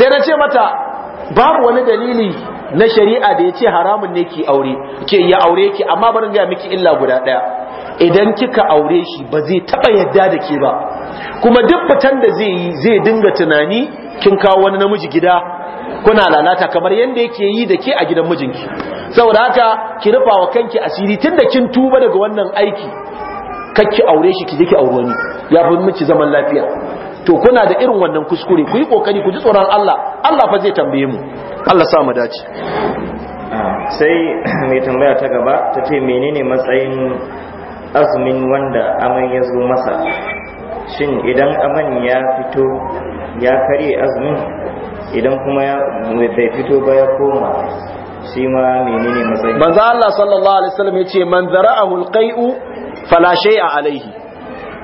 sai na ce mata babu wani dalili na shari'a da ya ce haramun ne ki aure ke ya aure ki amma barin gaya miki illa guda daya. idan kika aure shi ba zai taɓa yadda da ke ba kuma duk fitan da zai yi zai dinga tunani kin kawo wani namiji gida kuna lalata kamar yadda yake yi da ke a gidan mijinki saboda haka ki rufa wa kanki asiri tunda kin tuba daga wannan aiki kakki aure shi ki je ki aure wani ya fi miki zaman lafiya to kuna da irin wannan kuskure ku yi kokari ku ji tsoron Allah Allah fa zai tambaye mu Allah sa mu dace sai mai tambaya ta gaba ta ce menene matsayin azumin wanda aman ya zo masa shin idan aman ya fito ya karye azumin idan kuma bai fito ba ya koma shi ma menene matsayin manzo Allah sallallahu alaihi wasallam yace man zara'ahu alqai'u fala shay'a alaihi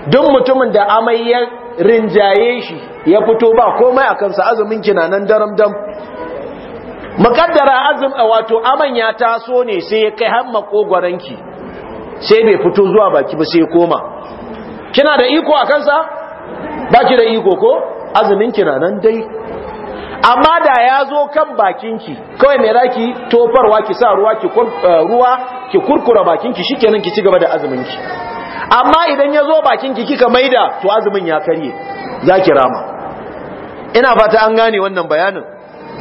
duk mutumin da amai ya rinjaye shi ya fito ba komai a kansa azumin kina nan daram dam mukaddara azum wato aman ya taso ne sai ya kai har makogwaranki sai bai fito zuwa baki ba sai koma kina da iko a kansa baki da iko ko azumin kina nan dai amma da ya zo kan bakinki kawai mai raki tofarwa ki sa ruwa ki eh, kurkura bakinki kenan ki ci gaba da azuminki amma idan ya zo bakin ki ka maida to azumin ya karye za ki rama ina fata an gane wannan bayanin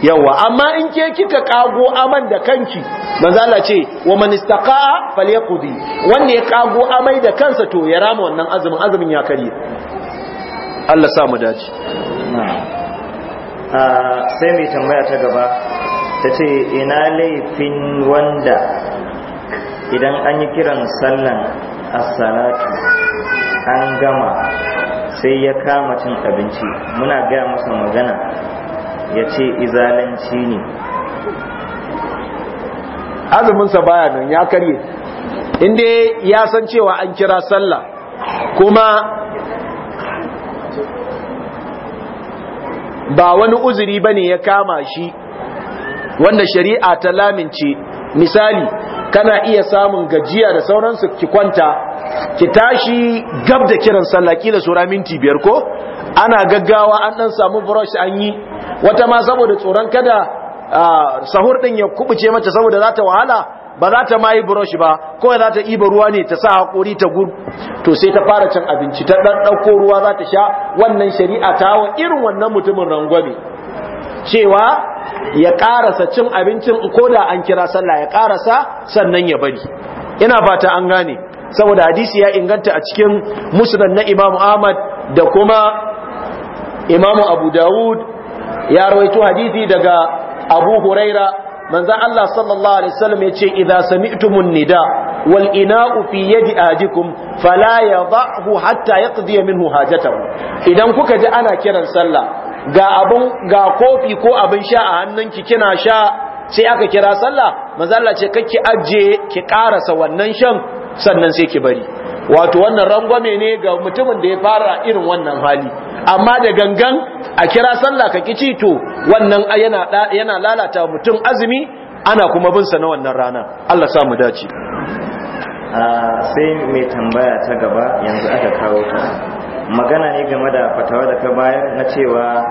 yawa amma in ke kika kago aman da kanki manzo Allah ce wa man istaqa'a falyaqdi wanda ya kago amai da kansa to ya rama wannan azumin azumin ya karye Allah sa mu dace ah, sai mai tambaya ta gaba tace ina laifin wanda idan an yi kiran sallan as-salatu an gama sai ya kama cin abinci muna gaya masa magana ya ce izalanci ne azuminsa baya nan ya karye inda ya san cewa an kira sallah kuma ba wani uzuri ba ne ya kama shi wanda shari'a ta lamince misali kana iya samun gajiya da sauransu ki kwanta ki tashi gab da kiran sallah kila sura minti biyar ko ana gaggawa an dan samu brush an yi wata ma saboda tsoron kada sahur din ya kubuce mata saboda za ta wahala ba za ta ma yi brush ba ko za ta iba ruwa ne ta sa hakuri ta gur to sai ta fara cin abinci ta dan dauko ruwa za ta sha wannan shari'a ta irin wannan mutumin rangwame cewa ya ƙarasa cin abincin ko da an kira sallah ya karasa sannan ya bari ina fata an gane saboda hadisi ya inganta a cikin musnad na Imam Ahmad da kuma imamu Abu Dawud ya rawaito hadisi daga Abu Huraira manzo Allah sallallahu alaihi wasallam yace idza sami'tumun nida wal ina'u fi yadi ajikum fala yadhahu hatta yaqdi minhu hajatahu idan kuka ji ana kiran sallah ga abin ga kofi ko abin sha a hannunki kina sha sai aka kira sallah mazalla ce kake ajiye ki karasa wannan shan sannan sai ki bari wato wannan rangwame ne ga mutumin da ya fara irin wannan hali amma da gangan a kira sallah ka kici to wannan yana yana lalata mutum azumi ana kuma bin sa na wannan rana Allah sa mu dace sai mai tambaya ta gaba yanzu aka kawo ta magana ne game da fatawa da ka bayar na cewa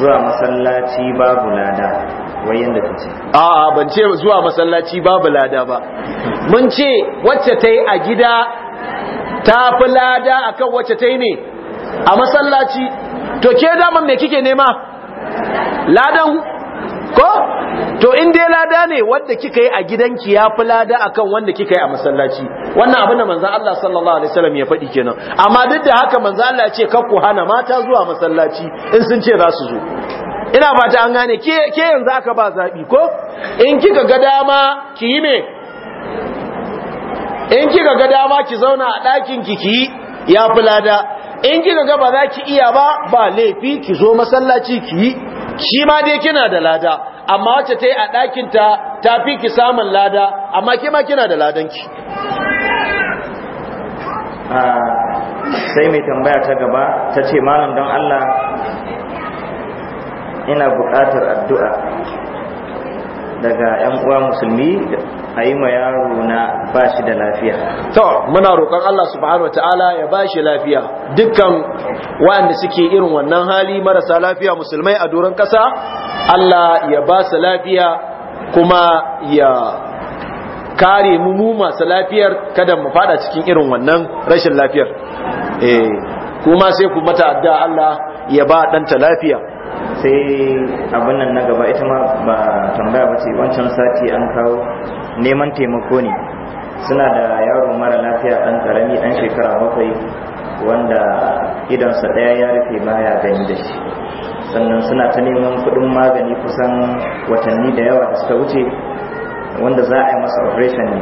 zuwa masallaci babu lada wai yanda kace a'a ban ce zuwa masallaci babu lada ba mun ce wacce ta a gida ta fi lada akan wacce ta yi ne a masallaci to ke daman me kike nema ladan ko to in dai lada ne wanda kika yi a gidanki ya fi lada akan wanda kika yi a masallaci wannan abin da manzo Allah sallallahu alaihi wasallam ya faɗi kenan amma duk da haka manzo Allah ya ce kar ku hana mata zuwa masallaci in sun ce za su zo ina fata an gane ke ke yanzu aka ba zabi ko in kika ga dama ki yi me in kika ga dama ki zauna a ɗakin ki ki ya fi lada in kika ga ba za ki iya ba ba laifi ki zo masallaci ki shi ma dai kina da lada amma wacce ta yi a ɗakinta ta fi ki samun lada amma ke ma kina da ladanki ah, sai mai tambaya ta gaba ta ce malam don allah ina buƙatar addu'a daga yan uwa musulmi ayi yi ma yaro na bashi da lafiya to muna roƙon Allah subhanahu ta'ala ya ba shi lafiya dukkan waɗanda suke irin wannan hali marasa lafiya musulmai a doron ƙasa Allah ya ba su lafiya kuma ya kare mu mu masu lafiyar kada mu fada cikin irin wannan rashin lafiyar eh kuma sai ku mata addu'a Allah ya ba ɗanta lafiya sai abin nan na gaba ita ma ba tambaya ba ce wancan sati an kawo neman taimako ne suna da yaro mara lafiya dan karami dan shekara bakwai wanda idansa daya ya rufe baya gani da shi sannan suna ta neman kudin magani kusan watanni da yawa da suka wuce wanda za a yi masa operation ne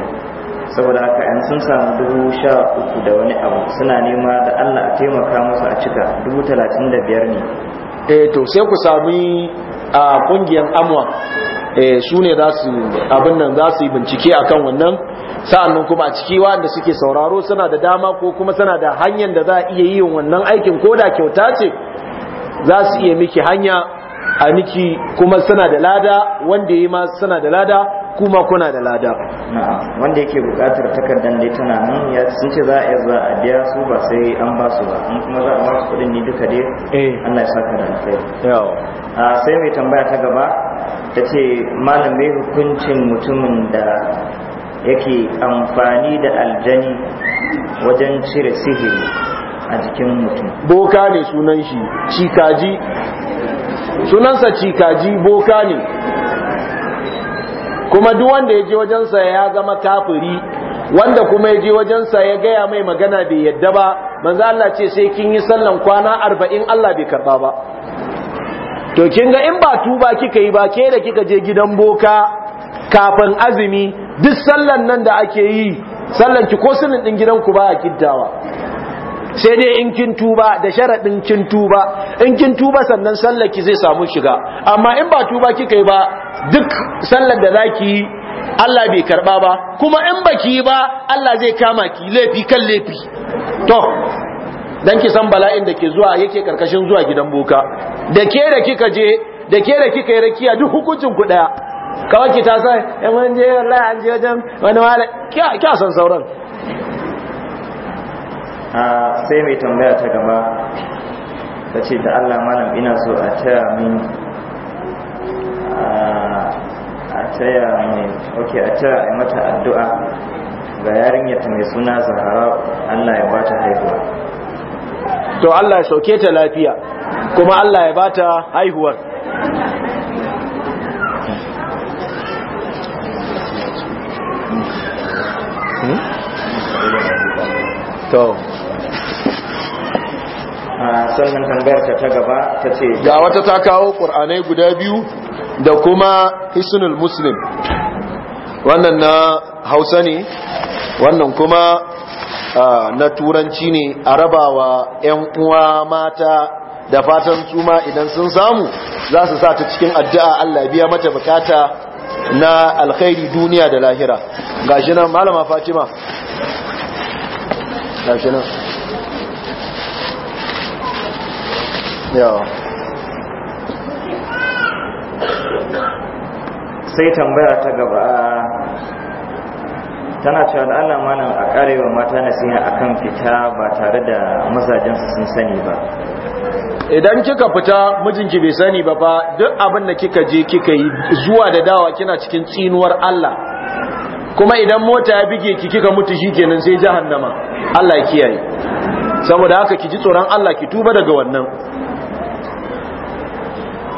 saboda haka yan sun samu dubu sha uku da wani abu suna nema da allah a taimaka musu a cika dubu talatin da biyar ne eh to sai ku sami a kungiyar amwa eh su ne za su abin nan za su yi bincike akan wannan sa'annan kuma a ciki wanda suke sauraro suna da dama ko kuma suna da hanyar da za a iya yi wannan aikin ko da kyauta ce za su iya miki hanya a miki kuma suna da lada wanda yi ma suna da lada kuma kuna da lada wanda yake bukatar takardar dai tana nan ya sun ce za a yi za a biya su ba sai an ba su ba in kuma za a ba kudin ni duka dai eh. Allah ya saka da a sai mai tambaya ta gaba ta ce malam hukuncin mutumin da yake amfani da aljani wajen cire sihiri a jikin mutum boka ne sunan shi cikaji sunansa cikaji boka ne kuma duk wanda ya je wajensa ya zama kafiri wanda kuma ya je wajensa ya gaya mai magana bai yadda ba manzo Allah ce sai kin yi sallan kwana arba'in Allah bai karba ba to kin ga in ba tuba kika yi ba ke da kika je gidan boka kafin azumi duk sallan nan da ake yi sallan ki ko sunan din gidanku ba a kiddawa sai dai in kin tuba da sharadin kin tuba in kin tuba sannan sallaki zai samu shiga amma in ba tuba kika yi ba duk sallar da zaki yi Allah bai karba ba kuma in baki ba Allah zai kama ki laifi kan laifi to dan ki san bala'in da ke zuwa yake karkashin zuwa gidan boka da ke da kika je da ke da kika yi rakiya duk hukuncin ku daya kawai ki ta san eh mun je wallahi an je wajen wani wala kya kya san sauran sai mai tambaya ta gaba ta ce da Allah malam ina so a taya min a taya mai ok a taya a mata addu'a ga ta mai suna zahara allah ya bata haihuwa to allah ya sauke ta lafiya kuma allah ya bata haihuwar hmm? to sannan tambayar ta gaba ta ce ga wata ta kawo ƙur'anai guda biyu da kuma hisnul muslim wannan na hausa ne wannan kuma na turanci ne a rabawa 'yan uwa mata da fatan tsuma idan sun samu za su sa ta cikin addu'a Allah biya mata bukata na alkhairi duniya da lahira gashi nan malama fatima gashi nan yawa sai tambaya ta gaba tana cewa da Allah malam a karewa mata nasiha akan fita ba tare da su sun sani ba idan kika fita mijinki bai sani ba fa duk abin da kika je kika yi zuwa da dawa kina cikin tsinuwar Allah kuma idan mota ya bige ki kika mutu shi shikenan sai jahannama Allah ya kiyaye saboda haka ki ji tsoron Allah ki tuba daga wannan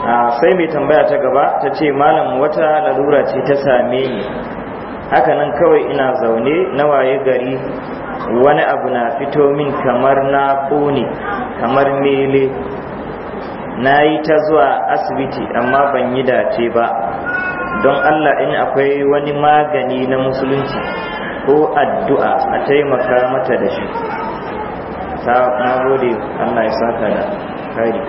sai mai tambaya ta gaba ta ce malam wata lalura ce ta same ni haka nan kawai ina zaune na waye gari wani abu na fito min kamar na ƙone kamar mele na yi ta zuwa asibiti amma ban yi dace ba don allah in akwai wani magani na musulunci ko addu'a a taimaka mata da shi ta nagode allah ya saka da kari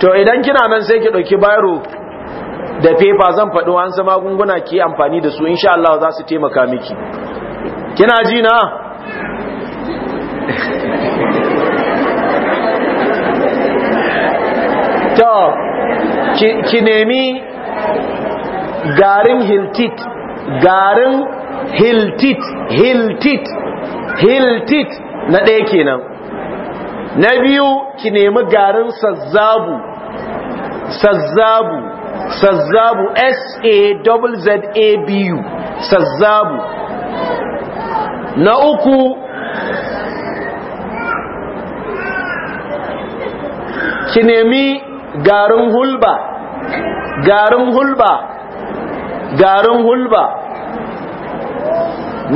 to idan kina nan sai ki ɗauki bayro da fefa zan faɗi sa magunguna ki amfani da su insha Allah za su taimaka miki kina ji na <laughs> to ki nemi garin hiltit garin hiltit hiltit hiltit na ɗaya kenan na biyu ki nemi garin sazzabu sazzabu sazzabu s-a-z-z-a-b-u sazzabu na uku ki nemi garin hulba garin hulba garin hulba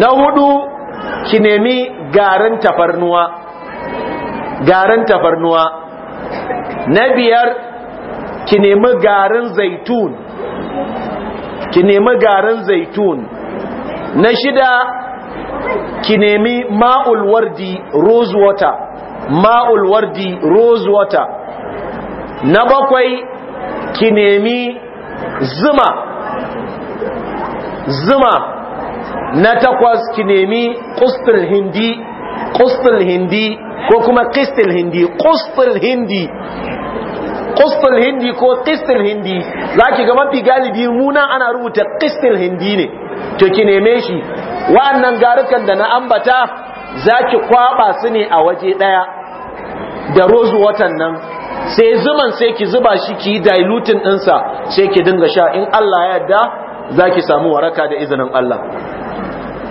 na hudu ki nemi garin tafarnuwa garin tafarnuwa na biyar ki nemi garin zaitun ki nemi garin zaitun na shida ki nemi ma'ul wardi rose water ma'ul wardi rose water na bakwai ki nemi zuma zuma na takwas ki nemi kustin hindi qustul hindi ko kuma qistul hindi qustul hindi qistul hindi ko qistul hindi zaki ga mafi galibi muna ana rubuta qistul hindi ne to ki neme shi Wannan garukan da na ambata zaki kwaba su ne a waje daya da rose water nan sai zuman sai ki zuba shi ki diluting ɗinsa sai ki dinga sha in Allah ya yarda zaki samu waraka da izinin Allah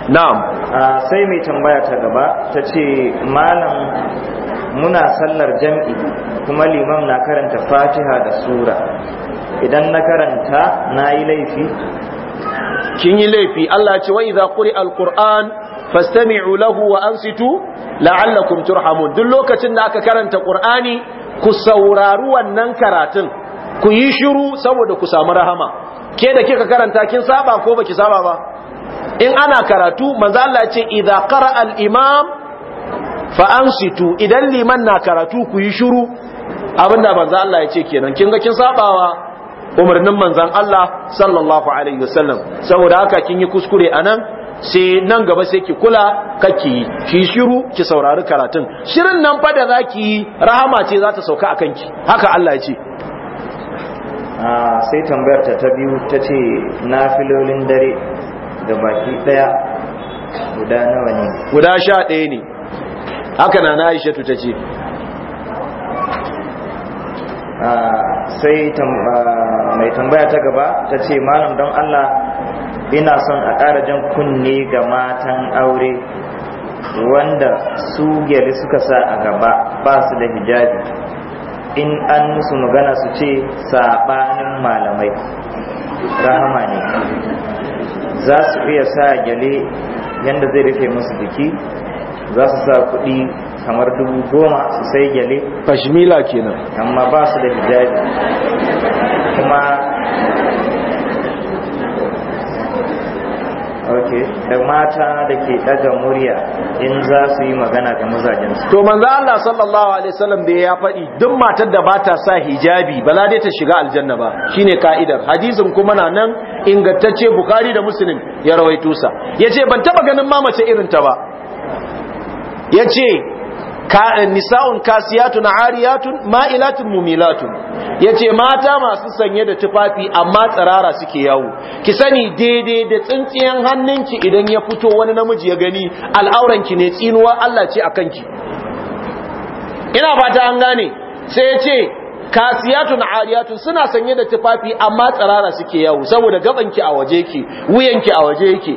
na'am sai mai tambaya ta gaba ta ce malam muna sallar jam'i kuma liman na karanta fatiha da sura idan na karanta na yi laifi kin yi laifi Allah ce wa idza quri alquran fastami'u lahu wa ansitu la'allakum turhamun duk lokacin da aka karanta ƙur'ani ku saurari wannan karatun ku yi shiru saboda ku samu rahama ke da kika karanta kin saba ko baki saba ba in ana karatu manzo Allah ya ce idza qara al imam fa ansitu idan liman na karatu ku yi shiru abinda manzo Allah ya ce kenan kin ga kin sabawa umarnin manzon Allah sallallahu alaihi wasallam saboda haka kin yi kuskure anan sai nan gaba sai ki kula kake ki shiru ki saurari karatun shirin nan fa da zaki rahama ce za ta sauka akan ki haka Allah ya ce ah, sai tambayar ta ta biyu tace nafilolin dare da baki daya guda nawa ne guda sha ɗaya ne haka na Aisha ta ce sai mai tambaya ta gaba ta ce malam don Allah ina son a ƙara jan kunne ga matan aure wanda su gyari suka sa a gaba ba su da hijabi in an musu magana su ce saɓanin malamai rahama ne za su iya sa gyale yadda zai rufe musu jiki za su sa kuɗi kamar dubu goma su sai gyale fashimila kenan amma ba su da hijabi kuma ok da mata da ke daga murya in za su yi magana ga mazajen su to manzo Allah sallallahu alaihi wasallam da ya faɗi duk matar da bata sa hijabi ba za dai ta shiga aljanna ba shine ka'idar hadisin kuma na nan ingantacce bukhari da muslim ya rawaito sa yace ban taba ganin ma mace irin ta ba yace Eh, nisa'un kasiyatun ariyatun ma'ilatun mumilatun yace mata masu sanye da tufafi amma tsarara suke yawo ki sani daidai da tsintsiyan hannunki idan ya fito wani namiji ya gani al'auranki ne tsinuwa Allah ce a kanki ina fata an gane sai yace kasiyatun ariyatun suna sanye da tufafi amma tsarara suke yawo saboda gabanki a waje yake wuyanki a waje yake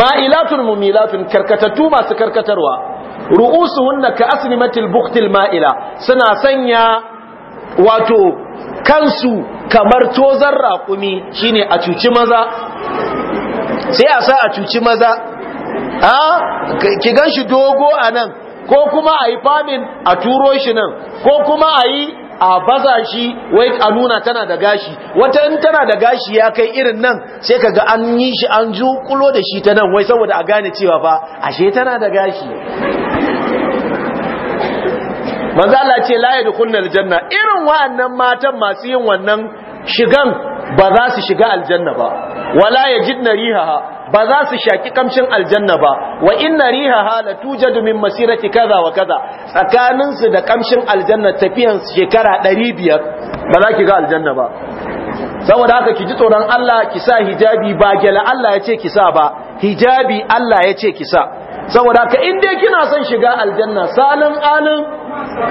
ma'ilatun mumilatun karkatattu masu karkatarwa hunna ka aslimatil buqtil ma'ila suna sanya wato kansu kamar tozar raƙumi shine a cuci maza sai a sa a cuci maza a ki ganshi dogo anan ko kuma ayi yi famin a turo shi nan ko kuma ayi yi a baza shi wai a nuna tana da gashi wata in tana da gashi ya kai irin nan sai kaga an yi shi an jukulo da shi ta nan wai saboda a gane cewa ba ashe tana da gashi manzo Allah ce la yadkhulna aljanna irin wa'annan matan masu yin wannan shigan ba za su shiga aljanna ba wala yajidna rihaha ba za su shaki kamcin aljanna ba wa inna rihaha la tujadu min masirati kaza wa kaza tsakanin su da ƙamshin aljanna tafiyan shekara 500 ba za ki ga aljanna ba saboda haka ki ji tsoron Allah ki sa hijabi ba gela Allah ya ce ki sa ba hijabi Allah ya ce ki sa saboda haka in dai kina son shiga aljanna salan alin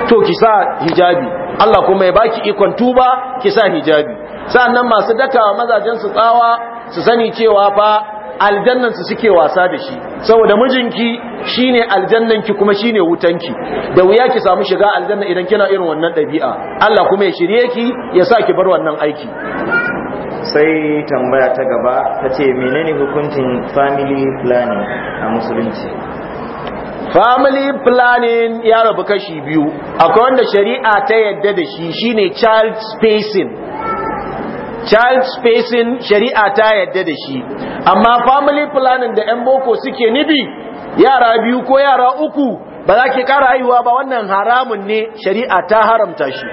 to ki sa hijabi Allah kuma ya baki ikon tuba ki sa hijabi nan masu dakawa mazajen su tsawa su sani cewa fa aljannan su suke wasa da shi saboda mijinki shine aljannan ki kuma shine wutanki da wuya ki samu shiga aljanna idan kina irin wannan dabi'a Allah kuma ya shirye ki ya sa ki bar wannan aiki sai tambaya ta gaba ta ce menene hukuncin family planning a musulunci family planning ya rabu kashi biyu akwai wanda shari'a ta yadda da shi shine child spacing child spacing shari'a ta yadda da shi amma family planning da yan boko suke nibi yara biyu ko yara uku ba za ki kara haihuwa ba wannan haramun ne shari'a ta haramta shi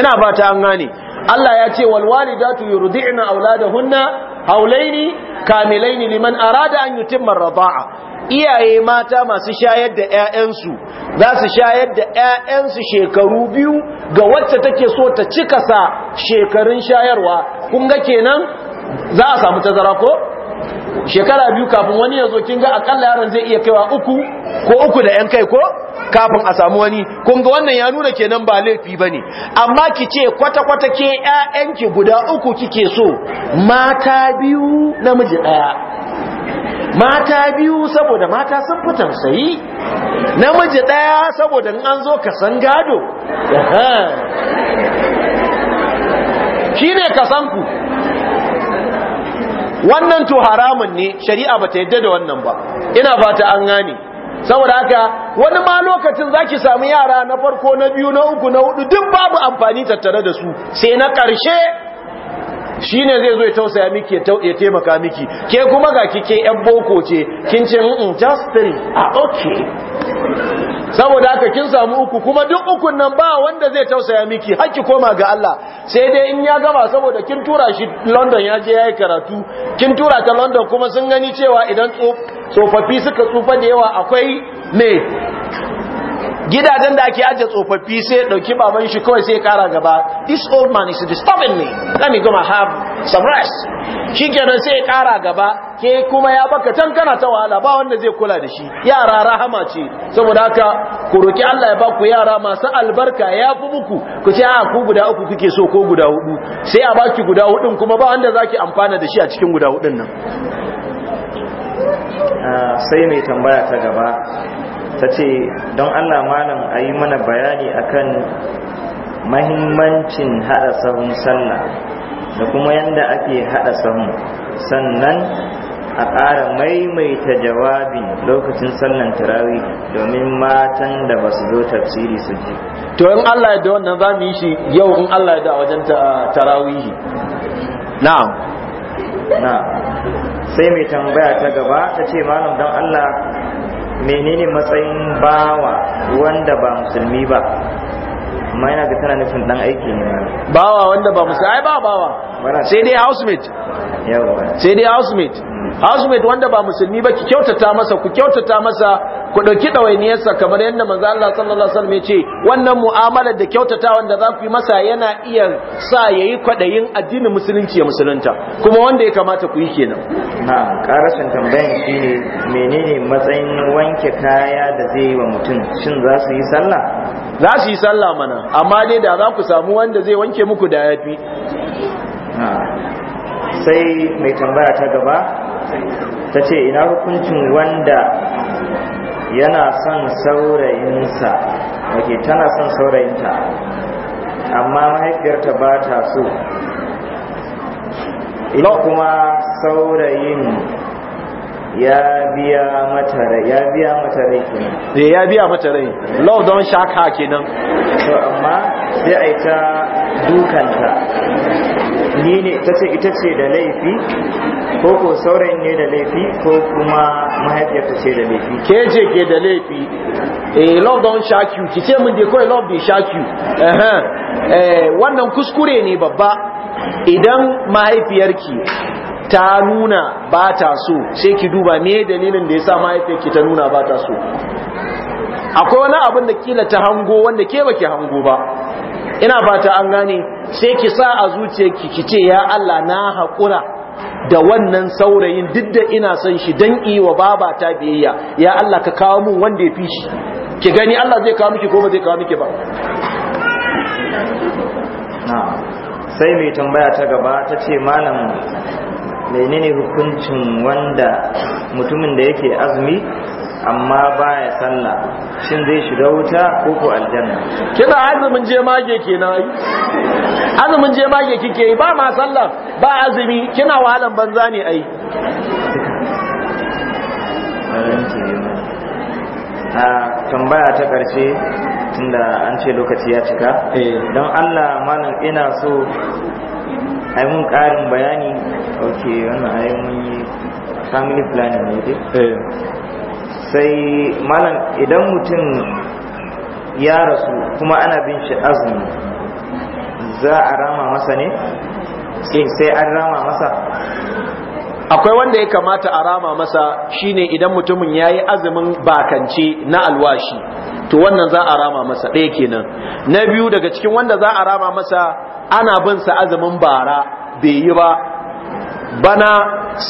ina ba ta an gane Allah ya ce wal walidatu yurdi'na auladahunna haulaini kamilaini liman arada an yutimma rada'a iyaye mata masu shayar da ƴaƴansu za su shayar da ƴaƴansu shekaru biyu ga wacce take so ta cika sa shekarun shayarwa kun ga kenan za a samu tazara ko shekara biyu kafin wani ya zo kin ga akalla yaron zai iya kaiwa uku ko uku da yan kai ko kafin a samu wani kun ga wannan ya nuna kenan ba laifi bane amma ki ce kwata kwata ke ƴaƴanki guda uku kike so mata biyu namiji daya mata biyu saboda mata sun fi tausayi namiji daya saboda an zo ka san gado shine ku. wannan to haramun ne shari'a ba ta yadda da wannan ba ina fata an gane saboda haka wani ma lokacin zaki samu yara na farko na biyu na uku na hudu duk babu amfani tattare da su sai na ƙarshe shi ne zai zo ya tausaya miki ya taimaka miki ke kuma ga kike yan boko ce kin ce mm just three a ah, ok saboda haka kin samu uku kuma duk ukun nan ba wanda zai tausaya miki hakki koma ga Allah sai dai in ya gama saboda kin tura shi London ya je yayi karatu kin tura ta London kuma sun gani cewa idan tsofaffi suka tsufa da yawa akwai me gidajen da ake ajiye tsofaffi sai dauki baban shi kawai sai kara gaba this old man is disturbing me let me go and have some rest kenan sai kara gaba ke kuma ya baka tan kana ta wahala ba wanda zai kula da shi yara rahama ce saboda haka ku roki Allah ya ba ku yara masu albarka ya fi muku ku ce a ku guda uku kuke so ko guda hudu sai a baki guda hudun kuma ba wanda zaki amfana da shi a cikin guda hudun nan ah, sai mai tambaya ta gaba ta ce don allah malam a yi mana bayani akan mahimmancin hada sahun sallah da kuma yadda ake hada sahun sannan a ƙara maimaita jawabi lokacin sallan tarawi domin matan da ba su zo tafsiri su ji to in Allah ya da wannan za mu yi shi yau in Allah ya da wajen tarawihi na'am na'am sai mai tambaya ta gaba ta ce malam don Allah menene matsayin bawa wanda ba musulmi ba amma yana ga tana nufin dan aiki ne bawa wanda ba musulmi ai ba bawa sai dai housemate sai dai housemate mm. housemate wanda ba musulmi ba ki kyautata masa ku kyautata masa ku ɗauki ɗawainiyarsa kamar yadda manzo Allah sallallahu alaihi wasallam ya ce wannan mu'amalar da kyautatawan da za ku yi masa yana iya sa yayi kwadayin addinin musulunci ya musulunta kuma wanda ya kamata ku yi kenan na karasan tambayan shine menene matsayin wanke kaya da zai yi wa mutum shin za su yi sallah za su yi sallah mana amma dai da za ku samu wanda zai wanke muku da yafi sai mai tambaya ta gaba ta ce ina hukuncin wanda yana son saurayinsa wake tana son saurayinta amma mahaifiyarta ba ta so ita kuma saurayin ya biya mata rai ya biya mata rai kenan eh ya biya mata rai love don shaka kenan to amma sai a ita dukanta ni ne ita ce da laifi ko ko saurayin ne da laifi ko kuma mahaifiyarta ce da laifi ke ce ke da laifi eh love don shock you ki ce mun dai kawai love bai shock you eh wannan kuskure ne babba idan mahaifiyarki ta nuna ba ta so sai ki duba me dalilin da yasa mahaifiyarki ta nuna ba ta so akwai wani abin da kila ta hango wanda ke baki hango ba ina fata an gane sai ki sa a zuciyarki ki ce ya Allah na haƙura da wannan saurayin duk da ina son shi dan yi wa baba ta biyayya ya Allah ka kawo mun wanda ya fi shi ki gani Allah zai kawo miki ko ba zai kawo miki ba sai mai tambaya ta gaba ta ce malam menene hukuncin wanda mutumin da yake azumi amma baya sallah shin zai shiga wuta ko ko aljanna kina azumin je mage kenan ai azumin je mage kike yi ba ma sallah ba azumi kina wahalan banza ne ai a tambaya ta karshe tunda an ce lokaci ya cika eh. don Allah malam ina so ai mun karin bayani ok wannan ai mun yi family planning ne dai eh. sai malam idan mutum ya rasu kuma ana bin shi azumi za a rama masa ne eh, sai an rama masa akwai wanda ya kamata a rama masa shine idan mutumin ya yi azumin bakance na alwashi to wannan za a rama masa ɗaya kenan na biyu daga cikin wanda za a rama masa ana bin sa azumin bara bai yi ba bana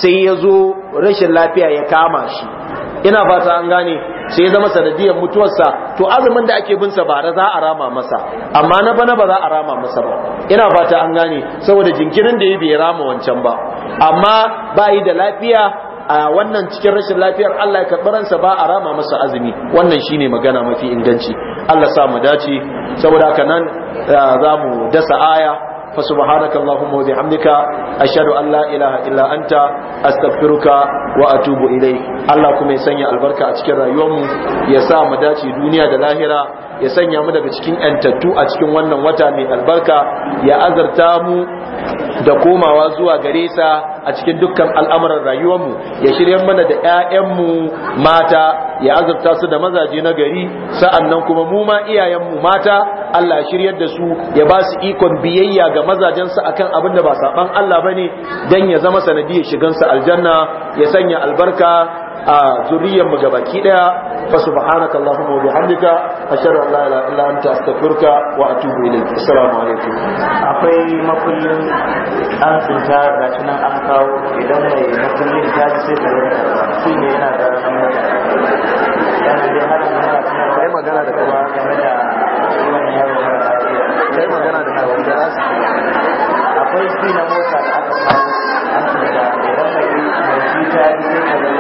sai yazo rashin lafiya ya kama shi ina fata an gane sai ya zama sanadiyar mutuwarsa to azumin da ake binsa bara za a rama masa amma na bana ba za a rama masa ba ina fata an gane saboda jinkirin da ya bai rama wancan ba amma bayi da lafiya a wannan cikin rashin lafiyar Allah ya karɓi ransa ba a rama masa azumi wannan shine magana mafi inganci Allah sa mu dace saboda haka nan za mu dasa aya fa subhanaka allahumma wa bihamdika ashhadu an la ilaha illa anta astaghfiruka wa atubu ilai Allah kuma ya sanya albarka a cikin rayuwarmu ya sa mu dace duniya da lahira ya sanya mu daga cikin yantattu a cikin wannan wata mai albarka ya azarta mu da komawa zuwa gare sa a cikin dukkan al'amuran rayuwar mu. ya shirya mana da 'ya'yanmu mata ya azarta su da mazaje na gari sa'annan kuma mu ma iyayenmu mata Allah ya shiryar da su ya ba su ikon biyayya ga mazajen mazajensu akan abin da ba saban Allah bane dan ya zama sanadiyar shigansa aljanna ya sanya albarka a zuriyar mu gabaki daya fa subhanaka allahumma wa bihamdika ashhadu an la ilaha illa anta astaghfiruka wa atubu ilayk assalamu alaikum akwai makullin an tsinta ga nan an kawo idan mai makullin ta ji sai tare da shi ne yana da yana da har kai magana da kuma game da wannan yaro mara lafiya kai magana da hawan da su akwai shi na mota da aka samu an tsinta idan mai mai ta ji sai tare